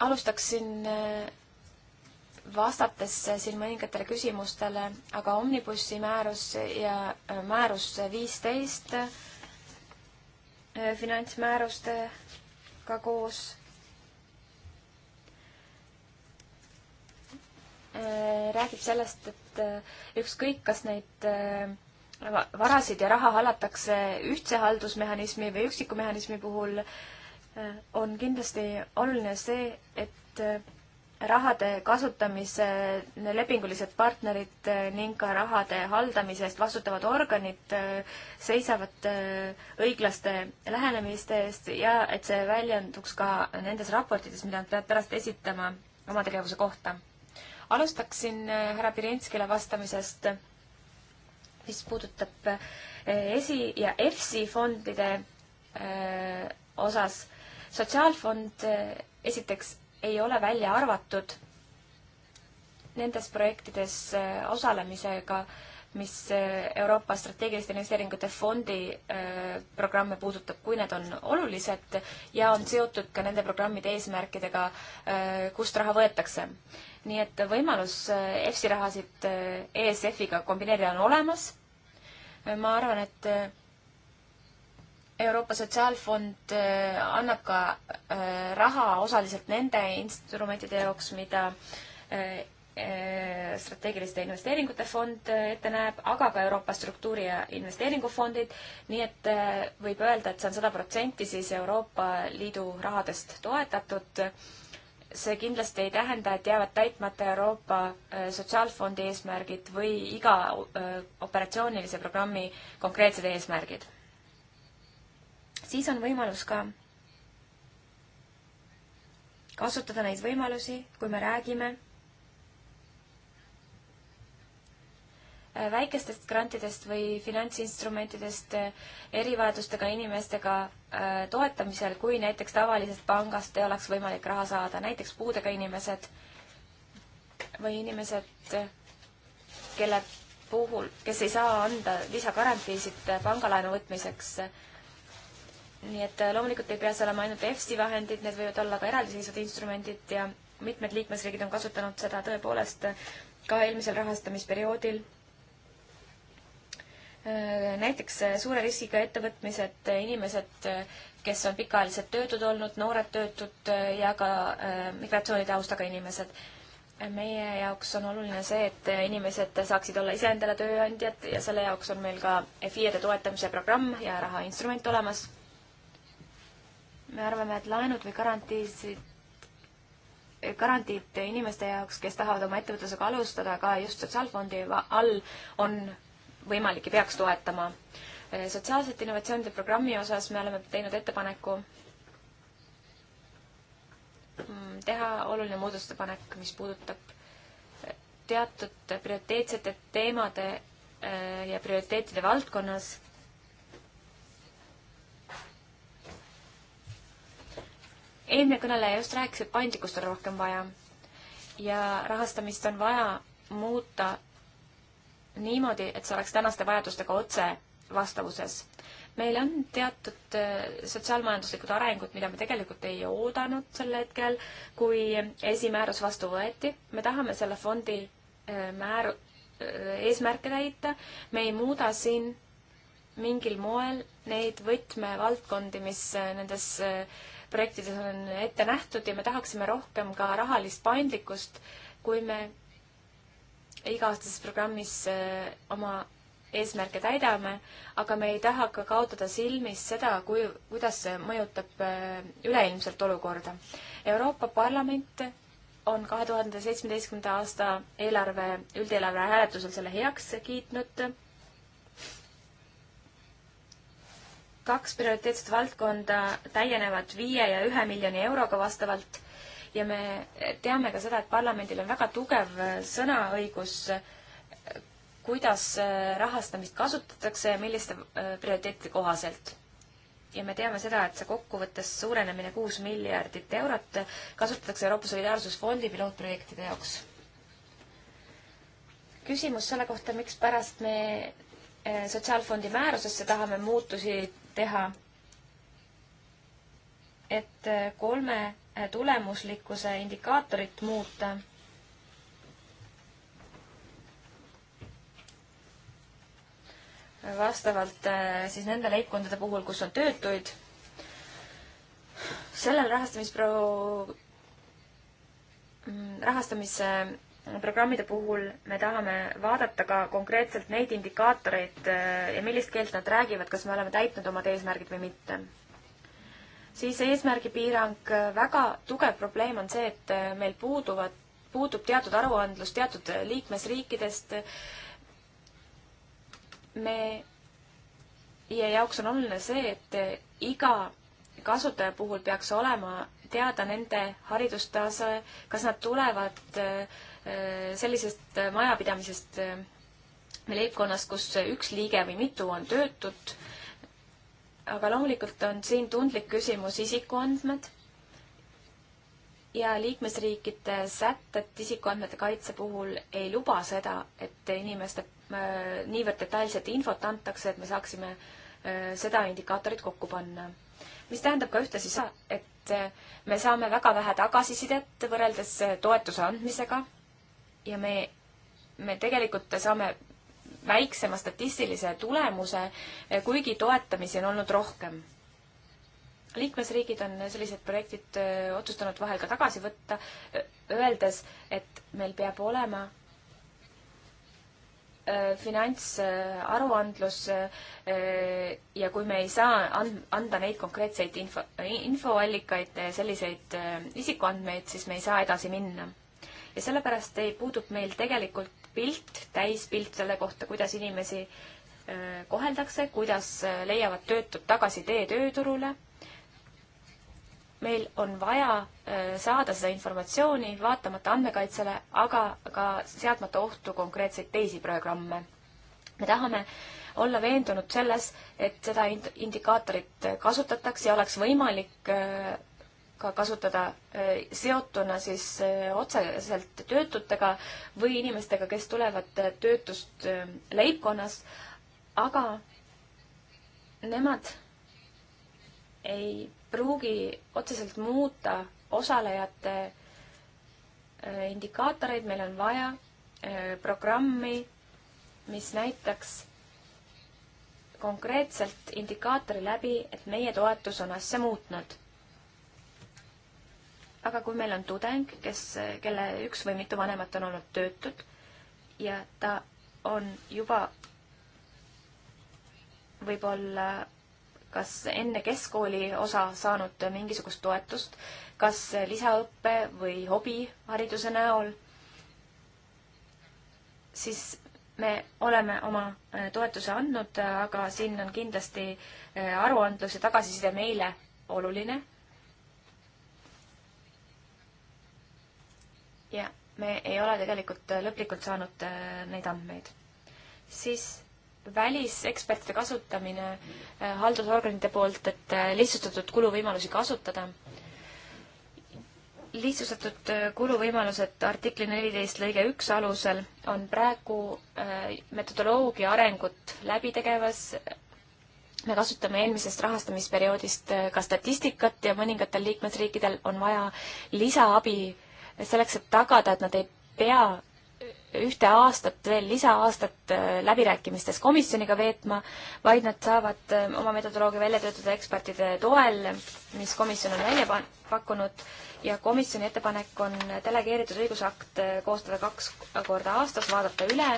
alustaksin vastates siin mõningatele küsimustele, aga Omnibussi määrus ja äh, määrus viisteist äh, finantsmäärustega koos äh, räägib sellest, et ükskõik, kas neid varasid ja raha hallatakse ühtse haldusmehhanismi või üksiku mehhanismi puhul, on kindlasti oluline see, et rahade kasutamise lepingulised partnerid eh, ning ka rahade haldamise eest vastutavad organid eh, seisavad eh, õiglaste lähenemiste eest ja et see väljenduks ka nendes raportites, mida nad peavad pärast esitama oma tegevuse kohta. alustaksin härra Pirinskile vastamisest, mis puudutab esi- ja EFSI fondide osas. sotsiaalfond esiteks ei ole välja arvatud nendes projektides äh, osalemisega, mis äh, Euroopa strateegiliste investeeringute fondi äh, programme puudutab, kui need on olulised ja on seotud ka nende programmide eesmärkidega, kust raha võetakse. nii et võimalus EFSI rahasid ESF-iga kombineerida on olemas. ma arvan, et Euroopa Sotsiaalfond äh, annab ka äh, raha osaliselt nende instrumentide jaoks, mida äh, strateegiliste investeeringute fond ette näeb, aga ka Euroopa struktuuri- ja investeeringufondid, nii et võib öelda, et see on sada protsenti siis Euroopa Liidu rahadest toetatud. see kindlasti ei tähenda, et jäävad täitmata Euroopa Sotsiaalfondi eesmärgid või iga operatsioonilise programmi konkreetsed eesmärgid siis on võimalus ka kasutada neid võimalusi, kui me räägime äh, väikestest grantidest või finantsinstrumentidest äh, erivajadustega inimestega äh, toetamisel, kui näiteks tavalisest pangast ei oleks võimalik raha saada, näiteks puudega inimesed või inimesed, kelle puhul, kes ei saa anda lisagarantiisid pangalaenu võtmiseks nii et äh, loomulikult ei pea see olema ainult EFSI vahendid, need võivad olla ka eraldiseisvad instrumendid ja mitmed liikmesriigid on kasutanud seda tõepoolest äh, ka eelmisel rahastamisperioodil. Äh, näiteks suure riskiga ettevõtmised, inimesed, kes on pikaajaliselt töötud olnud, noored töötud ja ka migratsioonitaustaga inimesed. meie jaoks on oluline see, et inimesed saaksid olla iseendale tööandjad ja selle jaoks on meil ka FIE-de toetamise programm ja rahainstrument olemas me arvame, et laenud või garantiisid, eh, garantiid inimeste jaoks, kes tahavad oma ettevõtlusega alustada ka just sotsiaalfondi all, on võimalik ja peaks toetama. Eh, sotsiaalsete innovatsioonide programmi osas me oleme teinud ettepaneku mm, teha oluline muudatusettepanek, mis puudutab eh, teatud prioriteetsete teemade ja prioriteetide valdkonnas eelmine kõneleja just rääkis, et paindlikkust on rohkem vaja ja rahastamist on vaja muuta niimoodi, et see oleks tänaste vajadustega otse vastavuses. meil on teatud äh, sotsiaalmajanduslikud arengud, mida me tegelikult ei oodanud sel hetkel, kui esimäärus vastu võeti. me tahame selle fondi äh, määru, äh, eesmärke täita, me ei muuda siin mingil moel neid võtmevaldkondi, mis nendes projektides on ette nähtud ja me tahaksime rohkem ka rahalist paindlikkust, kui me iga-aastases programmis äh, oma eesmärke täidame, aga me ei taha ka kaotada silmist seda, kui, kuidas see mõjutab äh, üleilmselt olukorda. Euroopa Parlament on kahe tuhande seitsmeteistkümnenda aasta eelarve, üldeelarve hääletusel selle heaks kiitnud kaks prioriteetset valdkonda täienevad viie ja ühe miljoni euroga vastavalt ja me teame ka seda, et parlamendil on väga tugev sõnaõigus, kuidas rahastamist kasutatakse ja milliste äh, prioriteetide kohaselt. ja me teame seda, et see kokkuvõttes suurenemine kuus miljardit eurot kasutatakse Euroopa Solidaarsusfondi pilootprojektide jaoks. küsimus selle kohta, mikspärast me äh, sotsiaalfondi määrusesse tahame muutusi teha, et kolme tulemuslikkuse indikaatorit muuta. vastavalt eh, siis nende leibkondade puhul, kus on töötuid. sellel rahastamispro-, mm, rahastamise programmide puhul me tahame vaadata ka konkreetselt neid indikaatoreid äh, ja millist keelt nad räägivad, kas me oleme täitnud omad eesmärgid või mitte. siis eesmärgipiirang, äh, väga tugev probleem on see, et äh, meil puuduvad, puudub teatud aruandlus teatud liikmesriikidest. meie jaoks on oluline see, et iga kasutaja puhul peaks olema teada nende haridustase, kas nad tulevad äh, Äh, sellisest äh, majapidamisest või äh, leibkonnast, kus üks liige või mitu on töötud. aga loomulikult on siin tundlik küsimus isikuandmed ja liikmesriikide sätted isikuandmete kaitse puhul ei luba seda, et inimeste niivõrd detailset infot antakse, et me saaksime seda indikaatorit kokku panna. mis tähendab ka ühtlasi seda, et me saame väga vähe tagasisidet võrreldes toetuse andmisega ja me, me tegelikult saame väiksema statistilise tulemuse, kuigi toetamisi on olnud rohkem. liikmesriigid on sellised projektid otsustanud vahel ka tagasi võtta, öeldes, et meil peab olema finantsaruandlus ja kui me ei saa anda neid konkreetseid info, infoallikaid, selliseid isikuandmeid, siis me ei saa edasi minna ja sellepärast ei puudub meil tegelikult pilt, täispilt selle kohta, kuidas inimesi koheldakse, kuidas leiavad töötud tagasi tee tööturule. meil on vaja saada seda informatsiooni vaatamata andmekaitsele, aga ka seadmata ohtu konkreetseid teisi programme. me tahame olla veendunud selles, et seda indikaatorit kasutatakse ja oleks võimalik ka kasutada eh, seotuna siis eh, otseselt töötutega või inimestega, kes tulevad eh, töötust leibkonnas, aga nemad ei pruugi otseselt muuta osalejate indikaatoreid, meil on vaja programmi, mis näitaks konkreetselt indikaatori läbi, et meie toetus on asja muutnud aga kui meil on tudeng, kes, kelle üks või mitu vanemat on olnud töötud ja ta on juba võib-olla kas enne keskkooli osa saanud mingisugust toetust, kas lisaõppe või hobihariduse näol, siis me oleme oma äh, toetuse andnud, aga siin on kindlasti äh, aruandlus ja tagasiside meile oluline ja me ei ole tegelikult äh, lõplikult saanud äh, neid andmeid. siis välisekspertide kasutamine äh, haldusorganite poolt, et lihtsustatud kuluvõimalusi kasutada. lihtsustatud kuluvõimalused artikli neliteist lõige üks alusel on praegu metodoloogia arengut läbi tegevas me kasutame eelmisest rahastamisperioodist ka statistikat ja mõningatel liikmesriikidel on vaja lisaabi selleks, et tagada, et nad ei pea ühte aastat veel, lisaaastat äh, läbirääkimistes komisjoniga veetma, vaid nad saavad äh, oma metodoloogia välja töötada ekspertide toel, mis komisjon on välja pakkunud ja komisjoni ettepanek on delegeeritud õigusakt äh, koostada kaks korda aastas, vaadata üle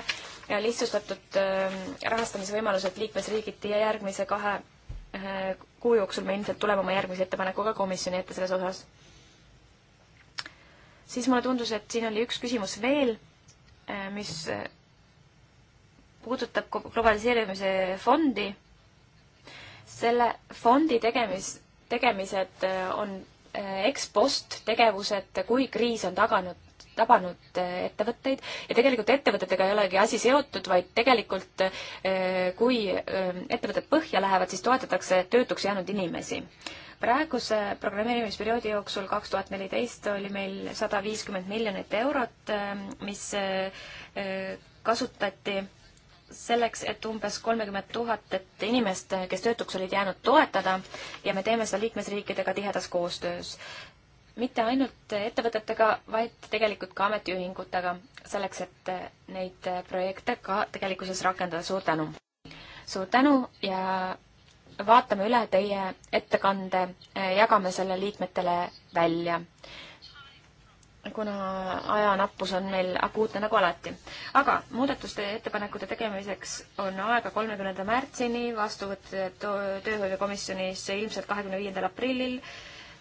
ja lihtsustatud ähm, rahastamisvõimalused liikmesriigiti ja järgmise kahe kuu jooksul me ilmselt tuleme oma järgmise ettepanekuga komisjoni ette selles osas siis mulle tundus, et siin oli üks küsimus veel, äh, mis äh, puudutab globaliseerimise fondi. selle fondi tegemis, tegemised äh, on ekspost tegevused, kui kriis on taganud tabanud ettevõtteid ja tegelikult ettevõtetega ei olegi asi seotud, vaid tegelikult kui ettevõtted põhja lähevad, siis toetatakse töötuks jäänud inimesi praeguse programmeerimisperioodi jooksul, kaks tuhat neliteist, oli meil sada viiskümmend miljonit eurot, eh, mis eh, kasutati selleks, et umbes kolmekümmet tuhat inimest, kes töötuks olid jäänud, toetada ja me teeme seda liikmesriikidega tihedas koostöös. mitte ainult ettevõtetega, vaid tegelikult ka ametiühingutega, selleks et neid projekte ka tegelikkuses rakendada. suur tänu! suur tänu ja vaatame üle teie ettekande, eh, jagame selle liikmetele välja. kuna ajanappus on meil akuutne nagu alati. aga muudatuste ettepanekute tegemiseks on aega kolmekümnenda märtsini, vastuvõtt tööhõivekomisjonis ilmselt kahekümne viiendal aprillil,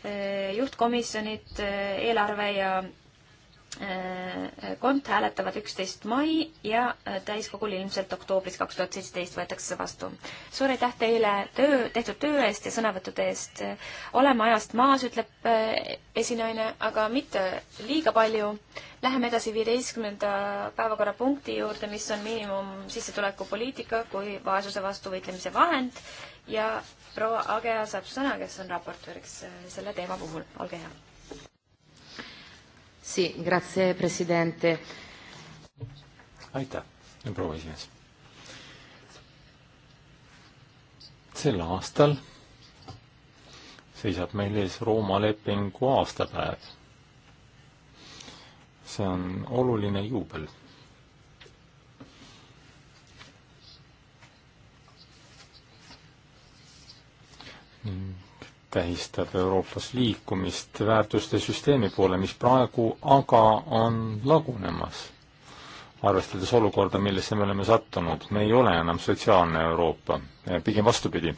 eh, juhtkomisjonid, eh, eelarve ja kont hääletavad üksteist mai ja äh, täiskogul ilmselt oktoobris kaks tuhat seitseteist võetakse see vastu. suur aitäh teile töö, tehtud töö eest ja sõnavõttude eest. oleme ajast maas, ütleb äh, esinaine, aga mitte liiga palju. Läheme edasi viieteistkümnenda päevakorrapunkti juurde, mis on miinimumsissetulekupoliitika kui vaesuse vastu võitlemise vahend ja proua Agea saab sõna, kes on raportööriks äh, selle teema puhul. olge hea Si, grazie, president. aitäh, proua esimees. sel aastal seisab meil ees Rooma lepingu aastapäev. see on oluline juubel tähistab Euroopas liikumist väärtuste süsteemi poole, mis praegu aga on lagunemas. arvestades olukorda, millesse me oleme sattunud, me ei ole enam sotsiaalne Euroopa, pigem vastupidi.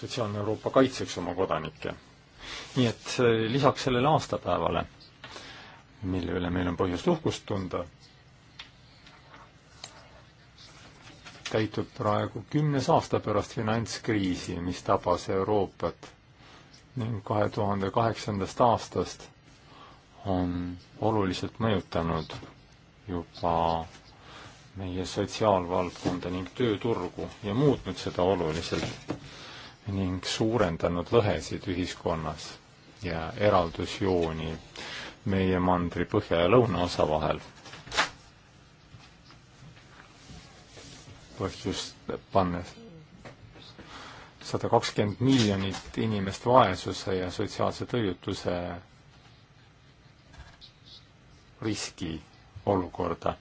sotsiaalne Euroopa kaitseks oma kodanikke. nii et eh, lisaks sellele aastapäevale, mille üle meil on põhjust uhkust tunda käitub praegu kümnes aasta pärast finantskriisi, mis tabas Euroopat ning kahe tuhande kaheksandast aastast on oluliselt mõjutanud juba meie sotsiaalvaldkonda ning tööturgu ja muutnud seda oluliselt ning suurendanud lõhesid ühiskonnas ja eraldusjooni meie mandri põhja ja lõunaosa vahel põhjust panna sada kakskümmend miljonit inimest vaesuse ja sotsiaalse tõrjutuse riski olukorda.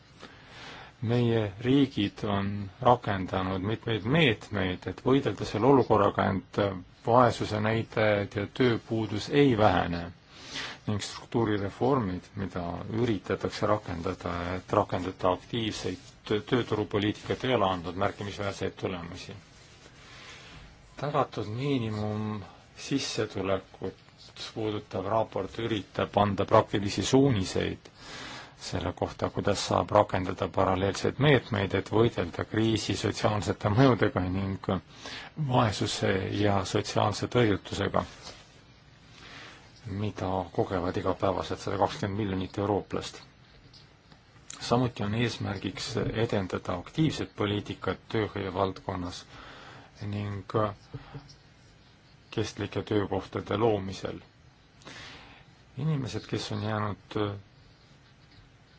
meie riigid on rakendanud mitmeid meetmeid, et võidelda selle olukorraga, ent vaesuse näitajad ja tööpuudus ei vähene ning struktuurireformid, mida üritatakse rakendada, et rakendada aktiivseid tööturupoliitikat ei ole andnud märkimisväärseid tulemusi. tagatud miinimum sissetulekut puudutav raport üritab anda praktilisi suuniseid selle kohta, kuidas saab rakendada paralleelseid meetmeid, et võidelda kriisi sotsiaalsete mõjudega ning vaesuse ja sotsiaalse tõrjutusega, mida kogevad igapäevaselt sada kakskümmend miljonit eurooplast samuti on eesmärgiks edendada aktiivset poliitikat tööhõive valdkonnas ning kestlike töökohtade loomisel. inimesed, kes on jäänud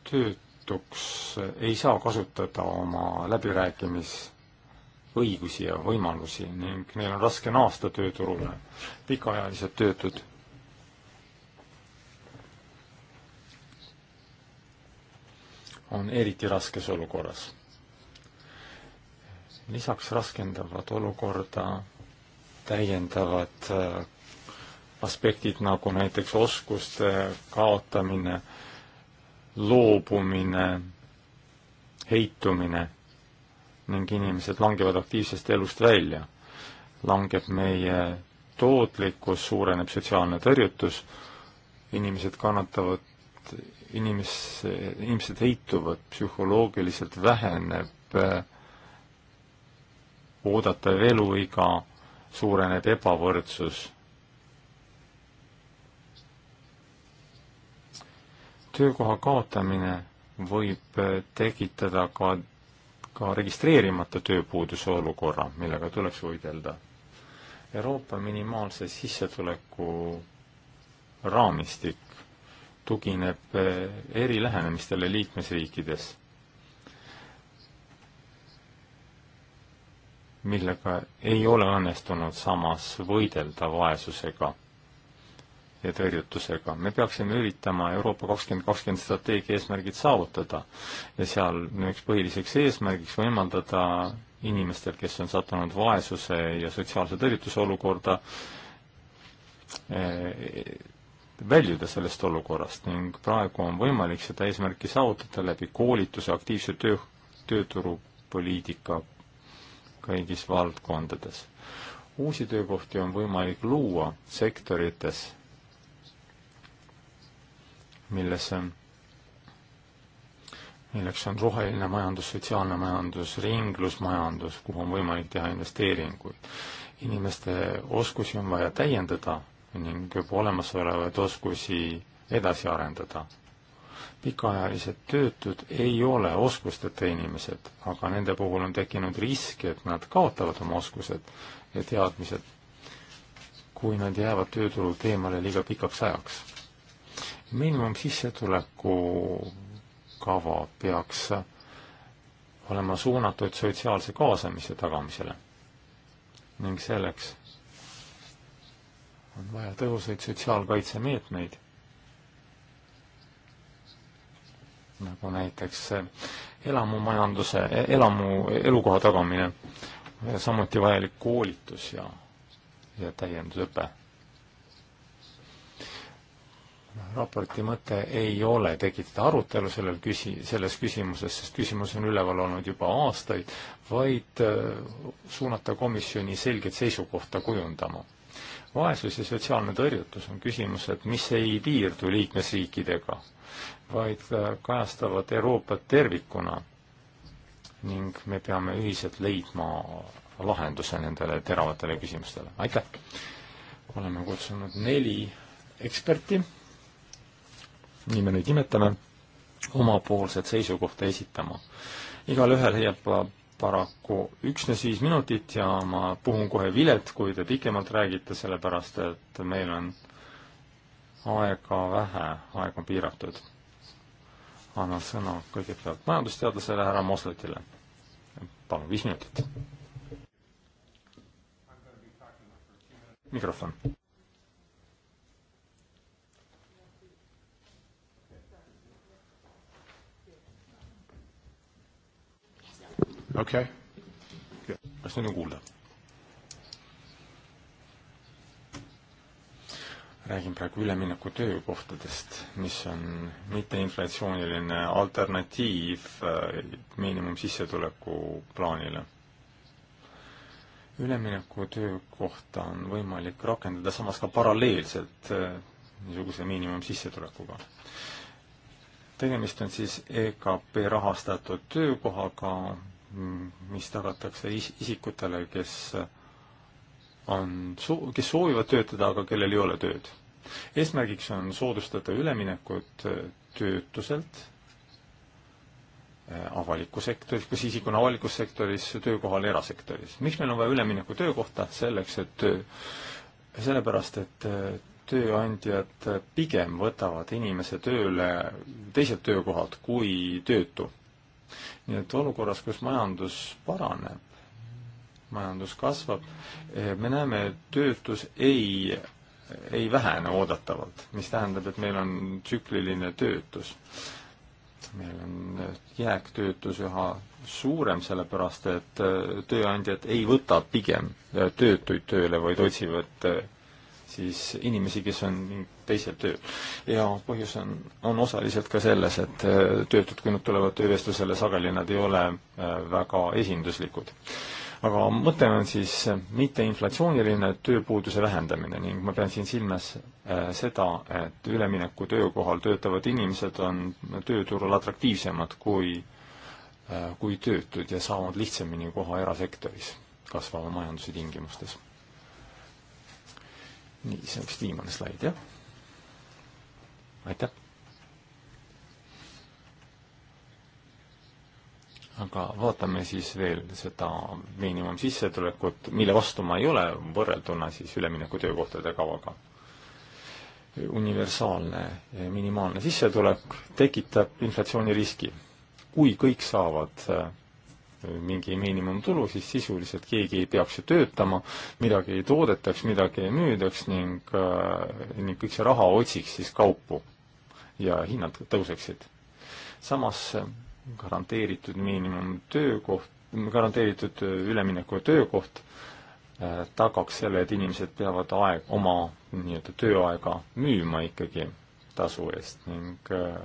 töötuks, ei saa kasutada oma läbirääkimisõigusi ja võimalusi ning neil on raske naasta tööturule. pikaajalised töötud on eriti raskes olukorras. lisaks raskendavad olukorda täiendavad äh, aspektid, nagu näiteks oskuste kaotamine, loobumine, heitumine ning inimesed langevad aktiivsest elust välja. langeb meie tootlikkus, suureneb sotsiaalne tõrjutus, inimesed kannatavad inimes, inimesed eituvad psühholoogiliselt, väheneb äh, oodatav eluiga, suureneb ebavõrdsus. töökoha kaotamine võib äh, tekitada ka, ka registreerimata tööpuuduse olukorra, millega tuleks võidelda. Euroopa minimaalse sissetuleku raamistik tugineb eh, eri lähenemistele liikmesriikides, millega ei ole õnnestunud samas võidelda vaesusega ja tõrjutusega. me peaksime üritama Euroopa kakskümmend kakskümmend strateegia eesmärgid saavutada ja seal üks põhiliseks eesmärgiks võimaldada inimestel, kes on sattunud vaesuse ja sotsiaalse tõrjutuse olukorda, eh, väljuda sellest olukorrast ning praegu on võimalik seda eesmärki saavutada läbi koolituse aktiivse töö, tööturupoliitika kõigis valdkondades. uusi töökohti on võimalik luua sektorites, milles, milleks on roheline majandus, sotsiaalne majandus, ringlusmajandus, kuhu on võimalik teha investeeringuid. inimeste oskusi on vaja täiendada ning juba olemasolevaid oskusi edasi arendada. pikaajalised töötud ei ole oskusteta inimesed, aga nende puhul on tekkinud risk, et nad kaotavad oma oskused ja teadmised, kui nad jäävad tööturult eemale liiga pikaks ajaks. miinimumsissetuleku kava peaks olema suunatud sotsiaalse kaasamise tagamisele ning selleks on vaja tõhusaid sotsiaalkaitsemeetmeid, nagu näiteks elamumajanduse, elamu, elukoha tagamine, samuti vajalik koolitus ja, ja täiendusõpe. raporti mõte ei ole tekitada arutelu sellel küsi-, selles küsimuses, sest küsimus on üleval olnud juba aastaid, vaid äh, suunata komisjoni selget seisukohta kujundama vaesus ja sotsiaalne tõrjutus on küsimused, mis ei piirdu liikmesriikidega, vaid kajastavad Euroopat tervikuna ning me peame ühiselt leidma lahenduse nendele teravatele küsimustele. aitäh! oleme kutsunud neli eksperti, nii me neid nimetame, omapoolset seisukohta esitama. igalühel leiab paraku üksnes viis minutit ja ma puhun kohe vilet, kui te pikemalt räägite, sellepärast et meil on aega vähe, aeg on piiratud. annan sõna kõigepealt majandusteadlasele härra Mosletile. palun, viis minutit. mikrofon. okei okay.. kas nüüd on kuulda? räägin praegu ülemineku töökohtadest, mis on mitteinflatsiooniline alternatiiv äh, miinimumsissetuleku plaanile. ülemineku töökohta on võimalik rakendada samas ka paralleelselt äh, niisuguse miinimumsissetulekuga. tegemist on siis EKP rahastatud töökohaga, Mm, mis tagatakse is-, isikutele, kes äh, on soo-, kes soovivad töötada, aga kellel ei ole tööd. eesmärgiks on soodustada üleminekut äh, töötuselt äh, avalikku sektorit, kas isik on avalikus sektoris töökohal erasektoris. miks meil on vaja ülemineku töökohta? selleks, et töö, sellepärast, et tööandjad pigem võtavad inimese tööle teiselt töökohalt kui töötu nii et olukorras, kus majandus paraneb, majandus kasvab, eh, me näeme, et töötus ei, ei vähene oodatavalt, mis tähendab, et meil on tsükliline töötus. meil on eh, jääktöötus üha suurem, sellepärast et eh, tööandjad ei võta pigem töötuid tööle, vaid otsivad siis inimesi, kes on teisel tööl. ja põhjus on, on osaliselt ka selles, et äh, töötud, kui nad tulevad töövestlusele, sageli nad ei ole äh, väga esinduslikud. aga mõte on siis äh, mitteinflatsiooniline tööpuuduse vähendamine ning ma pean siin silmas seda, et ülemineku töökohal töötavad inimesed on tööturul atraktiivsemad kui, kui töötud ja saavad lihtsamini koha erasektoris kasvava majanduse tingimustes nii, see on vist viimane slaid, jah? aitäh! aga vaatame siis veel seda miinimumsissetulekut, mille vastu ma ei ole, võrrelduna siis ülemineku töökohtade kavaga. universaalne minimaalne sissetulek tekitab inflatsiooniriski. kui kõik saavad mingi miinimumtulu, siis sisuliselt keegi ei peaks ju töötama, midagi ei toodetaks, midagi ei müüdaks ning, äh, ning kõik see raha otsiks siis kaupu ja hinnad tõuseksid. samas äh, garanteeritud miinimumtöökoht, garanteeritud äh, ülemineku töökoht tagaks selle, et inimesed peavad aeg, oma nii-öelda tööaega müüma ikkagi tasu eest ning äh,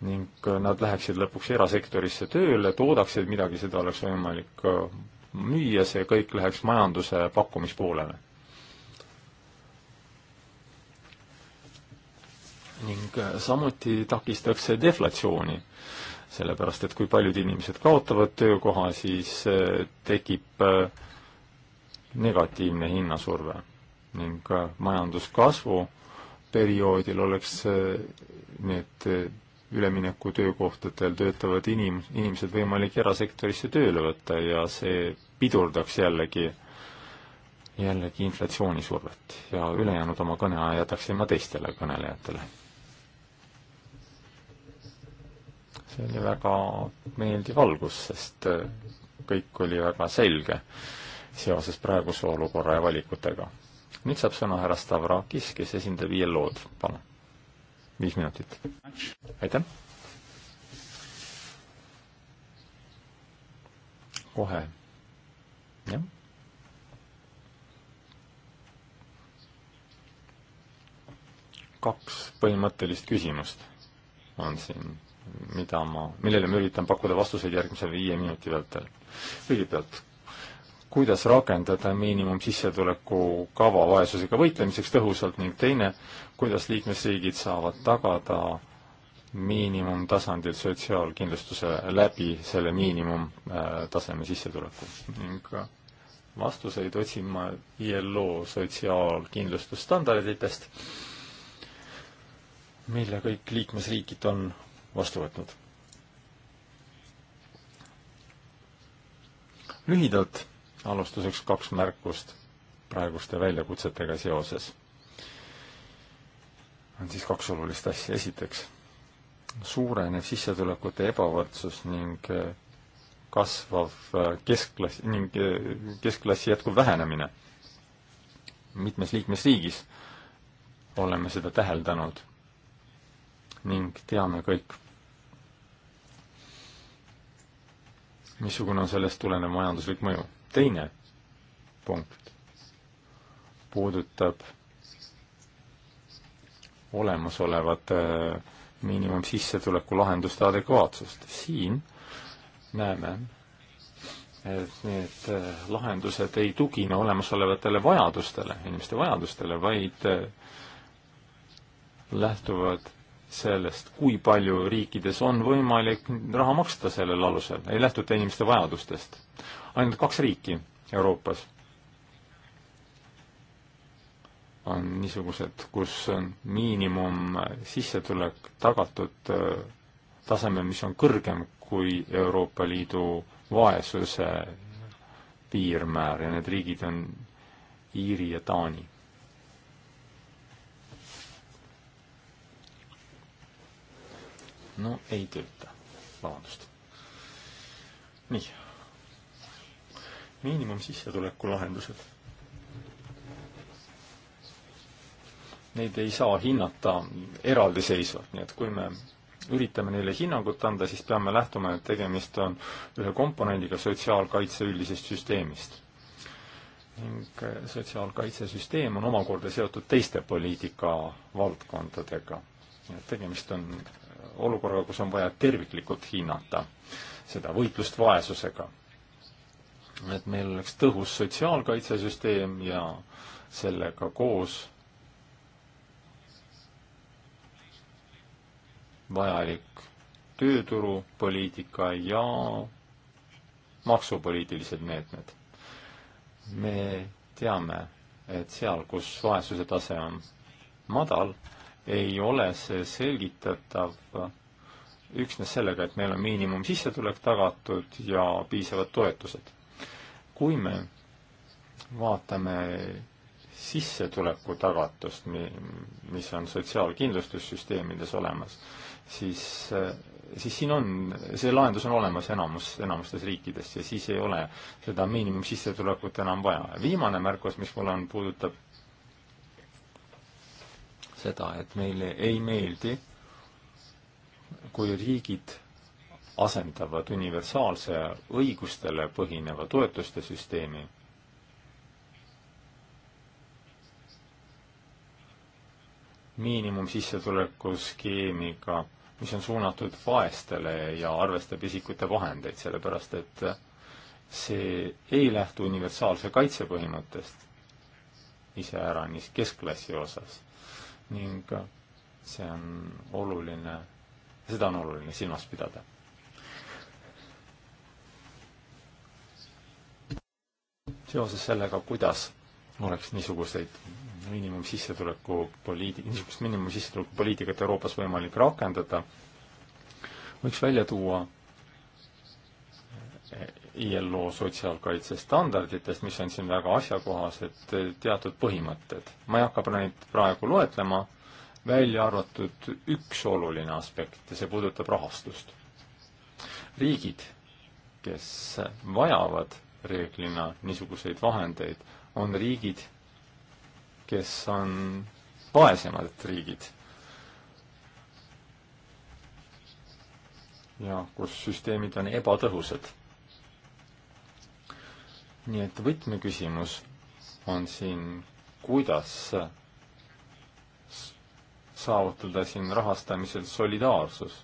ning äh, nad läheksid lõpuks erasektorisse tööle, toodaksid midagi, seda oleks võimalik äh, müüa, see kõik läheks majanduse pakkumispoolele. ning äh, samuti takistaks see deflatsiooni, sellepärast et kui paljud inimesed kaotavad töökoha, siis tekib negatiivne hinnasurve ning majanduskasvu perioodil oleks need ülemineku töökohtadel töötavad inim-, inimesed võimalik erasektorisse tööle võtta ja see pidurdaks jällegi, jällegi inflatsioonisurvet ja ülejäänud oma kõneaja jätaksin ma teistele kõnelejatele. see oli väga meeldiv algus, sest äh, kõik oli väga selge seoses praeguse olukorra ja valikutega. nüüd saab sõna härra Stavrakis, kes esindab ILO-d, palun viis minutit. aitäh. kohe, jah. kaks põhimõttelist küsimust on siin, mida ma, millele ma üritan pakkuda vastuseid järgmise viie minuti vältel. kõigepealt, kuidas rakendada miinimumsissetuleku kava vaesusega võitlemiseks tõhusalt ning teine, kuidas liikmesriigid saavad tagada miinimumtasandil sotsiaalkindlustuse läbi selle miinimumtaseme sissetuleku. ning vastuseid otsin ma ILO sotsiaalkindlustusstandarditest, mille kõik liikmesriigid on vastu võtnud. lühidalt alustuseks kaks märkust praeguste väljakutsetega seoses. on siis kaks olulist asja, esiteks suurenev sissetulekute ebavõrdsus ning äh, kasvav äh, keskklass, ning äh, keskklassi jätkuv vähenemine. mitmes liikmesriigis oleme seda täheldanud ning teame kõik, missugune on sellest tulenev majanduslik mõju teine punkt puudutab olemasolevate eh, miinimumsissetuleku lahenduste adekvaatsust. siin näeme, et need eh, lahendused ei tugine olemasolevatele vajadustele, inimeste vajadustele, vaid eh, lähtuvad sellest, kui palju riikides on võimalik raha maksta sellel alusel, ei lähtuta inimeste vajadustest. ainult kaks riiki Euroopas on niisugused, kus on miinimum sissetulek tagatud äh, tasemel, mis on kõrgem kui Euroopa Liidu vaesuse piirmäär ja need riigid on Iiri ja Taani. no ei tööta, vabandust. nii, miinimumsissetuleku lahendused. Neid ei saa hinnata eraldiseisvalt, nii et kui me üritame neile hinnangut anda, siis peame lähtuma, et tegemist on ühe komponendiga sotsiaalkaitse üldisest süsteemist. ning sotsiaalkaitsesüsteem on omakorda seotud teiste poliitikavaldkondadega. tegemist on olukorraga, kus on vaja terviklikult hinnata seda võitlust vaesusega. et meil oleks tõhus sotsiaalkaitsesüsteem ja sellega koos vajalik tööturupoliitika ja maksupoliitilised meetmed. me teame, et seal, kus vaesuse tase on madal, ei ole see selgitatav üksnes sellega, et meil on miinimumsissetulek tagatud ja piisavad toetused. kui me vaatame sissetuleku tagatust, mis on sotsiaalkindlustussüsteemides olemas, siis, siis siin on, see lahendus on olemas enamus, enamustes riikides ja siis ei ole seda miinimumsissetulekut enam vaja. viimane märkus, mis mul on, puudutab seda, et meile ei meeldi, kui riigid asendavad universaalse õigustele põhineva toetuste süsteemi miinimumsissetuleku skeemiga, mis on suunatud vaestele ja arvestab isikute vahendeid, sellepärast et see ei lähtu universaalse kaitse põhimõttest iseäranis keskklassi osas ning see on oluline, seda on oluline silmas pidada. seoses sellega, kuidas oleks niisuguseid miinimumsissetuleku poliitik-, niisugust miinimumsissetuleku poliitikat Euroopas võimalik rakendada, võiks välja tuua ILO sotsiaalkaitsestandarditest, mis on siin väga asjakohased teatud põhimõtted. ma ei hakka neid praegu loetlema, välja arvatud üks oluline aspekt ja see puudutab rahastust. riigid, kes vajavad reeglina niisuguseid vahendeid, on riigid, kes on vaesemad riigid ja kus süsteemid on ebatõhusad nii et võtmeküsimus on siin, kuidas saavutada siin rahastamisel solidaarsus.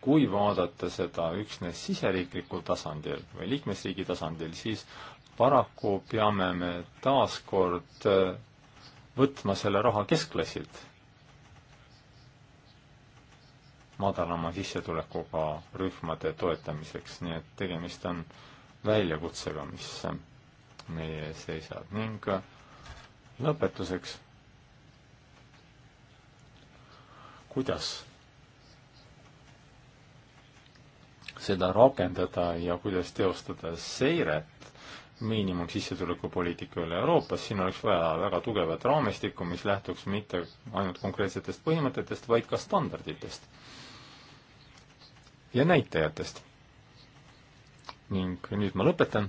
kui vaadata seda üksnes siseriiklikul tasandil või liikmesriigi tasandil, siis paraku peame me taaskord äh, võtma selle raha keskklassilt, madalama sissetulekuga rühmade toetamiseks, nii et tegemist on väljakutsega, mis meie ees seisab ning äh, lõpetuseks, kuidas seda rakendada ja kuidas teostada seiret miinimumsissetulekupoliitika üle Euroopas, siin oleks vaja väga tugevat raamistikku, mis lähtuks mitte ainult konkreetsetest põhimõtetest, vaid ka standarditest ja näitajatest. ning nüüd ma lõpetan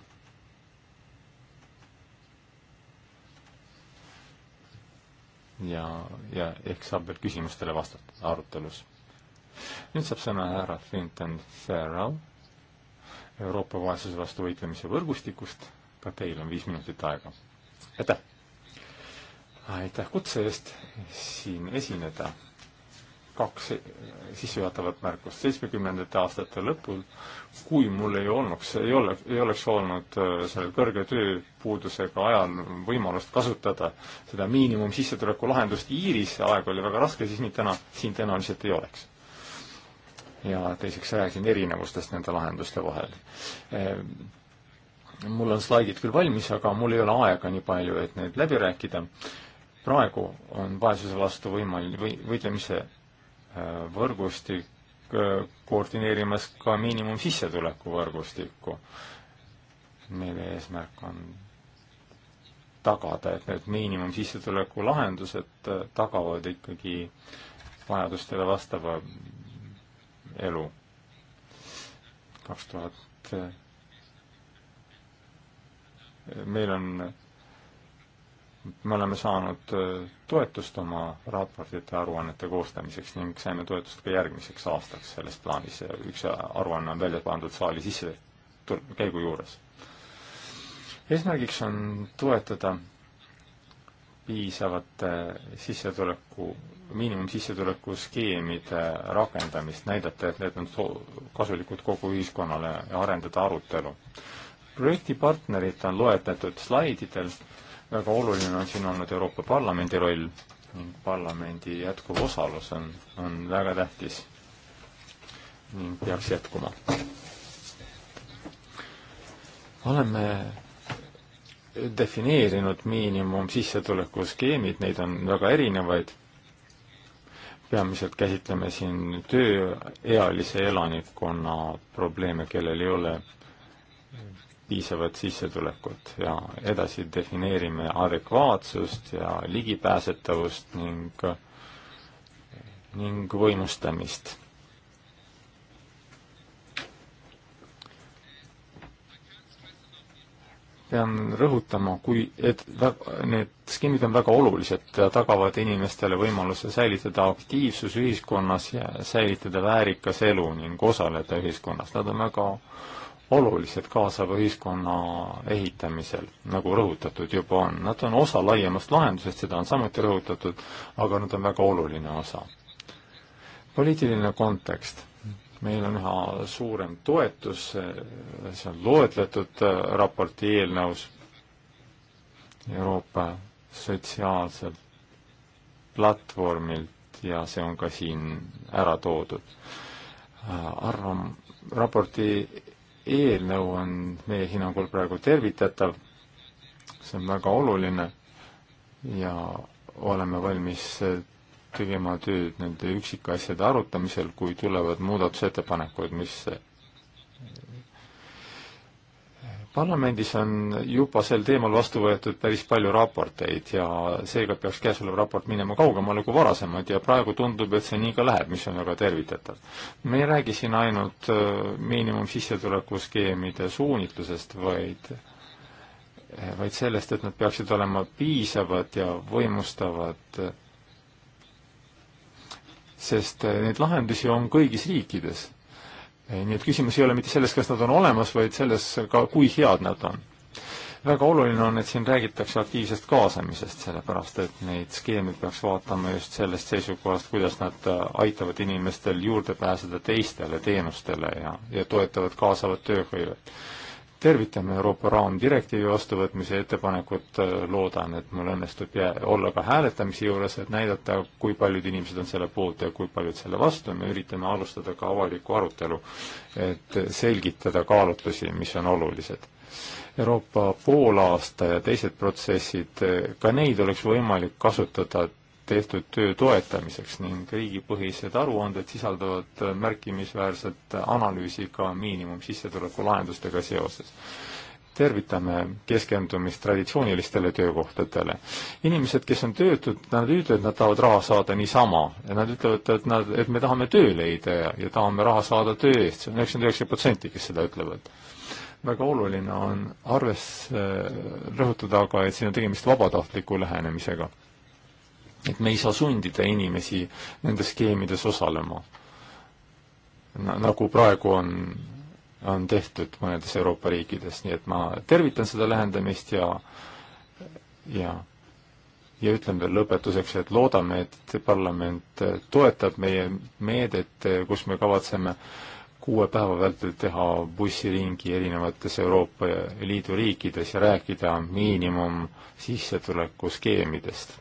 ja, ja ehk saab veel küsimustele vastata arutelus. nüüd saab sõna härra Clinton Farrell Euroopa vaesuse vastu võitlemise võrgustikust, ka teil on viis minutit aega. aitäh! aitäh kutse eest siin esineda kaks sissejuhatavat märkust. seitsmekümnendate aastate lõpul, kui mul ei olnuks, ei ole, ei oleks olnud äh, sellel kõrge tööpuudusega ajal võimalust kasutada seda miinimumsissetuleku lahendust Iiris, see aeg oli väga raske, siis mind täna, siin tõenäoliselt ei oleks. ja teiseks räägin erinevustest nende lahenduste vahel. Äh, mul on slaidid küll valmis, aga mul ei ole aega nii palju, et neid läbi rääkida praegu on vaesuse vastu võimalik või, võitlemise võrgustik, äh, koordineerimas ka miinimumsissetuleku võrgustikku, mille eesmärk on tagada, et need miinimumsissetuleku lahendused äh, tagavad ikkagi vajadustele vastava elu. kaks tuhat äh, meil on me oleme saanud äh, toetust oma raportite aruannete koostamiseks ning saime toetust ka järgmiseks aastaks selles plaanis ja üks aruanne on välja pandud saali sisse käigu juures. eesmärgiks on toetada piisavate sissetuleku, miinimumsissetuleku skeemide rakendamist, näidata, et need on kasulikud kogu ühiskonnale ja arendada arutelu. projekti partnerid on loetletud slaididel väga oluline on siin olnud Euroopa Parlamendi roll ning parlamendi jätkuv osalus on, on väga tähtis ning peaks jätkuma. oleme defineerinud miinimumsissetuleku skeemid, neid on väga erinevaid. peamiselt käsitleme siin tööealise elanikkonna probleeme, kellel ei ole piisavat sissetulekut ja edasi defineerime adekvaatsust ja ligipääsetavust ning, ning võimustamist. pean rõhutama, kui, et need skeemid on väga olulised, tagavad inimestele võimaluse säilitada aktiivsus ühiskonnas ja säilitada väärikas elu ning osaleda ühiskonnas, nad on väga olulised kaasava ühiskonna ehitamisel, nagu rõhutatud juba on. Nad on osa laiemast lahendusest, seda on samuti rõhutatud, aga nad on väga oluline osa. poliitiline kontekst. meil on üha suurem toetus, see on loetletud äh, raporti eelnõus, Euroopa sotsiaalselt platvormilt ja see on ka siin ära toodud. Äh, arvam-, raporti eelnõu on meie hinnangul praegu tervitatav, see on väga oluline ja oleme valmis tegema tööd nende üksikasjade arutamisel, kui tulevad muudatusettepanekud, mis parlamendis on juba sel teemal vastu võetud päris palju raporteid ja seega peaks käesolev raport minema kaugemale kui varasemad ja praegu tundub, et see nii ka läheb, mis on väga tervitatav. me ei räägi siin ainult äh, miinimumsissetulekuskeemide suunitlusest, vaid äh, vaid sellest, et nad peaksid olema piisavad ja võimustavad, äh, sest neid lahendusi on kõigis riikides nii et küsimus ei ole mitte selles, kas nad on olemas, vaid selles ka, kui head nad on. väga oluline on, et siin räägitakse aktiivsest kaasamisest, sellepärast et neid skeeme peaks vaatama just sellest seisukohast, kuidas nad äh, aitavad inimestel juurde pääseda teistele teenustele ja, ja toetavad kaasavat tööhõivet tervitame Euroopa raamdirektiivi vastuvõtmise ettepanekut, loodan, et mul õnnestub jää, olla ka hääletamise juures, et näidata, kui paljud inimesed on selle poolt ja kui paljud selle vastu, me üritame alustada ka avalikku arutelu, et selgitada kaalutlusi, mis on olulised. Euroopa poolaasta ja teised protsessid, ka neid oleks võimalik kasutada tehtud töö toetamiseks ning riigipõhised aruanded sisaldavad märkimisväärset analüüsi ka miinimumsissetuleku lahendustega seoses. tervitame keskendumist traditsioonilistele töökohtadele. inimesed, kes on töötud, nad ei ütle, et nad tahavad raha saada niisama. Nad ütlevad, et nad, et me tahame töö leida ja, ja tahame raha saada töö eest. see on üheksakümmend üheksa protsenti, kes seda ütlevad väga oluline on arves äh, rõhutada aga, et siin on tegemist vabatahtliku lähenemisega et me ei saa sundida inimesi nendes skeemides osalema Na,, nagu praegu on, on tehtud mõnedes Euroopa riikides, nii et ma tervitan seda lähendamist ja, ja ja ütlen veel lõpetuseks, et loodame, et parlament toetab meie meedet, kus me kavatseme kuue päeva vältel teha bussiringi erinevates Euroopa Liidu riikides ja rääkida miinimum sissetulekuskeemidest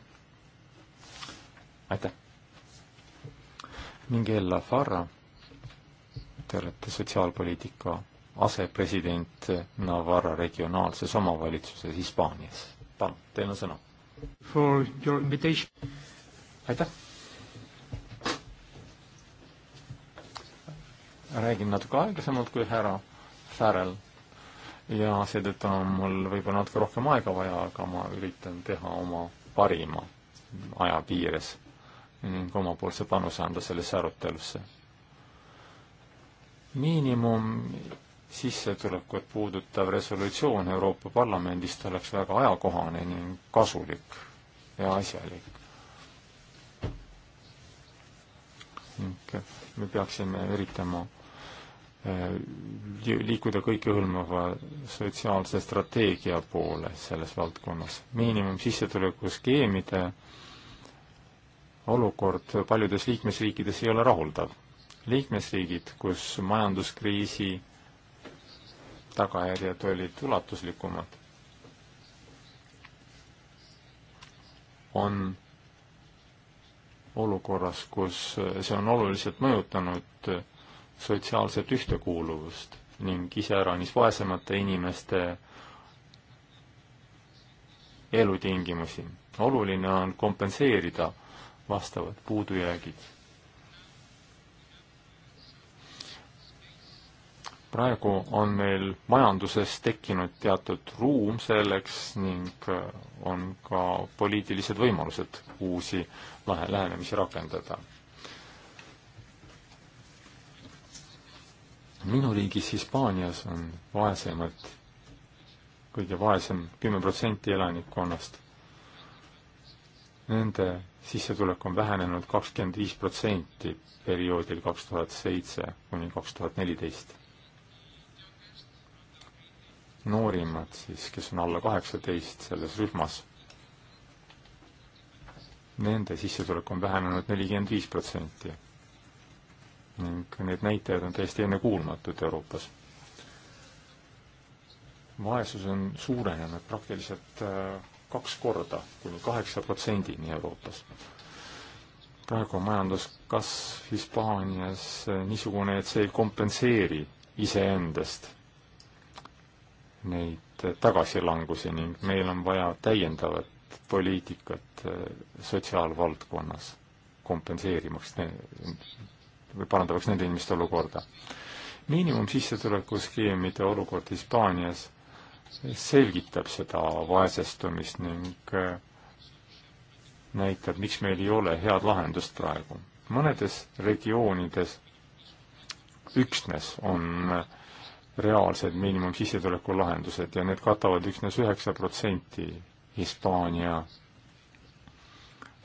aitäh! Mingella Farra, te olete sotsiaalpoliitika asepresident Navarra regionaalses omavalitsuses Hispaanias. palun, teil on sõna. For your invitation. aitäh! räägin natuke aeglasemalt kui härra Färel ja seetõttu on mul võib-olla natuke rohkem aega vaja, aga ma üritan teha oma parima aja piires ning omapoolse panuse anda sellesse arutelusse. miinimum sissetulekut puudutav resolutsioon Euroopa Parlamendist oleks väga ajakohane ning kasulik ja asjalik. ning me peaksime üritama eh, liikuda kõikehõlmava sotsiaalse strateegia poole selles valdkonnas. miinimumsissetuleku skeemide olukord paljudes liikmesriikides ei ole rahuldav. liikmesriigid, kus majanduskriisi tagajärjed olid ulatuslikumad, on olukorras, kus see on oluliselt mõjutanud sotsiaalset ühtekuuluvust ning iseäranis vaesemate inimeste elutingimusi. oluline on kompenseerida vastavad puudujäägid. praegu on meil majanduses tekkinud teatud ruum selleks ning äh, on ka poliitilised võimalused uusi lahe, lähenemisi rakendada. minu riigis Hispaanias on vaesemad, kõige vaesem kümme protsenti elanikkonnast nende sissetulek on vähenenud kakskümmend viis protsenti perioodil kaks tuhat seitse kuni kaks tuhat neliteist. noorimad siis, kes on alla kaheksateist selles rühmas, nende sissetulek on vähenenud nelikümmend viis protsenti. ning need näitajad on täiesti ennekuulmatud Euroopas. vaesus on suurenenud praktiliselt äh, kaks korda kuni kaheksa protsendini Euroopas. praegu on majanduskasv Hispaanias niisugune, et see ei kompenseeri iseendast neid tagasilangusi ning meil on vaja täiendavat poliitikat eh, sotsiaalvaldkonnas, kompenseerimaks ne-, või parandamaks nende inimeste olukorda. miinimumsissetuleku skeemide olukord Hispaanias selgitab seda vaesestumist ning äh, näitab, miks meil ei ole head lahendust praegu. mõnedes regioonides üksnes on äh, reaalsed miinimumsissetuleku lahendused ja need katavad üksnes üheksa protsenti Hispaania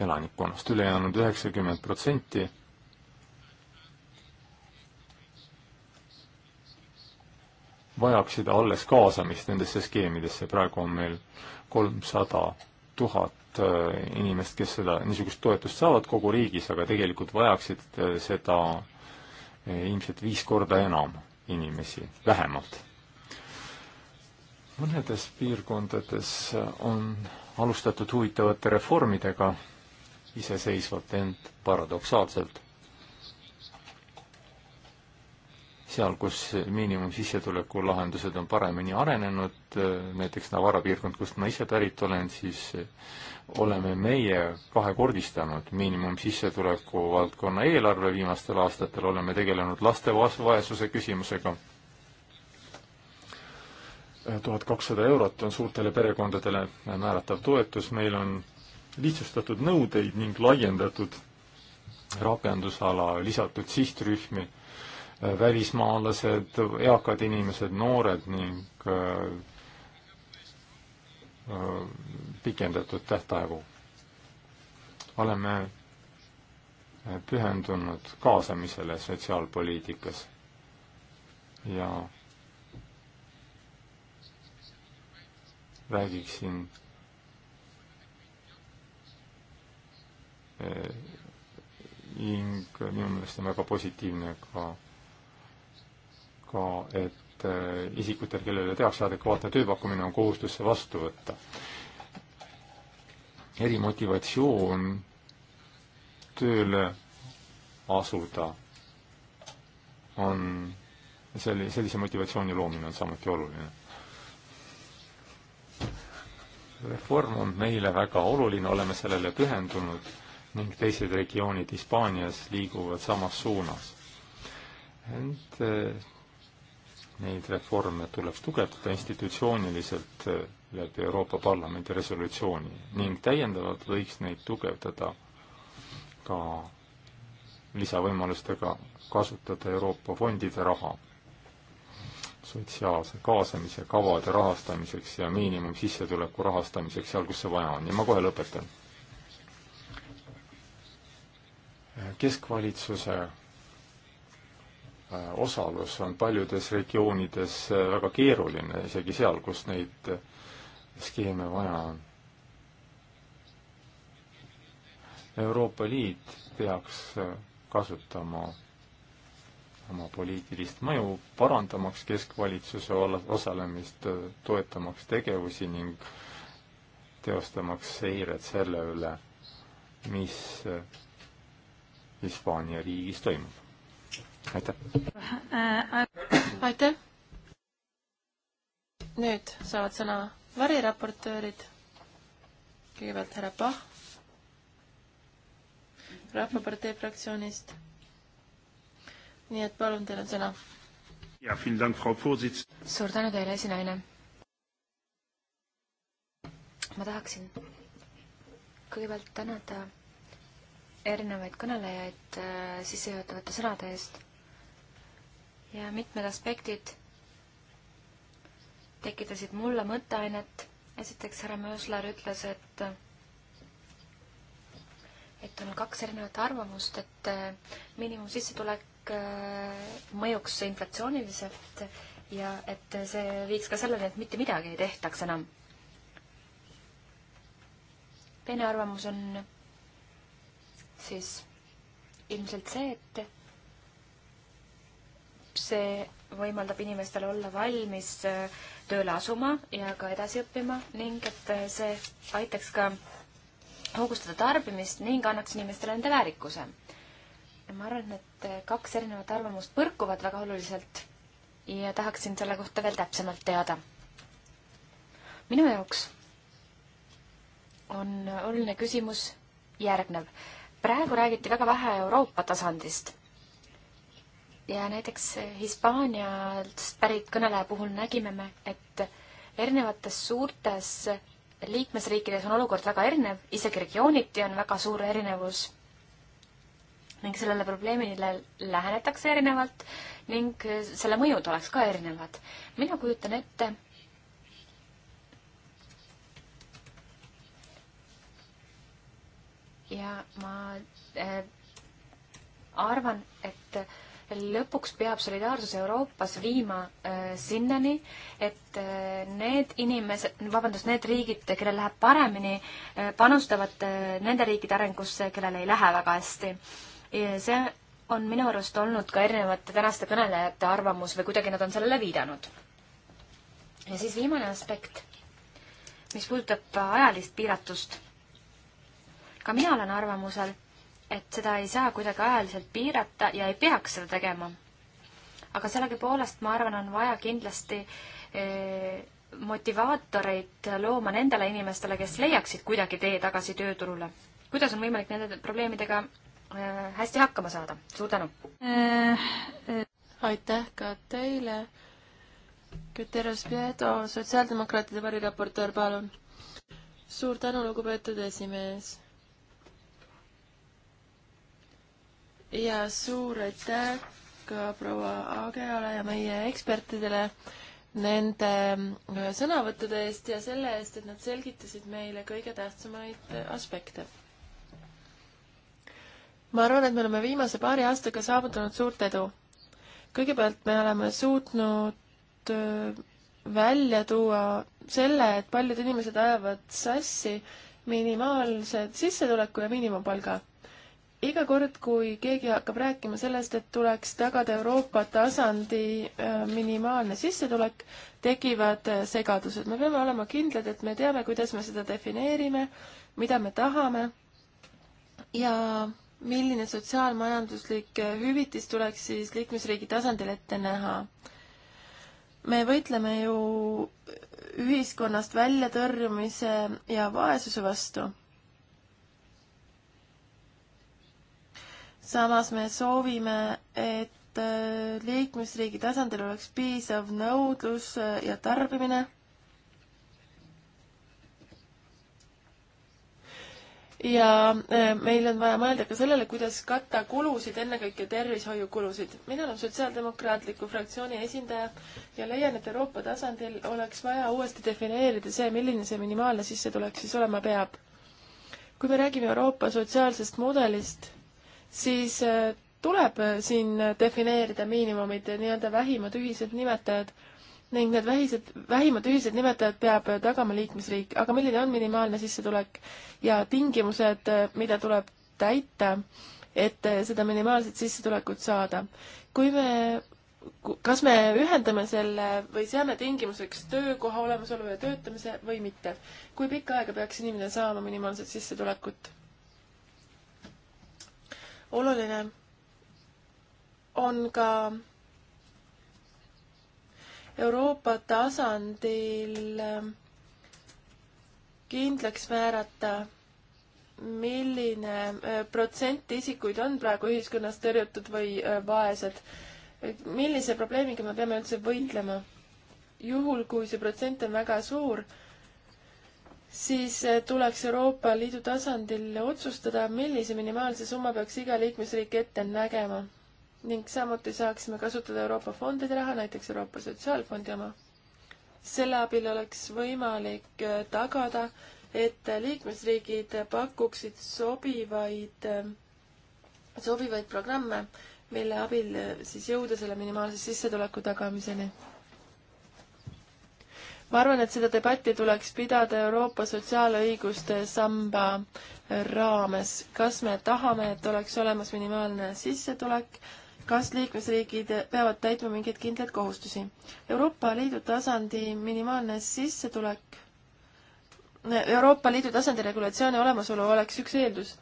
elanikkonnast, ülejäänud üheksakümmend protsenti vajaksid alles kaasamist nendesse skeemidesse, praegu on meil kolmsada tuhat äh, inimest, kes seda, niisugust toetust saavad kogu riigis, aga tegelikult vajaksid äh, seda äh, ilmselt viis korda enam inimesi, vähemalt. mõnedes piirkondades on alustatud huvitavate reformidega iseseisvalt, ent paradoksaalselt seal, kus miinimumsissetuleku lahendused on paremini arenenud, näiteks Navara piirkond, kust ma ise pärit olen, siis oleme meie kahekordistanud miinimumsissetuleku valdkonna eelarve viimastel aastatel, oleme tegelenud laste vaesuse küsimusega. tuhat kakssada eurot on suurtele perekondadele määratav toetus, meil on lihtsustatud nõudeid ning laiendatud rakendusala lisatud sihtrühmi välismaalased, eakad inimesed, noored ning äh, äh, pikendatud tähtaegu. oleme pühendunud kaasamisele sotsiaalpoliitikas ja räägiksin äh, ning minu meelest on väga positiivne ka ka, et äh, isikutel, kellele tehakse adekvaatne tööpakkumine, on kohustus see vastu võtta. erimotivatsioon tööle asuda on, selle, sellise motivatsiooni loomine on samuti oluline. reform on meile väga oluline, oleme sellele pühendunud ning teised regioonid Hispaanias liiguvad samas suunas. ent äh, neid reforme tuleb tugevdada institutsiooniliselt eh, läbi Euroopa Parlamendi resolutsiooni ning täiendavalt võiks neid tugevdada ka lisavõimalustega kasutada Euroopa fondide raha sotsiaalse kaasamise kavade rahastamiseks ja miinimumsissetuleku rahastamiseks seal, kus see vaja on. ja ma kohe lõpetan. keskvalitsuse Äh, osalus on paljudes regioonides äh, väga keeruline, isegi seal, kus neid äh, skeeme vaja on. Euroopa Liit peaks kasutama oma poliitilist mõju, parandamaks keskvalitsuse osalemist, toetamaks tegevusi ning teostamaks seiret selle üle, mis Hispaania riigis toimub aitäh. Äh, aitäh. nüüd saavad sõna variraportöörid. kõigepealt härra Pah Rahvapartei fraktsioonist. nii et palun, teil on sõna. suur tänu teile, esinaine. ma tahaksin kõigepealt tänada erinevaid kõnelejaid äh, sissejuhatavate sõnade eest ja mitmed aspektid tekitasid mulle mõtteainet. esiteks härra Mööslar ütles, et et on kaks erinevat arvamust, et äh, miinimumsissetulek äh, mõjuks inflatsiooniliselt ja et see viiks ka selleni, et mitte midagi ei tehtaks enam. teine arvamus on siis ilmselt see, et see võimaldab inimestel olla valmis äh, tööle asuma ja ka edasi õppima ning et äh, see aitaks ka hoogustada tarbimist ning annaks inimestele enda väärikuse. ma arvan, et äh, kaks erinevat arvamust põrkuvad väga oluliselt ja tahaksin selle kohta veel täpsemalt teada. minu jaoks on oluline küsimus järgnev. praegu räägiti väga vähe Euroopa tasandist ja näiteks Hispaaniast pärit kõneleja puhul nägime me, et erinevates suurtes liikmesriikides on olukord väga erinev, isegi regiooniti on väga suur erinevus. ning sellele probleemile lähenetakse erinevalt ning selle mõjud oleks ka erinevad. mina kujutan ette, ja ma äh, arvan, et äh, lõpuks peab solidaarsus Euroopas viima äh, sinnani, et äh, need inimesed, vabandust, need riigid, kellel läheb paremini äh,, panustavad äh, nende riikide arengusse, kellel ei lähe väga hästi. see on minu arust olnud ka erinevate tänaste kõnelejate arvamus või kuidagi nad on sellele viidanud. ja siis viimane aspekt, mis puudutab ajalist piiratust. ka mina olen arvamusel et seda ei saa kuidagi ajaliselt piirata ja ei peaks seda tegema. aga sellegipoolest, ma arvan, on vaja kindlasti eh, motivaatoreid looma nendele inimestele, kes leiaksid kuidagi tee tagasi tööturule. kuidas on võimalik nende probleemidega eh, hästi hakkama saada? suur tänu! aitäh ka teile! Küteres Piedo, sotsiaaldemokraatide variraportöör, palun! suur tänu, lugupeetud esimees ja suur aitäh ka proua Ageale ja meie ekspertidele nende äh, sõnavõttude eest ja selle eest, et nad selgitasid meile kõige tähtsamaid äh, aspekte. ma arvan, et me oleme viimase paari aastaga saavutanud suurt edu. kõigepealt me oleme suutnud äh, välja tuua selle, et paljud inimesed ajavad sassi minimaalse sissetuleku ja miinimumpalga iga kord, kui keegi hakkab rääkima sellest, et tuleks tagada Euroopa tasandi äh, minimaalne sissetulek, tekivad äh, segadused. me peame olema kindlad, et me teame, kuidas me seda defineerime, mida me tahame ja milline sotsiaalmajanduslik äh, hüvitis tuleks siis liikmesriigi tasandil ette näha. me võitleme ju ühiskonnast väljatõrjumise ja vaesuse vastu samas me soovime, et äh, liikmesriigi tasandil oleks piisav nõudlus äh, ja tarbimine. ja äh, meil on vaja mõelda ka sellele, kuidas katta kulusid, ennekõike tervishoiukulusid. mina olen Sotsiaaldemokraatliku fraktsiooni esindaja ja leian, et Euroopa tasandil oleks vaja uuesti defineerida see, milline see minimaalne sissetulek siis olema peab. kui me räägime Euroopa sotsiaalsest mudelist siis äh, tuleb äh, siin defineerida miinimumid, nii-öelda vähimad ühised nimetajad ning need vähised, vähimad ühised nimetajad peab äh, tagama liikmesriik, aga milline on minimaalne sissetulek ja tingimused, mida tuleb täita, et seda minimaalset sissetulekut saada. kui me, kas me ühendame selle või seame tingimuseks töökoha olemasolu ja töötamise või mitte? kui pikka aega peaks inimene saama minimaalset sissetulekut? oluline on ka Euroopa tasandil kindlaks määrata, milline äh, protsent isikuid on praegu ühiskonnas tõrjutud või äh, vaesed. millise probleemiga me peame üldse võitlema? juhul, kui see protsent on väga suur siis eh, tuleks Euroopa Liidu tasandil otsustada, millise minimaalse summa peaks iga liikmesriik ette nägema. ning samuti saaksime kasutada Euroopa fondide raha, näiteks Euroopa Sotsiaalfondi oma. selle abil oleks võimalik eh, tagada, et liikmesriigid pakuksid sobivaid, eh, sobivaid programme, mille abil siis jõuda selle minimaalse sissetuleku tagamiseni ma arvan, et seda debatti tuleks pidada Euroopa sotsiaalõiguste samba raames. kas me tahame, et oleks olemas minimaalne sissetulek, kas liikmesriigid peavad täitma mingeid kindlaid kohustusi? Euroopa Liidu tasandi minimaalne sissetulek, Euroopa Liidu tasandi regulatsiooni olemasolu oleks üks eeldus.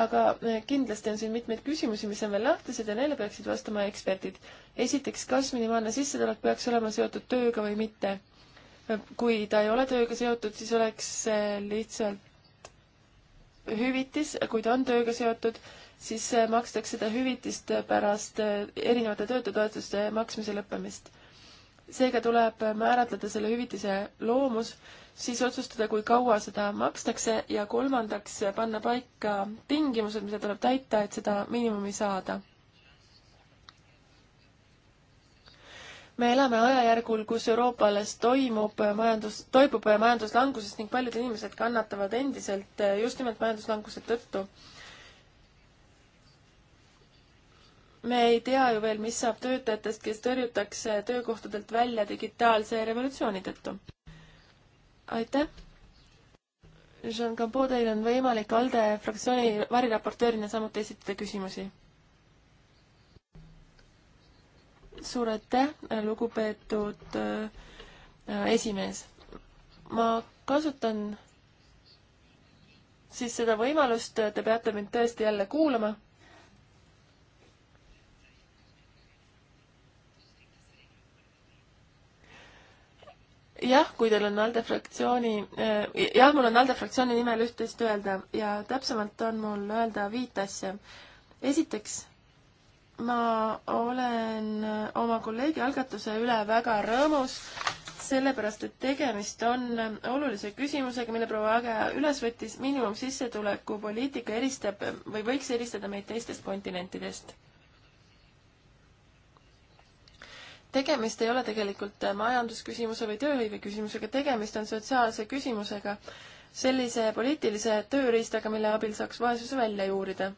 aga kindlasti on siin mitmeid küsimusi, mis on veel lahtised ja neile peaksid vastama eksperdid. esiteks, kas minimaalne sissetulek peaks olema seotud tööga või mitte kui ta ei ole tööga seotud, siis oleks see lihtsalt hüvitis, kui ta on tööga seotud, siis makstakse seda hüvitist pärast äh, erinevate töötutoetuste maksmise lõppemist. seega tuleb määratleda selle hüvitise loomus, siis otsustada, kui kaua seda makstakse ja kolmandaks panna paika tingimused, mida tuleb täita, et seda miinimumi saada me elame ajajärgul, kus Euroopa alles toimub majandus, toibub majanduslanguses ning paljud inimesed kannatavad endiselt eh, just nimelt majanduslanguse tõttu. me ei tea ju veel, mis saab töötajatest, kes tõrjutakse töökohtadelt välja digitaalse revolutsiooni tõttu. aitäh! Jean Campo, teil on võimalik ALDE fraktsiooni variraportöörina samuti esitada küsimusi suur aitäh, lugupeetud äh, esimees. ma kasutan siis seda võimalust, te peate mind tõesti jälle kuulama. jah, kui teil on ALDE fraktsiooni, äh, jah, mul on ALDE fraktsiooni nimel üht-teist öelda ja täpsemalt on mul öelda viit asja. esiteks ma olen oma kolleegi algatuse üle väga rõõmus, sellepärast et tegemist on olulise küsimusega, mille proua Age üles võttis. miinimumsissetuleku poliitika eristab või võiks eristada meid teistest kontinentidest. tegemist ei ole tegelikult majandusküsimuse või tööhõive küsimusega, tegemist on sotsiaalse küsimusega, sellise poliitilise tööriistaga, mille abil saaks vaesuse välja juurida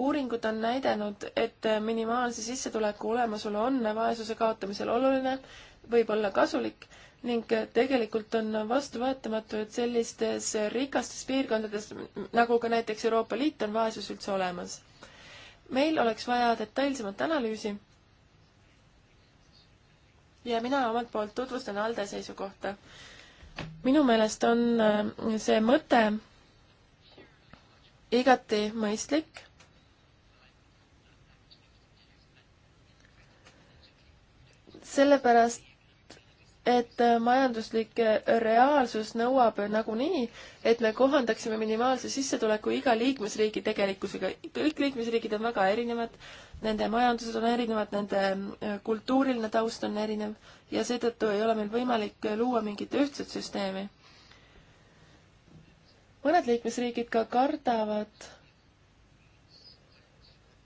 uuringud on näidanud, et minimaalse sissetuleku olemasolu on vaesuse kaotamisel oluline, võib olla kasulik ning tegelikult on vastuvõetamatu, et sellistes rikastes piirkondades, nagu ka näiteks Euroopa Liit, on vaesus üldse olemas. meil oleks vaja detailsemat analüüsi ja mina omalt poolt tutvustan ALDE seisukohta. minu meelest on äh, see mõte igati mõistlik sellepärast, et majanduslik reaalsus nõuab nagunii, et me kohandaksime minimaalse sissetuleku iga liikmesriigi tegelikkusega. kõik liikmesriigid on väga erinevad, nende majandused on erinevad, nende äh, kultuuriline taust on erinev ja seetõttu ei ole meil võimalik luua mingit ühtset süsteemi. mõned liikmesriigid ka kardavad,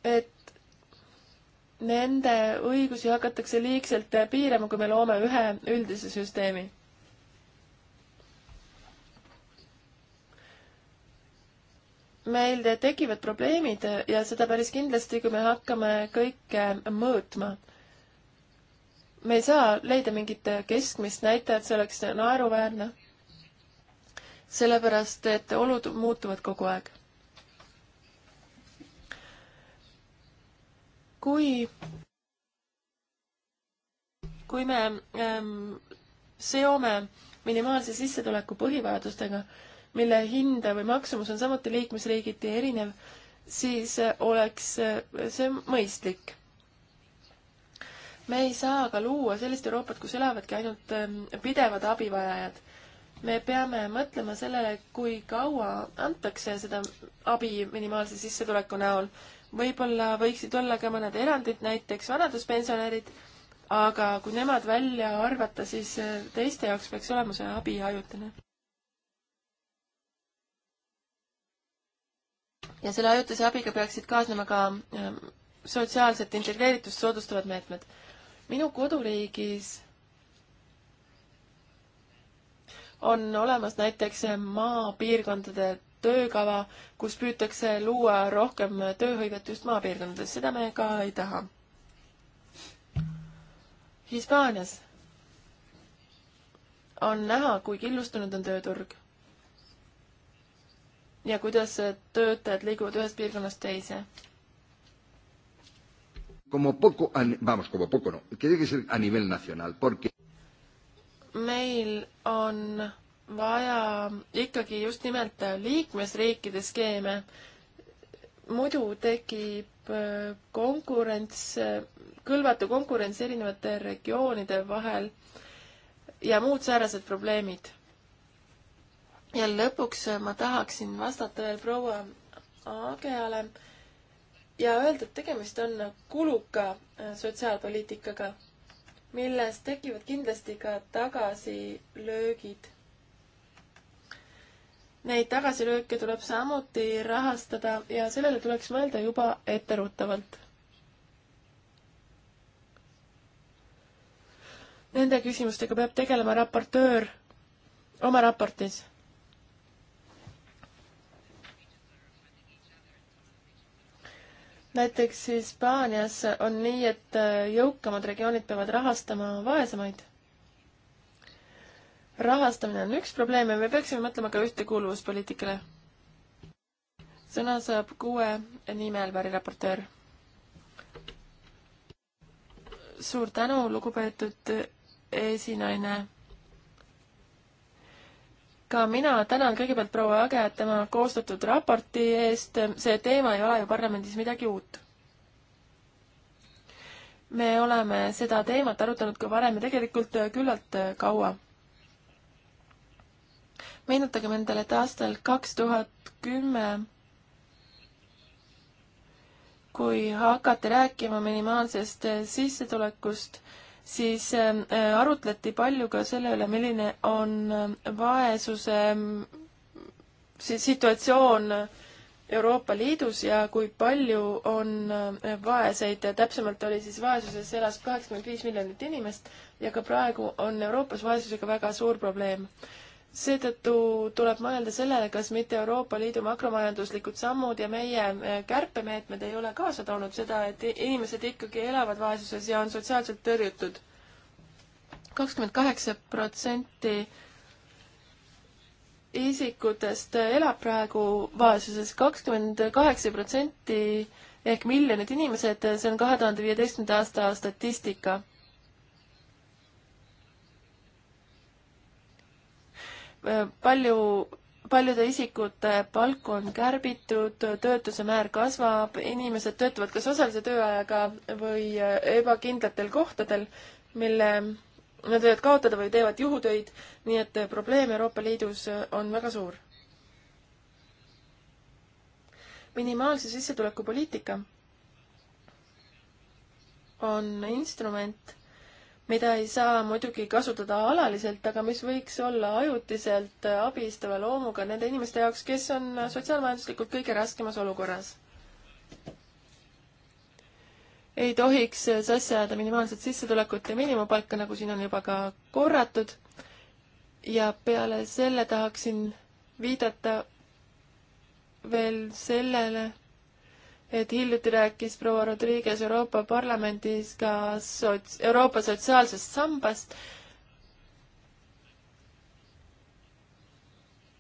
et nende õigusi hakatakse liigselt piirama, kui me loome ühe üldise süsteemi. meil tekivad probleemid ja seda päris kindlasti, kui me hakkame kõike mõõtma. me ei saa leida mingit keskmist näitajat, see oleks naeruväärne. sellepärast, et olud muutuvad kogu aeg kui, kui me ähm, seome minimaalse sissetuleku põhivajadustega, mille hinde või maksumus on samuti liikmesriigiti erinev, siis äh, oleks äh, see mõistlik. me ei saa aga luua sellist Euroopat, kus elavadki ainult ähm, pidevad abivajajad. me peame mõtlema sellele, kui kaua antakse seda abi minimaalse sissetuleku näol võib-olla võiksid olla ka mõned erandid, näiteks vanaduspensionärid, aga kui nemad välja arvata, siis äh, teiste jaoks peaks olema see abi ajutine. ja selle ajutise abiga peaksid kaasnema ka ähm, sotsiaalset integreeritust soodustavad meetmed. minu koduriigis on olemas näiteks äh, maapiirkondade töökava, kus püütakse luua rohkem tööhõivet just maapiirkondades, seda me ka ei taha. Hispaanias on näha, kui killustunud on tööturg. ja kuidas töötajad liiguvad ühest piirkonnast teise. Como poco, vamos, como poco no, tiene que ser a nivel nacional, porque meil on vaja ikkagi just nimelt liikmesriikide skeeme, muidu tekib äh, konkurents, kõlvatu konkurents erinevate regioonide vahel ja muud säärased probleemid. ja lõpuks äh, ma tahaksin vastata veel proua Aageale ja öelda, et tegemist on kuluka äh, sotsiaalpoliitikaga, milles tekivad kindlasti ka tagasilöögid Neid tagasilööke tuleb samuti rahastada ja sellele tuleks mõelda juba etteruttavalt. Nende küsimustega peab tegelema raportöör oma raportis näiteks Hispaanias on nii, et jõukamad regioonid peavad rahastama vaesemaid rahastamine on üks probleem ja me peaksime mõtlema ka ühtekuuluvuspoliitikale. sõna saab kuue nimel variraportöör. suur tänu, lugupeetud esinaine. ka mina tänan kõigepealt proua Age tema koostatud raporti eest, see teema ei ole ju parlamendis midagi uut me oleme seda teemat arutanud ka varem ja tegelikult küllalt kaua meenutagem endale, et aastal kaks tuhat kümme kui hakati rääkima minimaalsest eh, sissetulekust, siis eh, eh, arutleti palju ka selle üle, milline on vaesuse mm, situatsioon Euroopa Liidus ja kui palju on vaeseid, täpsemalt oli siis vaesuses elas kaheksakümmend viis miljonit inimest ja ka praegu on Euroopas vaesusega väga suur probleem seetõttu tuleb mõelda sellele, kas mitte Euroopa Liidu makromajanduslikud sammud ja meie eh, kärpemeetmed ei ole kaasa toonud seda, et inimesed ikkagi elavad vaesuses ja on sotsiaalselt tõrjutud. kakskümmend kaheksa protsenti isikutest elab praegu vaesuses, kakskümmend kaheksa protsenti ehk miljonid inimesed, see on kahe tuhande viieteistkümnenda aasta statistika Äh, palju, paljude isikute palku on kärbitud, töötuse määr kasvab, inimesed töötavad kas osalise tööajaga või äh, ebakindlatel kohtadel, mille nad võivad kaotada või teevad juhutöid, nii et äh, probleem Euroopa Liidus on väga suur. minimaalse sissetuleku poliitika on instrument, mida ei saa muidugi kasutada alaliselt, aga mis võiks olla ajutiselt abistava loomuga nende inimeste jaoks, kes on sotsiaalmajanduslikult kõige raskemas olukorras. ei tohiks sassi ajada minimaalset sissetulekut ja miinimumpalka, nagu siin on juba ka korratud. ja peale selle tahaksin viidata veel sellele, et hiljuti rääkis proua Rodriguez Euroopa Parlamendis ka sots-, Euroopa sotsiaalsest sambast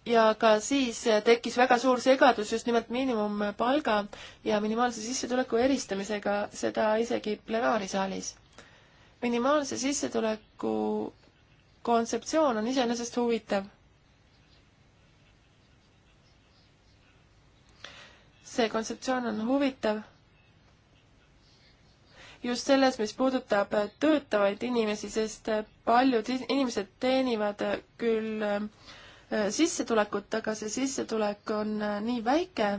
ja ka siis tekkis väga suur segadus just nimelt miinimumpalga ja minimaalse sissetuleku eristamisega, seda isegi plenaarisaalis. minimaalse sissetuleku kontseptsioon on iseenesest huvitav see kontseptsioon on huvitav just selles, mis puudutab töötavaid inimesi, sest paljud inimesed teenivad küll äh, sissetulekut, aga see sissetulek on äh, nii väike,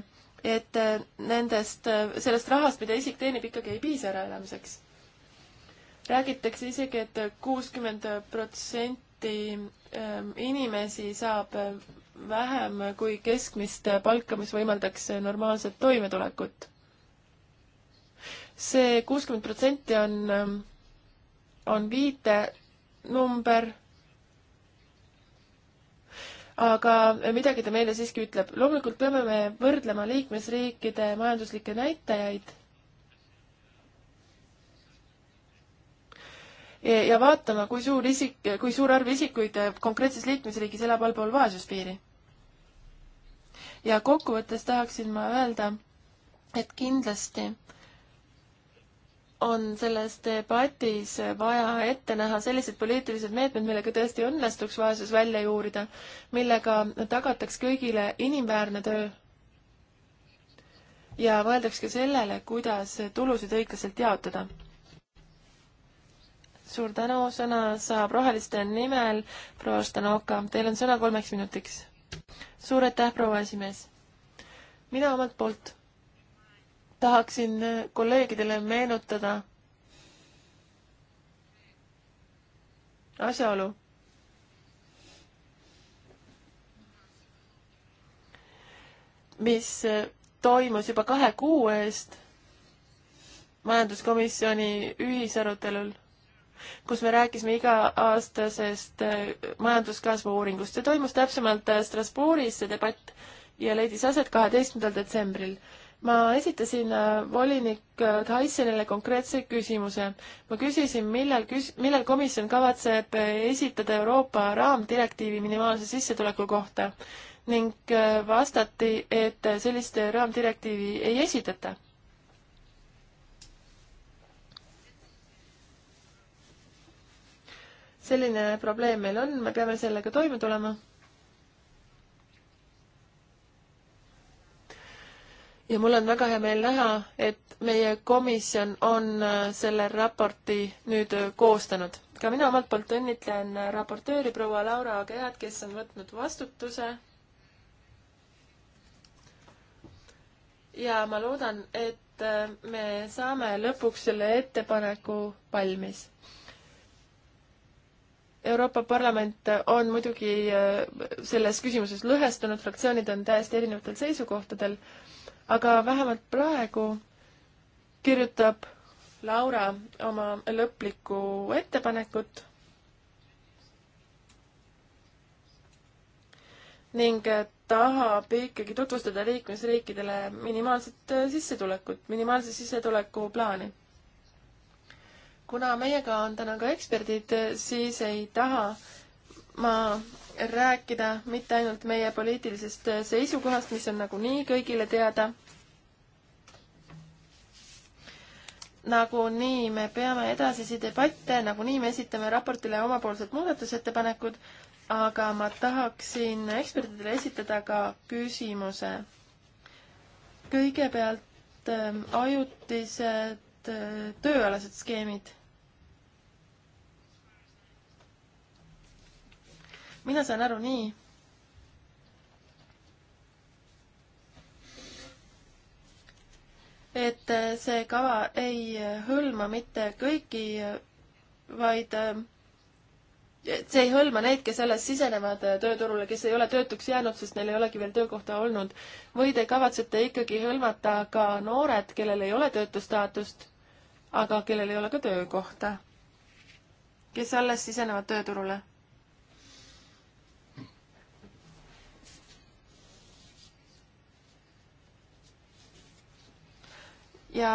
et äh, nendest, sellest rahast, mida isik teenib, ikkagi ei piisa äraelamiseks. räägitakse isegi et, et kuuskümmend protsenti ähm, inimesi saab vähem kui keskmist palka, mis võimaldaks normaalset toimetulekut. see kuuskümmend protsenti on, on viitenumber, aga midagi ta meile siiski ütleb. loomulikult peame me võrdlema liikmesriikide majanduslikke näitajaid ja vaatama, kui suur isik, kui suur arv isikuid konkreetses liikmesriigis elab allpool vaesuspiiri ja kokkuvõttes tahaksin ma öelda, et kindlasti on selles debatis vaja ette näha sellised poliitilised meetmed, millega tõesti õnnestuks vaesus välja juurida, millega tagataks kõigile inimväärne töö ja mõeldaks ka sellele, kuidas tulusid õiglaselt jaotada. suur tänu, sõna saab roheliste nimel proua Stanoka, teil on sõna kolmeks minutiks suur aitäh, proua esimees! mina omalt poolt tahaksin kolleegidele meenutada asjaolu, mis toimus juba kahe kuu eest majanduskomisjoni ühisarutelul kus me rääkisime iga-aastasest äh, majanduskasvu uuringust. see toimus täpsemalt äh, Strasbourgis, see debatt, ja leidis aset kaheteistkümnendal detsembril. ma esitasin äh, volinik Tysonile konkreetse küsimuse. ma küsisin, millal küs-, millal komisjon kavatseb esitada Euroopa raamdirektiivi minimaalse sissetuleku kohta ning vastati, et sellist raamdirektiivi ei esitata selline probleem meil on, me peame sellega toime tulema. ja mul on väga hea meel näha, et meie komisjon on äh, selle raporti nüüd äh, koostanud. ka mina omalt poolt õnnitlen äh, raportööri proua Laura Agead, kes on võtnud vastutuse. ja ma loodan, et me saame lõpuks selle ettepaneku valmis Euroopa Parlament on muidugi äh, selles küsimuses lõhestunud, fraktsioonid on täiesti erinevatel seisukohtadel, aga vähemalt praegu kirjutab Laura oma lõplikku ettepanekut ning tahab ikkagi tutvustada liikmesriikidele minimaalset äh, sissetulekut, minimaalse sissetuleku plaani kuna meiega on täna ka eksperdid, siis ei taha ma rääkida mitte ainult meie poliitilisest seisukohast, mis on nagunii kõigile teada. nagunii me peame edasisi debatte, nagunii me esitame raportile omapoolsed muudatusettepanekud, aga ma tahaksin ekspertidele esitada ka küsimuse. kõigepealt ähm, ajutised äh, tööalased skeemid mina saan aru nii, et äh, see kava ei äh, hõlma mitte kõiki, äh, vaid et see ei hõlma neid, kes alles sisenevad tööturule, kes ei ole töötuks jäänud, sest neil ei olegi veel töökohta olnud. või te kavatsete ikkagi hõlmata ka noored, kellel ei ole töötustaatust, aga kellel ei ole ka töökohta, kes alles sisenevad tööturule? ja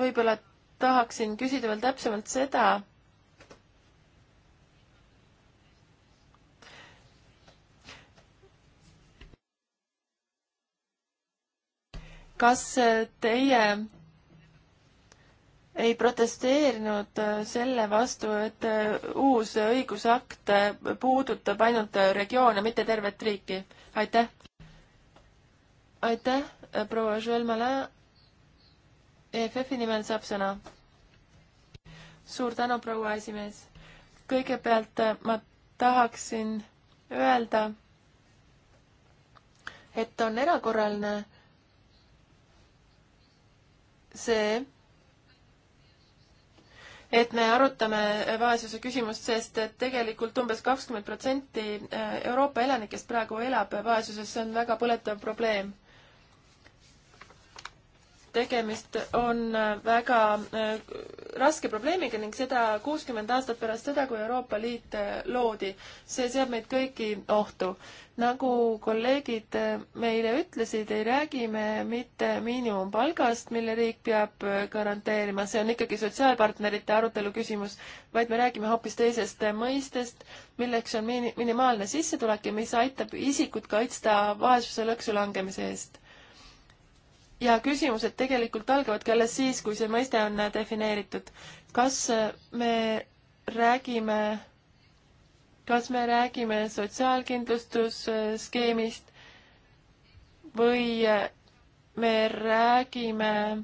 võib-olla tahaksin küsida veel täpsemalt seda, kas teie ei protesteerinud selle vastu, et uus õigusakt puudutab ainult regioone, mitte tervet riiki? aitäh! aitäh, proua Želmale. EFF-i nimel saab sõna. suur tänu, proua esimees. kõigepealt eh, ma tahaksin öelda, et on erakorraline see, et me arutame vaesuse küsimust, sest et tegelikult umbes kakskümmend protsenti eh, Euroopa elanikest praegu elab vaesuses, see on väga põletav probleem tegemist on äh, väga äh, raske probleemiga ning seda kuuskümmend aastat pärast seda, kui Euroopa Liit äh, loodi. see seab meid kõiki ohtu. nagu kolleegid meile ütlesid, ei räägi me mitte miinimumpalgast, mille riik peab garanteerima, see on ikkagi sotsiaalpartnerite arutelu küsimus, vaid me räägime hoopis teisest mõistest, milleks on miini-, minimaalne sissetulek ja mis aitab isikut kaitsta vaesuse lõksu langemise eest ja küsimused tegelikult algavadki alles siis, kui see mõiste on äh, defineeritud. kas äh, me räägime, kas me räägime sotsiaalkindlustusskeemist või äh, me räägime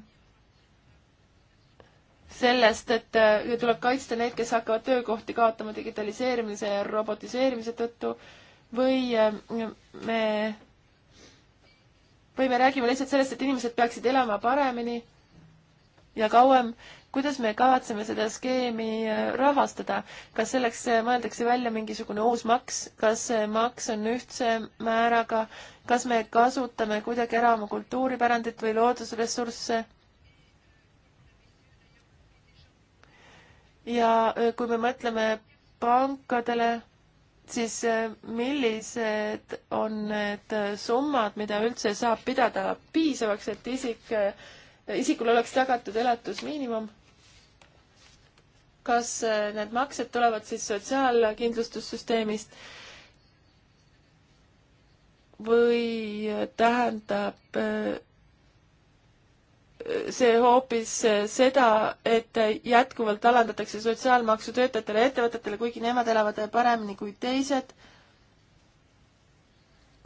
sellest, et tuleb kaitsta neid, kes hakkavad töökohti kaotama digitaliseerimise ja robotiseerimise tõttu või me või me räägime lihtsalt sellest, et inimesed peaksid elama paremini ja kauem, kuidas me kavatseme seda skeemi äh, rahastada? kas selleks äh, mõeldakse välja mingisugune uus maks, kas see äh, maks on ühtse määraga, kas me kasutame kuidagi ära oma kultuuripärandit või loodusressursse? ja kui me mõtleme pankadele siis äh, millised on need summad, mida üldse saab pidada piisavaks, et isik, äh, isikul oleks tagatud elatusmiinimum? kas äh, need maksed tulevad siis sotsiaalkindlustussüsteemist või tähendab see hoopis seda, et jätkuvalt alandatakse sotsiaalmaksu töötajatele ja ettevõtetele, kuigi nemad elavad paremini kui teised.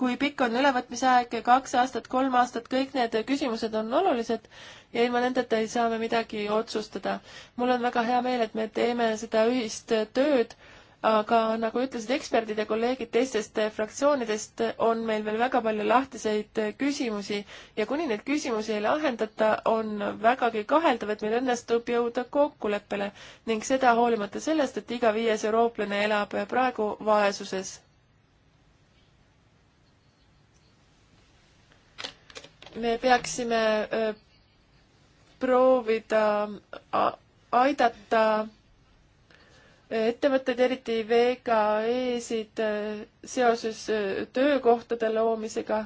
kui pikk on ülevõtmise aeg, kaks aastat, kolm aastat, kõik need küsimused on olulised ja ilma nendeta ei saa me midagi otsustada. mul on väga hea meel, et me teeme seda ühist tööd aga nagu ütlesid eksperdid ja kolleegid teistest eh, fraktsioonidest, on meil veel väga palju lahtiseid eh, küsimusi ja kuni neid küsimusi ei lahendata, on vägagi kaheldav, et meil õnnestub jõuda kokkuleppele ning seda hoolimata sellest, et iga viies eurooplane elab eh, praegu vaesuses. me peaksime proovida aidata ettevõtteid, eriti VKE-sid äh, seoses äh, töökohtade loomisega.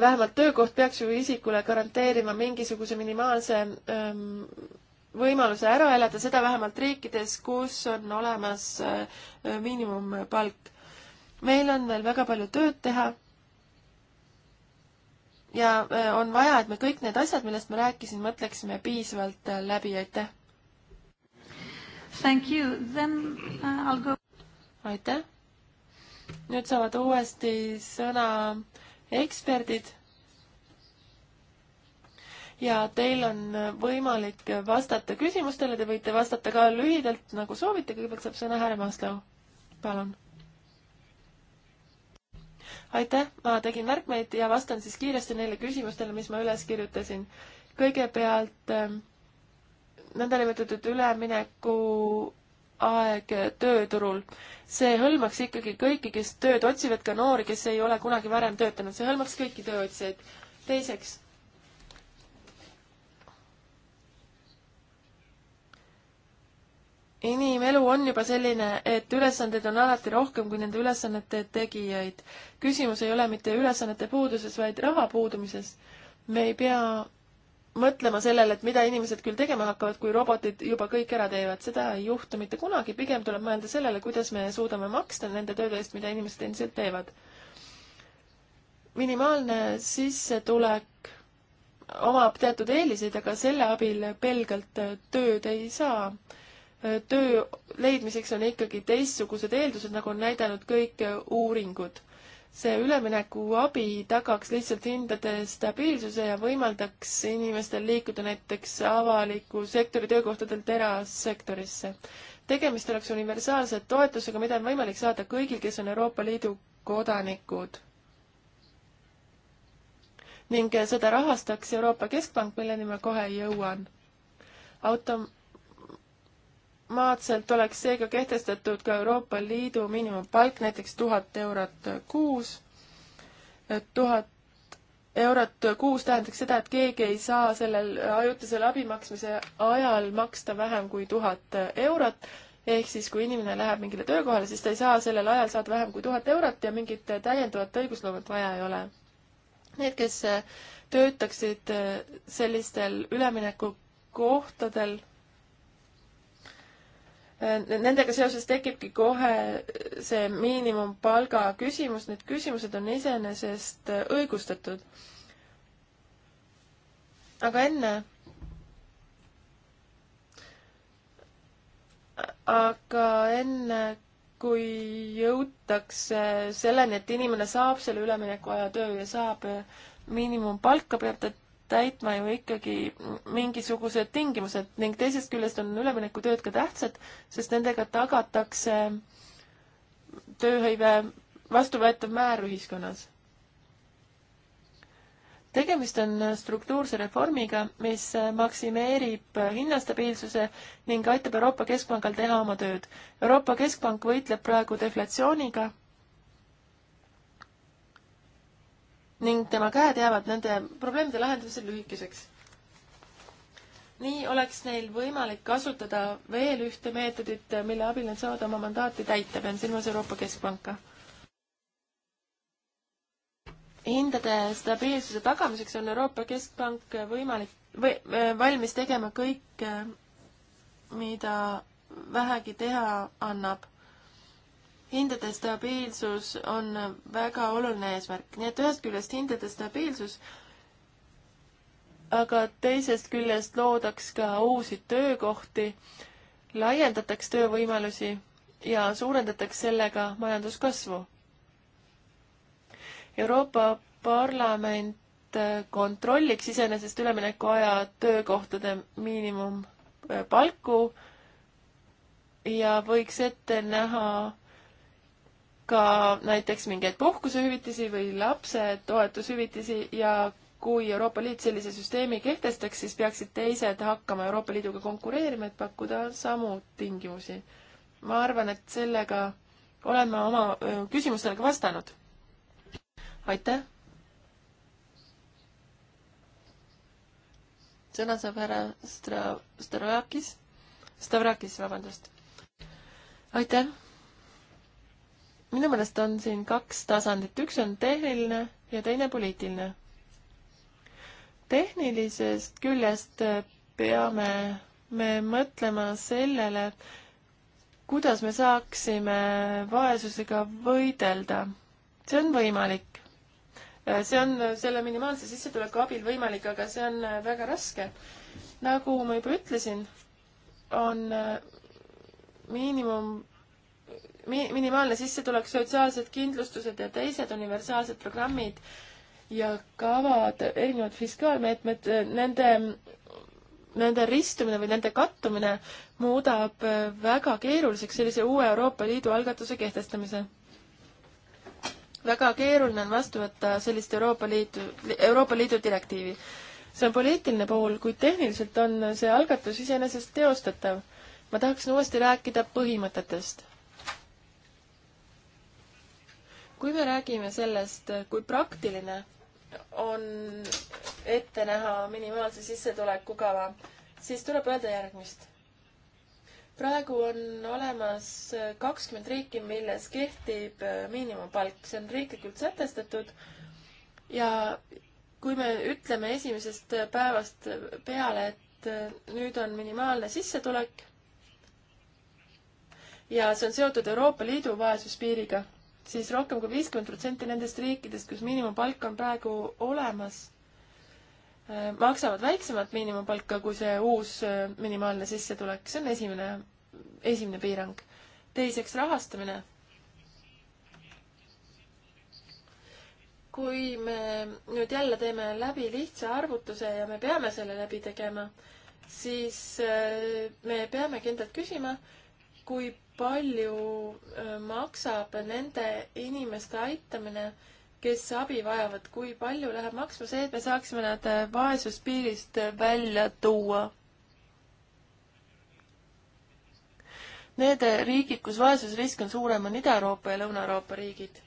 vähemalt töökoht peaks ju isikule garanteerima mingisuguse minimaalse ähm, võimaluse ära elada, seda vähemalt riikides, kus on olemas äh, miinimumpalk. meil on veel väga palju tööd teha ja on vaja, et me kõik need asjad, millest ma rääkisin, mõtleksime piisavalt läbi, aitäh! Thank you, then uh, I'll go. aitäh. nüüd saavad uuesti sõna eksperdid. ja teil on võimalik vastata küsimustele, te võite vastata ka lühidalt, nagu soovite, kõigepealt saab sõna härra Maaslau, palun aitäh, ma tegin märkmeid ja vastan siis kiiresti neile küsimustele, mis ma üles kirjutasin. kõigepealt ähm, nõndanimetatud ülemineku aeg tööturul. see hõlmaks ikkagi kõiki, kes tööd otsivad, ka noori, kes ei ole kunagi varem töötanud, see hõlmaks kõiki tööotsijaid. teiseks. inimelu on juba selline, et ülesandeid on alati rohkem kui nende ülesannete tegijaid. küsimus ei ole mitte ülesannete puuduses, vaid raha puudumises. me ei pea mõtlema sellele, et mida inimesed küll tegema hakkavad, kui robotid juba kõik ära teevad, seda ei juhtu mitte kunagi, pigem tuleb mõelda sellele, kuidas me suudame maksta nende tööde eest, mida inimesed endiselt teevad. minimaalne sissetulek omab teatud eeliseid, aga selle abil pelgalt tööd ei saa. töö leidmiseks on ikkagi teistsugused eeldused, nagu on näidanud kõik uuringud see üleminekuabi tagaks lihtsalt hindade stabiilsuse ja võimaldaks inimestel liikuda näiteks avaliku sektori töökohtadelt erasektorisse. tegemist oleks universaalse toetusega, mida on võimalik saada kõigil, kes on Euroopa Liidu kodanikud. ning seda rahastaks Euroopa Keskpank, milleni ma kohe jõuan. auto-, automaatselt oleks seega kehtestatud ka Euroopa Liidu miinimumpalk, näiteks tuhat eurot kuus. tuhat eurot kuus tähendaks seda, et keegi ei saa sellel ajutisel abimaksmise ajal maksta vähem kui tuhat eurot, ehk siis, kui inimene läheb mingile töökohale, siis ta ei saa sellel ajal saada vähem kui tuhat eurot ja mingit täiendavat õigusloomet vaja ei ole. Need, kes töötaksid sellistel üleminekukohtadel nendega seoses tekibki kohe see miinimumpalga küsimus, need küsimused on iseenesest õigustatud. aga enne aga enne, kui jõutakse selleni, et inimene saab selle üleminekuaja töö ja saab miinimumpalka, peab ta täitma ju ikkagi mingisugused tingimused ning teisest küljest on üleminekutööd ka tähtsad, sest nendega tagatakse tööhõive vastuvõetav määr ühiskonnas. tegemist on struktuurse reformiga, mis maksimeerib hinnastabiilsuse ning aitab Euroopa Keskpangal teha oma tööd. Euroopa Keskpank võitleb praegu deflatsiooniga ning tema käed jäävad nende probleemide lahendamisel lühikeseks. nii oleks neil võimalik kasutada veel ühte meetodit, mille abil nad saavad oma mandaati täita, pean silmas Euroopa Keskpanka. hindade stabiilsuse tagamiseks on Euroopa Keskpank võimalik või äh, valmis tegema kõike, äh, mida vähegi teha annab hindade stabiilsus on väga oluline eesmärk, nii et ühest küljest hindade stabiilsus, aga teisest küljest loodaks ka uusi töökohti, laiendataks töövõimalusi ja suurendataks sellega majanduskasvu. Euroopa Parlament kontrolliks iseenesest ülemineku aja töökohtade miinimumpalku ja võiks ette näha ka näiteks mingeid puhkusehüvitisi või lapsetoetushüvitisi ja kui Euroopa Liit sellise süsteemi kehtestaks, siis peaksid teised hakkama Euroopa Liiduga konkureerima, et pakkuda samu tingimusi. ma arvan, et sellega olen ma oma küsimustele ka vastanud. aitäh! sõna saab härra Stra-, Stavrakis, Stavrakis, vabandust. aitäh! minu meelest on siin kaks tasandit, üks on tehniline ja teine poliitiline. tehnilisest küljest peame me mõtlema sellele, kuidas me saaksime vaesusega võidelda. see on võimalik. see on selle minimaalse sissetuleku abil võimalik, aga see on väga raske. nagu ma juba ütlesin, on miinimum minimaalne sissetulek, sotsiaalsed kindlustused ja teised universaalsed programmid ja kavad, erinevad fiskaalmeetmed, nende, nende ristumine või nende kattumine muudab väga keeruliseks sellise uue Euroopa Liidu algatuse kehtestamise. väga keeruline on vastu võtta sellist Euroopa Liidu, Euroopa Liidu direktiivi. see on poliitiline pool, kuid tehniliselt on see algatus iseenesest teostatav. ma tahaksin uuesti rääkida põhimõtetest kui me räägime sellest, kui praktiline on ette näha minimaalse sissetuleku kava, siis tuleb öelda järgmist. praegu on olemas kakskümmend riiki, milles kehtib miinimumpalk, see on riiklikult sätestatud ja kui me ütleme esimesest päevast peale, et nüüd on minimaalne sissetulek ja see on seotud Euroopa Liidu vaesuspiiriga siis rohkem kui viiskümmend protsenti nendest riikidest, kus miinimumpalk on praegu olemas, äh, maksavad väiksemat miinimumpalka kui see uus äh, minimaalne sissetulek, see on esimene, esimene piirang. teiseks, rahastamine. kui me nüüd jälle teeme läbi lihtsa arvutuse ja me peame selle läbi tegema, siis äh, me peame kindlalt küsima, kui palju maksab nende inimeste aitamine, kes abi vajavad, kui palju läheb maksma see, et me saaksime nad vaesuspiirist välja tuua? Need riigid, kus vaesusrisk on suurem, on Ida-Euroopa ja Lõuna-Euroopa riigid.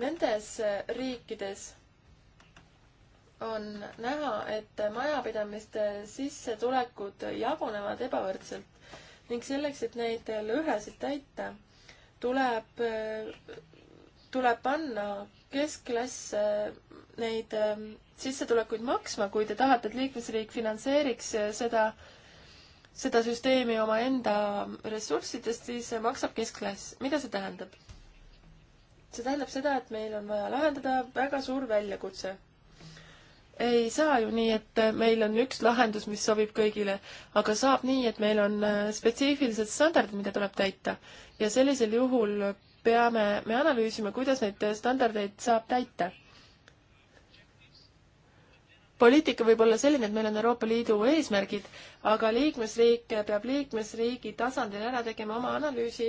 Nendes riikides on näha, et majapidamiste sissetulekud jagunevad ebavõrdselt ning selleks, et neid lõhesid täita, tuleb, tuleb panna keskklass neid ähm, sissetulekuid maksma, kui te tahate, et liikmesriik finantseeriks äh, seda, seda süsteemi omaenda ressurssidest, siis äh, maksab keskklass. mida see tähendab? see tähendab seda, et meil on vaja lahendada väga suur väljakutse ei saa ju nii, et meil on üks lahendus, mis sobib kõigile, aga saab nii, et meil on äh, spetsiifilised standardid, mida tuleb täita. ja sellisel juhul peame me analüüsima, kuidas neid standardeid saab täita. poliitika võib olla selline, et meil on Euroopa Liidu eesmärgid, aga liikmesriik peab liikmesriigi tasandil ära tegema oma analüüsi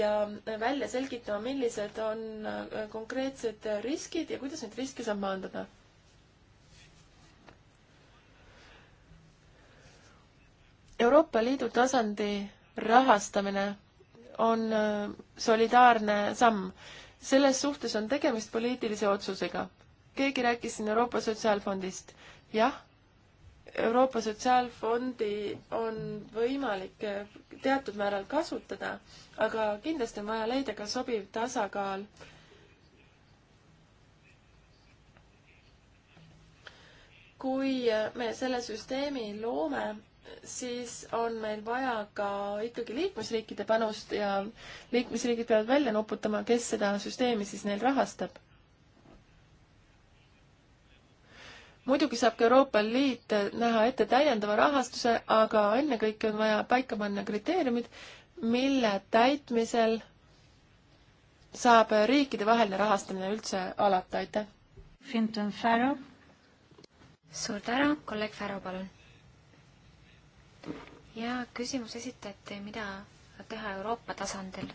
ja äh, välja selgitama, millised on äh, konkreetsed riskid ja kuidas neid riske saab maandada Euroopa Liidu tasandi rahastamine on äh, solidaarne samm. selles suhtes on tegemist poliitilise otsusega. keegi rääkis siin Euroopa Sotsiaalfondist. jah, Euroopa Sotsiaalfondi on võimalik äh, teatud määral kasutada, aga kindlasti on vaja leida ka sobiv tasakaal kui äh, me selle süsteemi loome, siis on meil vaja ka ikkagi liikmesriikide panust ja liikmesriigid peavad välja nuputama, kes seda süsteemi siis neil rahastab. muidugi saab ka Euroopa Liit näha ette täiendava rahastuse, aga ennekõike on vaja paika panna kriteeriumid, mille täitmisel saab riikidevaheline rahastamine üldse alata, aitäh! Finton Färro. suur tänu, kolleeg Färro, palun! ja küsimus esitati, mida teha Euroopa tasandil.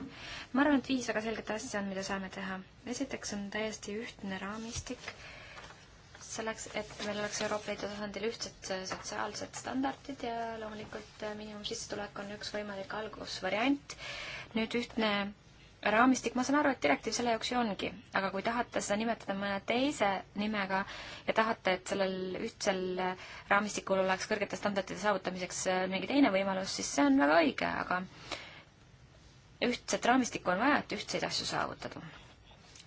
ma arvan, et viis väga selget asja on, mida saame teha. esiteks on täiesti ühtne raamistik selleks, et meil oleks Euroopa Liidu tasandil ühtsed sotsiaalsed standardid ja loomulikult miinimumsissetulek on üks võimalik algusvariant. nüüd ühtne raamistik, ma saan aru, et direktiiv selle jaoks ju ongi, aga kui tahate seda nimetada mõne teise nimega ja tahate, et sellel ühtsel raamistikul oleks kõrgete standardite saavutamiseks äh, mingi teine võimalus, siis see on väga õige, aga ühtset raamistikku on vaja, et ühtseid asju saavutada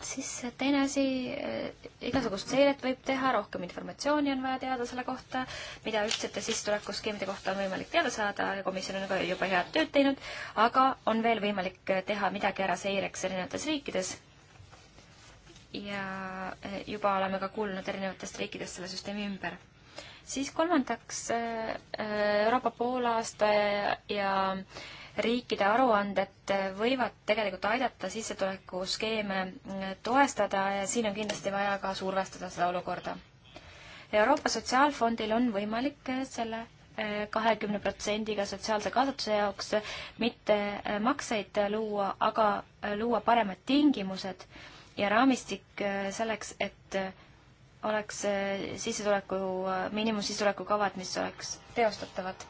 siis teine asi, eh, igasugust seiret võib teha, rohkem informatsiooni on vaja teada selle kohta, mida ühtsete sissetulekuskeemide kohta on võimalik teada saada ja komisjon on ka juba head tööd teinud, aga on veel võimalik teha midagi ära seireks erinevates riikides. ja eh, juba oleme ka kuulnud erinevatest riikidest selle süsteemi ümber. siis kolmandaks eh, Euroopa poolaasta ja, ja riikide aruanded võivad tegelikult aidata sissetulekuskeeme toestada ja siin on kindlasti vaja ka survestada seda olukorda. Euroopa Sotsiaalfondil on võimalik selle äh, kahekümne protsendiga sotsiaalse kaasatuse jaoks mitte äh, makseid luua, aga äh, luua paremad tingimused ja raamistik selleks, et oleks sissetuleku, miinimumsissetuleku kavad, mis oleks teostatavad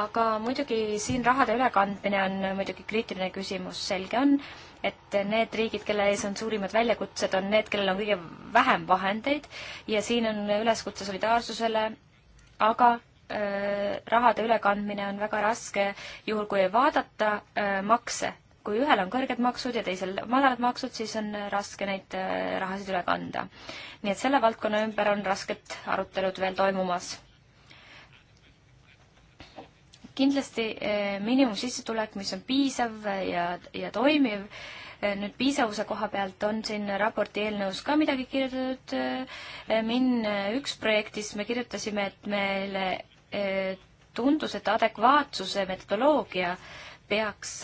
aga muidugi siin rahade ülekandmine on muidugi kriitiline küsimus, selge on, et need riigid, kelle ees on suurimad väljakutsed, on need, kellel on kõige vähem vahendeid ja siin on üleskutse solidaarsusele, aga äh, rahade ülekandmine on väga raske, juhul kui ei vaadata äh, makse. kui ühel on kõrged maksud ja teisel madalad maksud, siis on raske neid äh, rahasid üle kanda. nii et selle valdkonna ümber on rasked arutelud veel toimumas kindlasti eh, miinimumsissetulek, mis on piisav eh, ja, ja toimiv, eh, nüüd piisavuse koha pealt on siin raporti eelnõus ka midagi kirjutatud, MIN üks projektis me kirjutasime, et meile tundus, et adekvaatsuse metodoloogia peaks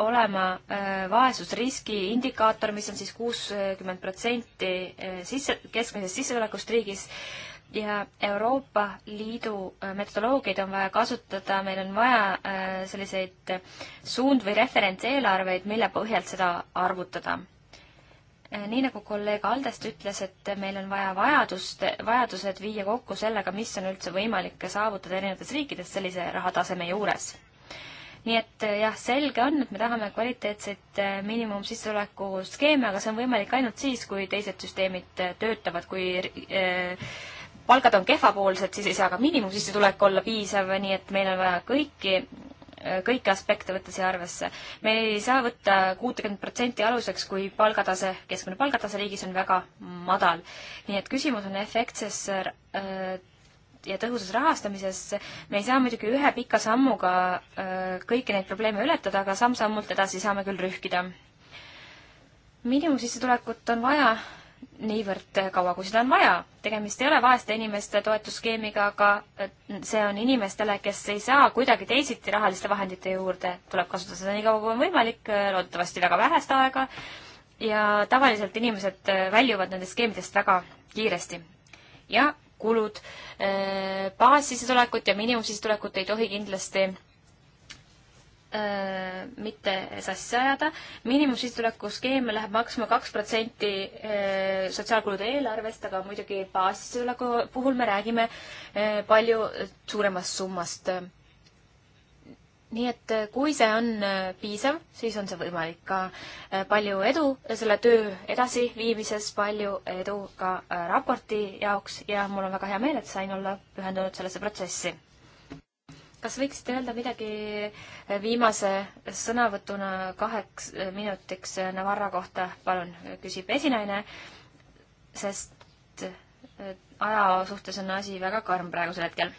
olema vaesusriski indikaator, mis on siis kuuskümmend protsenti sisse, keskmisest sissetulekust riigis ja Euroopa Liidu äh, metodoloogiaid on vaja kasutada, meil on vaja äh, selliseid äh, suund- või referentseelarveid, mille põhjalt seda arvutada. nii nagu kolleeg Aldest ütles, et meil on vaja vajadust, vajadused viia kokku sellega, mis on üldse võimalik saavutada erinevates riikides sellise rahataseme juures nii et jah, selge on, et me tahame kvaliteetset miinimumsissetuleku skeemi, aga see on võimalik ainult siis, kui teised süsteemid töötavad, kui palgad on kehvapoolsed, siis ei saa ka miinimumsissetulek olla piisav, nii et meil on vaja kõiki, kõiki aspekte võtta siia arvesse. me ei saa võtta kuutekümmet protsenti aluseks, kui palgatase, keskmine palgatase riigis on väga madal. nii et küsimus on efektses äh, ja tõhusas rahastamises. me ei saa muidugi ühe pika sammuga äh, kõiki neid probleeme ületada, aga samm-sammult edasi saame küll rühkida. miinimumsissetulekut on vaja niivõrd kaua, kui seda on vaja. tegemist ei ole vaeste inimeste toetusskeemiga, aga äh, see on inimestele, kes ei saa kuidagi teisiti rahaliste vahendite juurde, tuleb kasutada seda nii kaua, kui on võimalik, äh, loodetavasti väga vähest aega, ja tavaliselt inimesed äh, väljuvad nendest skeemidest väga kiiresti. ja kulud, baassissetulekut ja miinimumsissetulekut ei tohi kindlasti Äh, mitte sassi ajada. miinimumsissetuleku skeem läheb maksma kaks protsenti äh, sotsiaalkulude eelarvest, aga muidugi baassissetuleku puhul me räägime äh, palju suuremast summast. nii et kui see on piisav, siis on see võimalik ka. palju edu selle töö edasiviimises, palju edu ka raporti jaoks ja mul on väga hea meel, et sain olla pühendunud sellesse protsessi kas võiksite öelda midagi eh, viimase sõnavõtuna kaheks eh, minutiks eh, Navarra kohta, palun, küsib esinaine, sest aja suhtes on asi väga karm praegusel hetkel.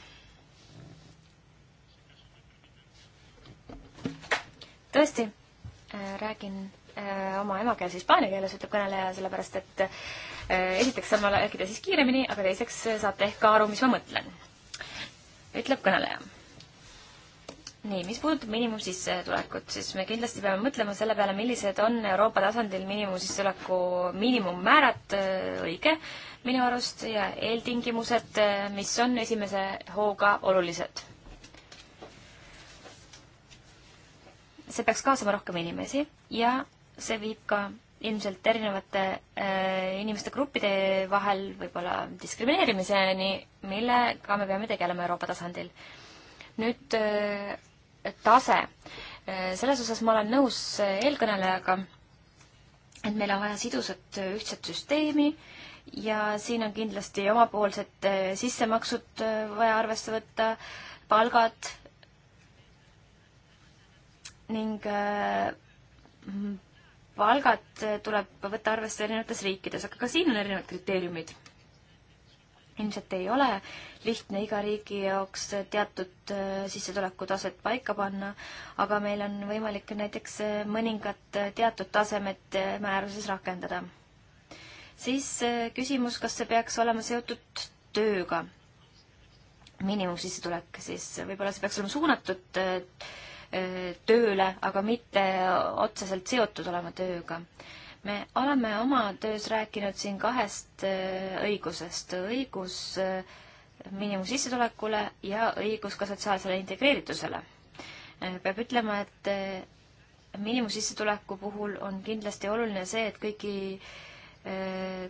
tõesti, räägin oma emakeeles hispaania keeles, ütleb kõneleja, sellepärast et esiteks saan ma rääkida siis kiiremini, aga teiseks saate ehk ka aru, mis ma mõtlen, ütleb kõneleja nii, mis puudutab miinimumsissetulekut, siis me kindlasti peame mõtlema selle peale, millised on Euroopa tasandil miinimumsissetuleku miinimummäärad, äh, õige minu arust, ja eeltingimused, äh, mis on esimese hooga olulised. see peaks kaasama rohkem inimesi ja see viib ka ilmselt erinevate äh, inimeste gruppide vahel võib-olla diskrimineerimiseni, millega me peame tegelema Euroopa tasandil. nüüd äh, tase. selles osas ma olen nõus eelkõnelejaga, et meil on vaja sidusat ühtset süsteemi ja siin on kindlasti omapoolsed sissemaksud vaja arvesse võtta, palgad ning mm, palgad tuleb võtta arvesse erinevates riikides, aga ka siin on erinevad kriteeriumid ilmselt ei ole lihtne iga riigi jaoks teatud äh, sissetulekutaset paika panna, aga meil on võimalik näiteks äh, mõningat äh, teatud tasemet määruses rakendada. siis küsimus, kas see peaks olema seotud tööga? miinimumsissetulek siis, võib-olla see peaks olema suunatud tööle, aga mitte otseselt seotud olema tööga me oleme oma töös rääkinud siin kahest äh, õigusest, õigus äh, miinimumsissetulekule ja õigus ka sotsiaalsele integreeritusele. Äh, peab ütlema, et miinimumsissetuleku puhul on kindlasti oluline see, et kõiki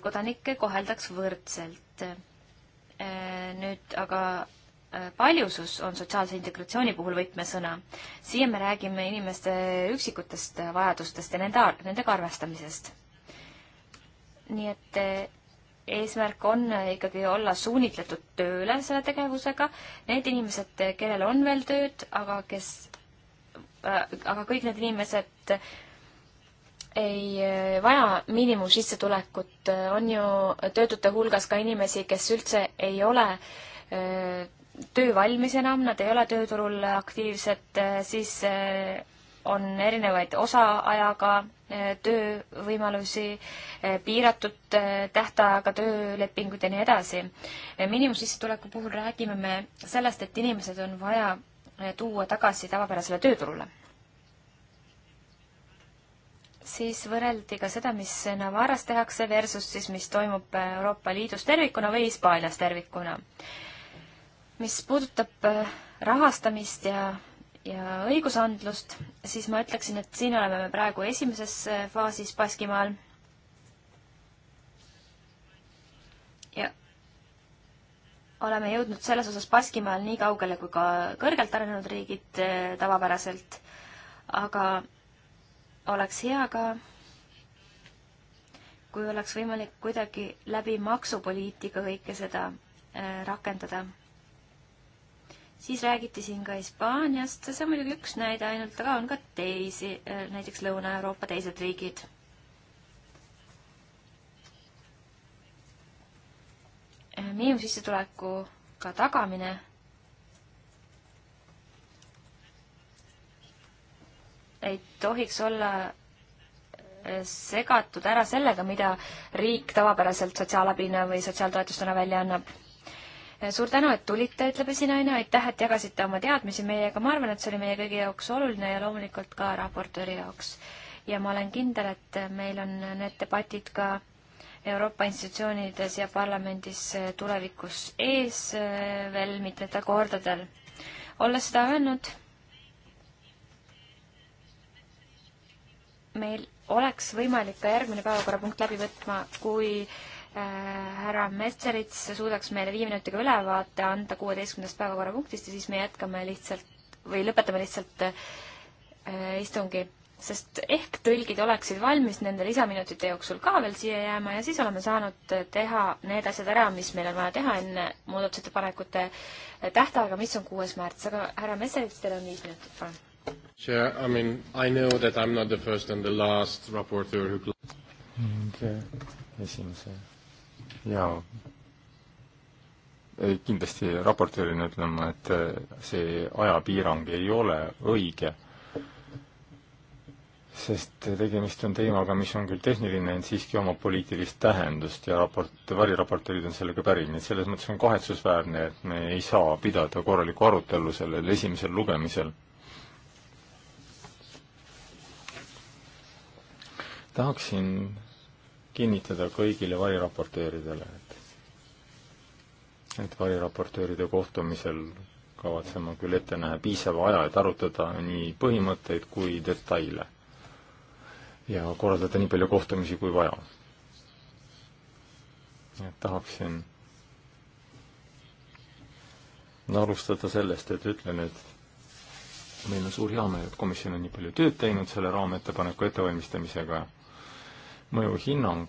kodanikke koheldaks võrdselt. nüüd aga Äh, paljusus on sotsiaalse integratsiooni puhul võtmesõna. siia me räägime inimeste üksikutest äh, vajadustest ja nende, nendega arvestamisest. nii et äh, eesmärk on ikkagi olla suunitletud tööle selle tegevusega. Need inimesed, kellel on veel tööd, aga kes, aga kõik need inimesed ei vaja miinimumsissetulekut, on ju töötute hulgas ka inimesi, kes üldse ei ole äh, töövalmis enam, nad ei ole tööturul aktiivsed, eh, siis eh, on erinevaid osaajaga eh, töövõimalusi, piiratud tähtajaga töölepingud ja nii edasi. miinimumsissetuleku puhul räägime me sellest, et inimesed on vaja tuua tagasi tavapärasele tööturule. siis võrreldi ka seda, mis Navarras tehakse versus siis, mis toimub Euroopa Liidus tervikuna või Hispaanias tervikuna mis puudutab äh, rahastamist ja, ja õigusandlust, siis ma ütleksin, et siin oleme me praegu esimeses äh, faasis Baskimaal. ja oleme jõudnud selles osas Baskimaal nii kaugele kui ka kõrgelt arenenud riigid äh, tavapäraselt, aga oleks hea ka, kui oleks võimalik kuidagi läbi maksupoliitika kõike seda rakendada siis räägiti siin ka Hispaaniast, see on muidugi üks näide ainult, aga on ka teisi, äh, näiteks Lõuna-Euroopa teised riigid. Äh, miinimumsissetulekuga tagamine ei tohiks olla äh, segatud ära sellega, mida riik tavapäraselt sotsiaalabina või sotsiaaltoetustena välja annab suur tänu, et tulite, ütleb esinaine, aitäh, et jagasite oma teadmisi meiega, ma arvan, et see oli meie kõigi jaoks oluline ja loomulikult ka raportööri jaoks. ja ma olen kindel, et meil on need debatid ka Euroopa institutsioonides ja parlamendis tulevikus ees eh, veel mitmetel kordadel. olles seda öelnud, meil oleks võimalik ka järgmine päevakorrapunkt läbi võtma, kui äh, härra Metserits suudaks meile viie minutiga ülevaate anda kuueteistkümnendast päevakorrapunktist ja siis me jätkame lihtsalt või lõpetame lihtsalt äh, istungi, sest ehk tõlgid oleksid valmis nende lisaminutite jooksul ka veel siia jääma ja siis oleme saanud teha need asjad ära, mis meil on vaja teha enne muudatusettepanekute tähtaega, mis on kuues märts, aga härra Metserits, teil on viis minutit, palun Chair, I mean, I know that I'm not the first and the last rapporteur who... ning äh, esimese ja ei, kindlasti raportöörina ütlen ma, et äh, see ajapiirang ei ole õige, sest tegemist on teemaga, mis on küll tehniline, ent siiski omab poliitilist tähendust ja raport, variraportöörid on sellega päri, nii et selles mõttes on kahetsusväärne, et me ei saa pidada korralikku arutelu sellel esimesel lugemisel. tahaksin kinnitada kõigile variraportööridele, et et variraportööride kohtumisel kavatsema küll ette näha piisava aja, et arutada nii põhimõtteid kui detaile. ja korraldada nii palju kohtumisi kui vaja. et tahaksin no alustada sellest, et ütlen, et meil on suur heameel, et komisjon on nii palju tööd teinud selle raamettepaneku ettevalmistamisega mõjuhinnang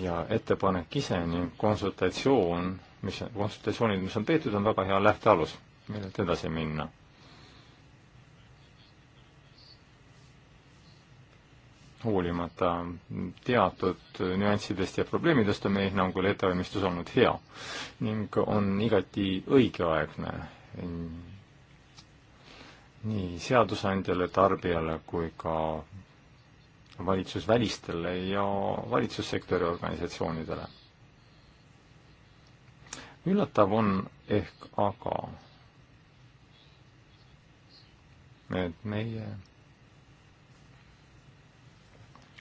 ja ettepanek ise ning konsultatsioon, mis, konsultatsioonid, mis on peetud, on väga hea lähtealus, millelt edasi minna. hoolimata teatud nüanssidest ja probleemidest on meie hinnangul ettevalmistus olnud hea ning on igati õigeaegne nii seadusandjale, tarbijale kui ka valitsusvälistele ja valitsussektori organisatsioonidele. üllatav on ehk aga, et meie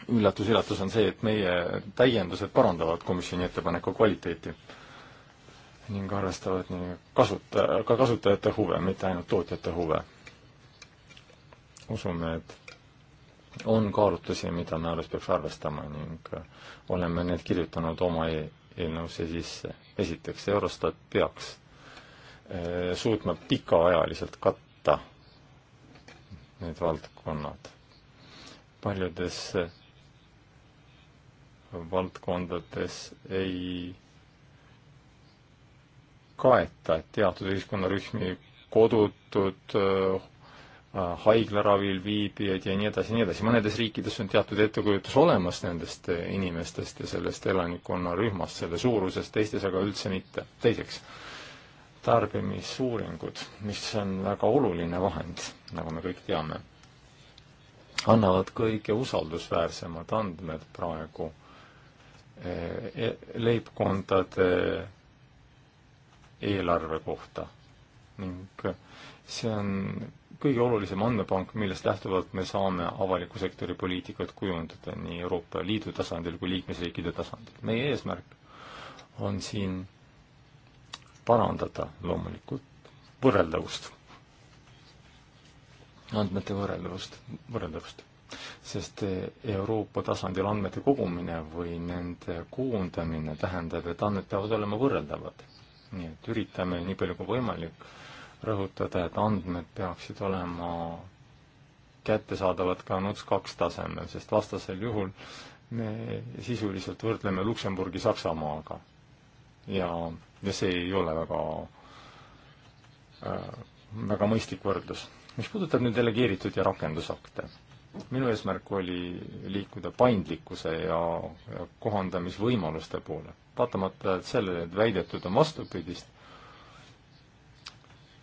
üllatus-üllatus on see, et meie täiendused parandavad komisjoni ettepaneku kvaliteeti ning arvestavad nii kasuta-, ka kasutajate huve, mitte ainult tootjate huve. usume, et on kaalutlusi, mida määrus peaks arvestama ning äh, oleme need kirjutanud oma e eelnõusse sisse. esiteks, Eurostat peaks äh, suutma pikaajaliselt katta need valdkonnad. paljudes äh, valdkondades ei kaeta teatud ühiskonnarühmi kodutud Äh, haiglaravil viibijaid ja nii edasi ja nii edasi. mõnedes riikides on teatud ettekujutus olemas nendest äh, inimestest ja sellest elanikkonnarühmast, selle suurusest, teistes aga üldse mitte. teiseks, tarbimisuuringud, mis on väga oluline vahend, nagu me kõik teame, annavad kõige usaldusväärsemad andmed praegu äh, e leibkondade eelarve kohta ning see on kõige olulisem andmepank, millest lähtuvalt me saame avaliku sektori poliitikat kujundada nii Euroopa Liidu tasandil kui liikmesriikide tasandil. meie eesmärk on siin parandada loomulikult võrreldavust, andmete võrreldavust, võrreldavust. sest Euroopa tasandil andmete kogumine või nende koondamine tähendab, et andmed peavad olema võrreldavad. nii et üritame nii palju kui võimalik äh, rõhutada, et andmed peaksid olema kättesaadavad ka NUTS kaks tasemel, sest vastasel juhul me sisuliselt võrdleme Luksemburgi Saksamaaga. ja, ja see ei ole väga äh,, väga mõistlik võrdlus. mis puudutab nüüd delegeeritud ja rakendusakte, minu eesmärk oli liikuda paindlikkuse ja, ja kohandamisvõimaluste poole. vaatamata sellele, et väidetud on vastupidist,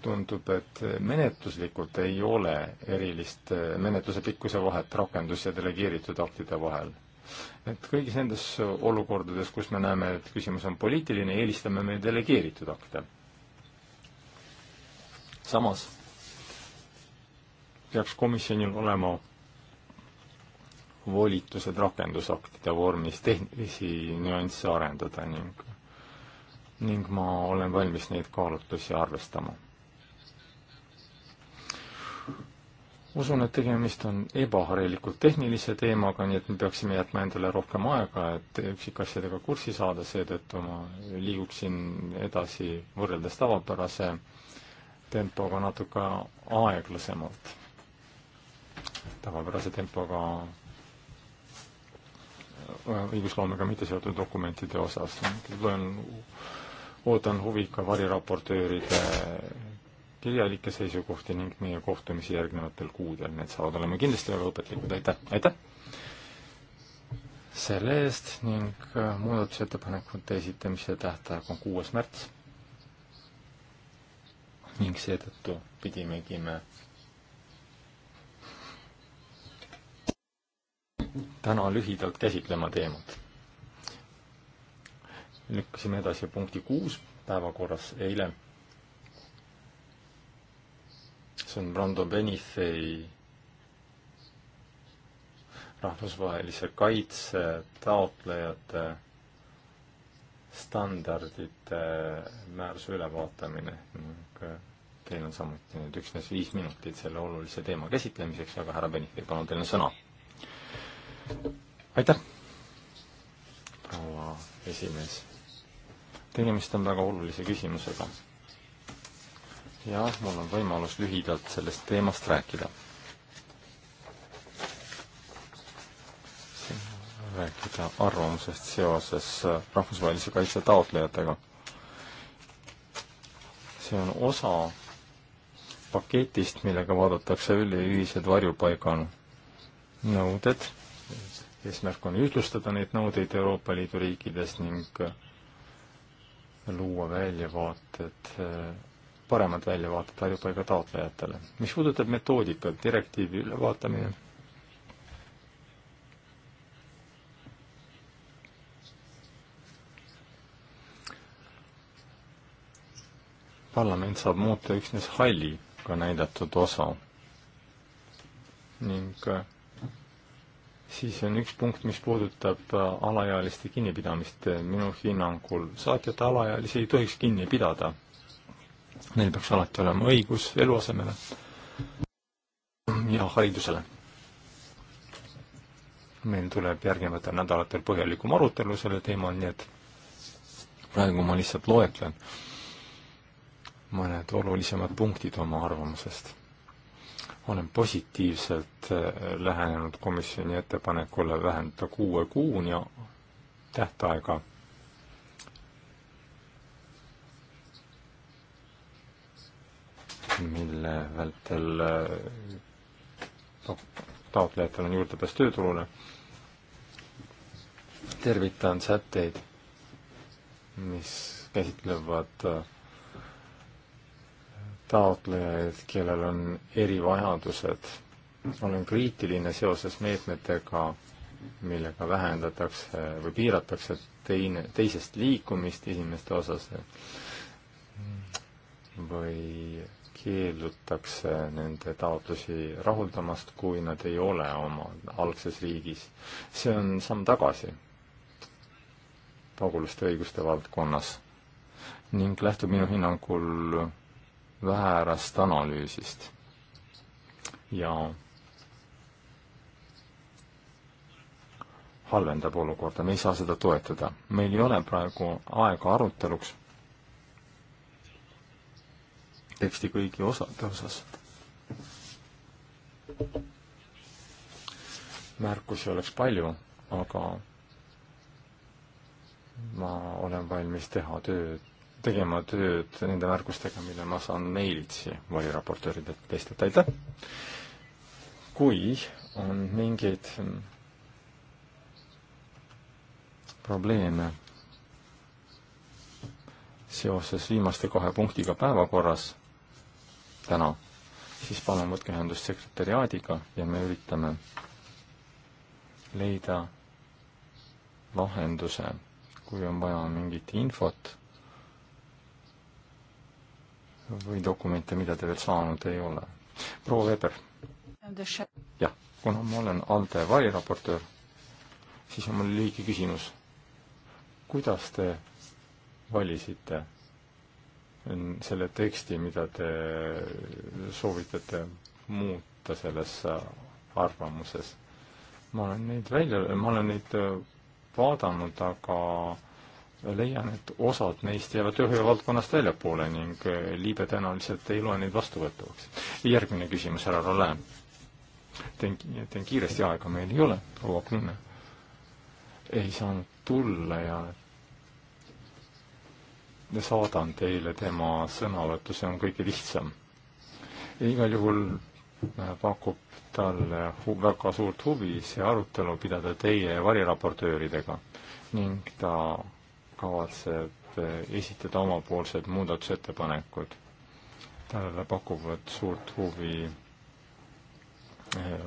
tundub, et menetluslikult ei ole erilist äh, menetluse pikkuse vahet rakendus- ja delegeeritud aktide vahel. et kõigis nendes olukordades, kus me näeme, et küsimus on poliitiline, eelistame me delegeeritud akte. samas peaks komisjonil olema volitused rakendusaktide vormis tehnilisi nüansse arendada ning ning ma olen valmis neid kaalutlusi arvestama usun, et tegemist on ebaharilikult tehnilise teemaga, nii et me peaksime jätma endale rohkem aega, et üksikasjadega kurssi saada, seetõttu ma liiguksin edasi võrreldes tavapärase tempoga natuke aeglasemalt. tavapärase tempoga äh, õigusloomega mitte seotud dokumentide osas. loen, ootan huviga variraportööride kirjalikke seisukohti ning meie kohtumisi järgnevatel kuudel, need saavad olema kindlasti väga õpetlikud, aitäh, aitäh selle eest ning äh, muudatusettepanekute esitamise tähtaeg on kuues märts. ning seetõttu pidimegi me täna lühidalt käsitlema teemat. lükkasime edasi punkti kuus päevakorras eile see on Brando Benifei rahvusvahelise kaitse taotlejate standardite määruse ülevaatamine ning äh, teil on samuti nüüd üksnes viis minutit selle olulise teema käsitlemiseks, aga härra Benifei, palun, teil on sõna. aitäh, proua esimees. tegemist on väga olulise küsimusega ja mul on võimalus lühidalt sellest teemast rääkida. rääkida arvamusest seoses rahvusvahelise kaitse taotlejatega. see on osa paketist, millega vaadatakse üle ühised varjupaiganõuded, eesmärk on ühtlustada neid nõudeid Euroopa Liidu riikides ning luua väljavaated paremad väljavaated varjupaiga taotlejatele. mis puudutab metoodikat, direktiivi ülevaatamine, parlament saab muuta üksnes halliga näidatud osa. ning äh, siis on üks punkt, mis puudutab äh, alaealiste kinnipidamist. minu hinnangul saatjate alaealisi ei tohiks kinni pidada Neil peaks alati olema õigus eluasemele ja haridusele. meil tuleb järgnevatel nädalatel põhjalikum arutelu sellel teemal, nii et praegu ma lihtsalt loetlen mõned olulisemad punktid oma arvamusest. olen positiivselt äh, lähenenud komisjoni ettepanekule vähendada kuue kuuni tähtaega mille vältel äh, taotlejatel on juurdepääs tööturule. tervitan sätteid, mis käsitlevad äh, taotlejaid, kellel on erivajadused. olen kriitiline seoses meetmetega, millega vähendatakse või piiratakse teine, teisest liikumist inimeste osas äh, või keeldutakse nende taotlusi rahuldamast, kui nad ei ole oma algses riigis. see on samm tagasi pagulaste õiguste valdkonnas ning lähtub minu hinnangul väärast analüüsist ja halvendab olukorda, me ei saa seda toetada. meil ei ole praegu aega aruteluks teksti kõigi osade osas. märkusi oleks palju, aga ma olen valmis teha tööd, tegema tööd nende märkustega, mille ma saan meilitsi valiraportööridelt teistelt, aitäh! kui on mingeid probleeme seoses viimaste kahe punktiga päevakorras, täna, siis palun võtke ühendust sekretäriaadiga ja me üritame leida lahenduse, kui on vaja mingit infot või dokumente, mida te veel saanud ei ole. proua Weber. jah, kuna ma olen ALDE variraportöör, siis on mul lühike küsimus. kuidas te valisite selle teksti, mida te soovitate muuta selles arvamuses. ma olen neid välja, ma olen neid vaadanud, aga leian, et osad neist jäävad ühe valdkonnast väljapoole ning liibe tõenäoliselt ei loe neid vastuvõtavaks. järgmine küsimus, härra Rolle. teen, teen kiiresti aega, meil ei ole, proua Klune ei saanud tulla ja saadan teile tema sõnavõttu, see on kõige lihtsam. ja igal juhul äh, pakub talle väga suurt huvi see arutelu pidada teie variraportööridega ning ta kavatseb äh, esitada omapoolsed muudatusettepanekud. talle pakuvad suurt huvi äh,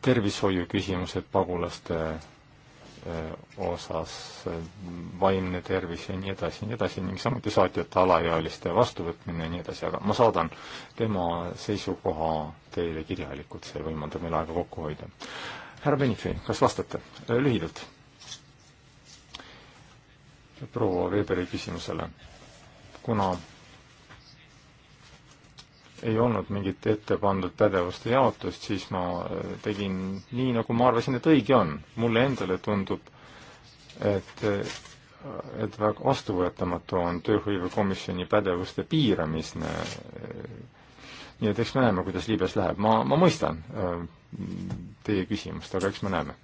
tervishoiuküsimused pagulaste Äh, osas, äh, vaimne tervis ja nii edasi ja nii edasi ning samuti saatjate alaealiste vastuvõtmine ja nii edasi, aga ma saadan tema seisukoha teile kirjalikult, see võimaldab meil aega kokku hoida. härra Benifi, kas vastate äh, lühidalt? proua Weberi küsimusele, kuna ei olnud mingit ette pandud pädevuste jaotust, siis ma äh, tegin nii, nagu ma arvasin, et õige on. mulle endale tundub, et, äh, et väga vastuvõetamatu on tööhõivekomisjoni pädevuste piiramine. Äh, nii et eks me näeme, kuidas Liibüas läheb. ma, ma mõistan teie küsimust, aga eks me näeme.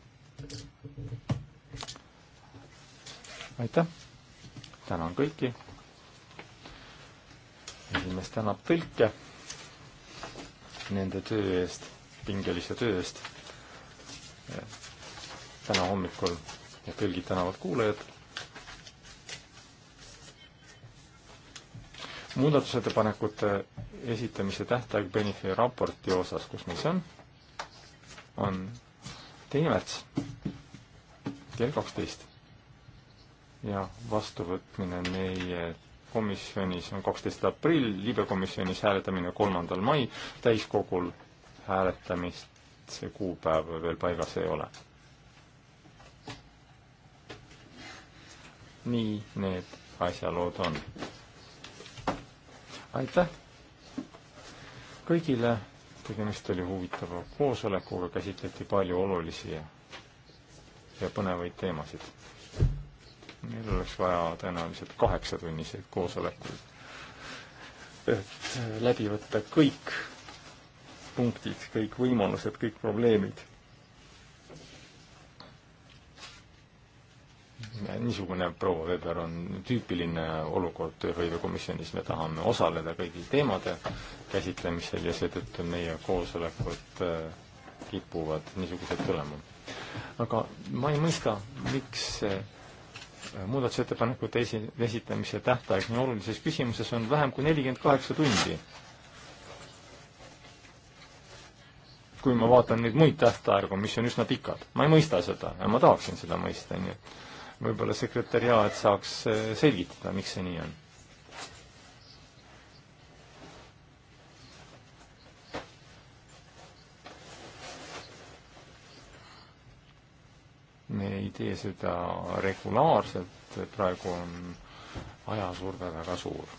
aitäh, tänan kõiki esimees tänab tõlke nende töö eest, pingelise töö eest täna hommikul ja tõlgid tänavad kuulajad. muudatusettepanekute esitamise tähtaeg Benifi raporti osas, kus meil see on, on teine märts kell kaksteist ja vastuvõtmine meie komisjonis on kaksteist aprill, libekomisjonis hääletamine kolmandal mai, täiskogul hääletamist see kuupäev veel paigas ei ole. nii need asjalood on. aitäh kõigile, tegemist oli huvitava koosolekuga, käsitleti palju olulisi ja põnevaid teemasid meil oleks vaja tõenäoliselt kaheksatunniseid koosolekuid, et äh, läbi võtta kõik punktid, kõik võimalused, kõik probleemid. niisugune proua Weber on tüüpiline olukord tööhõivekomisjonis, me tahame osaleda kõigi teemade käsitlemisel ja seetõttu meie koosolekud äh, kipuvad niisugused tulema. aga ma ei mõista, miks see Äh, muudatusettepanekute esi-, esitamise tähtaeg nii olulises küsimuses on vähem kui nelikümmend kaheksa tundi. kui ma vaatan neid muid tähtaegu, mis on üsna pikad. ma ei mõista seda ja ma tahaksin seda mõista, nii et võib-olla sekretäriaat saaks äh, selgitada, miks see nii on me ei tee seda regulaarselt, praegu on ajasurve väga suur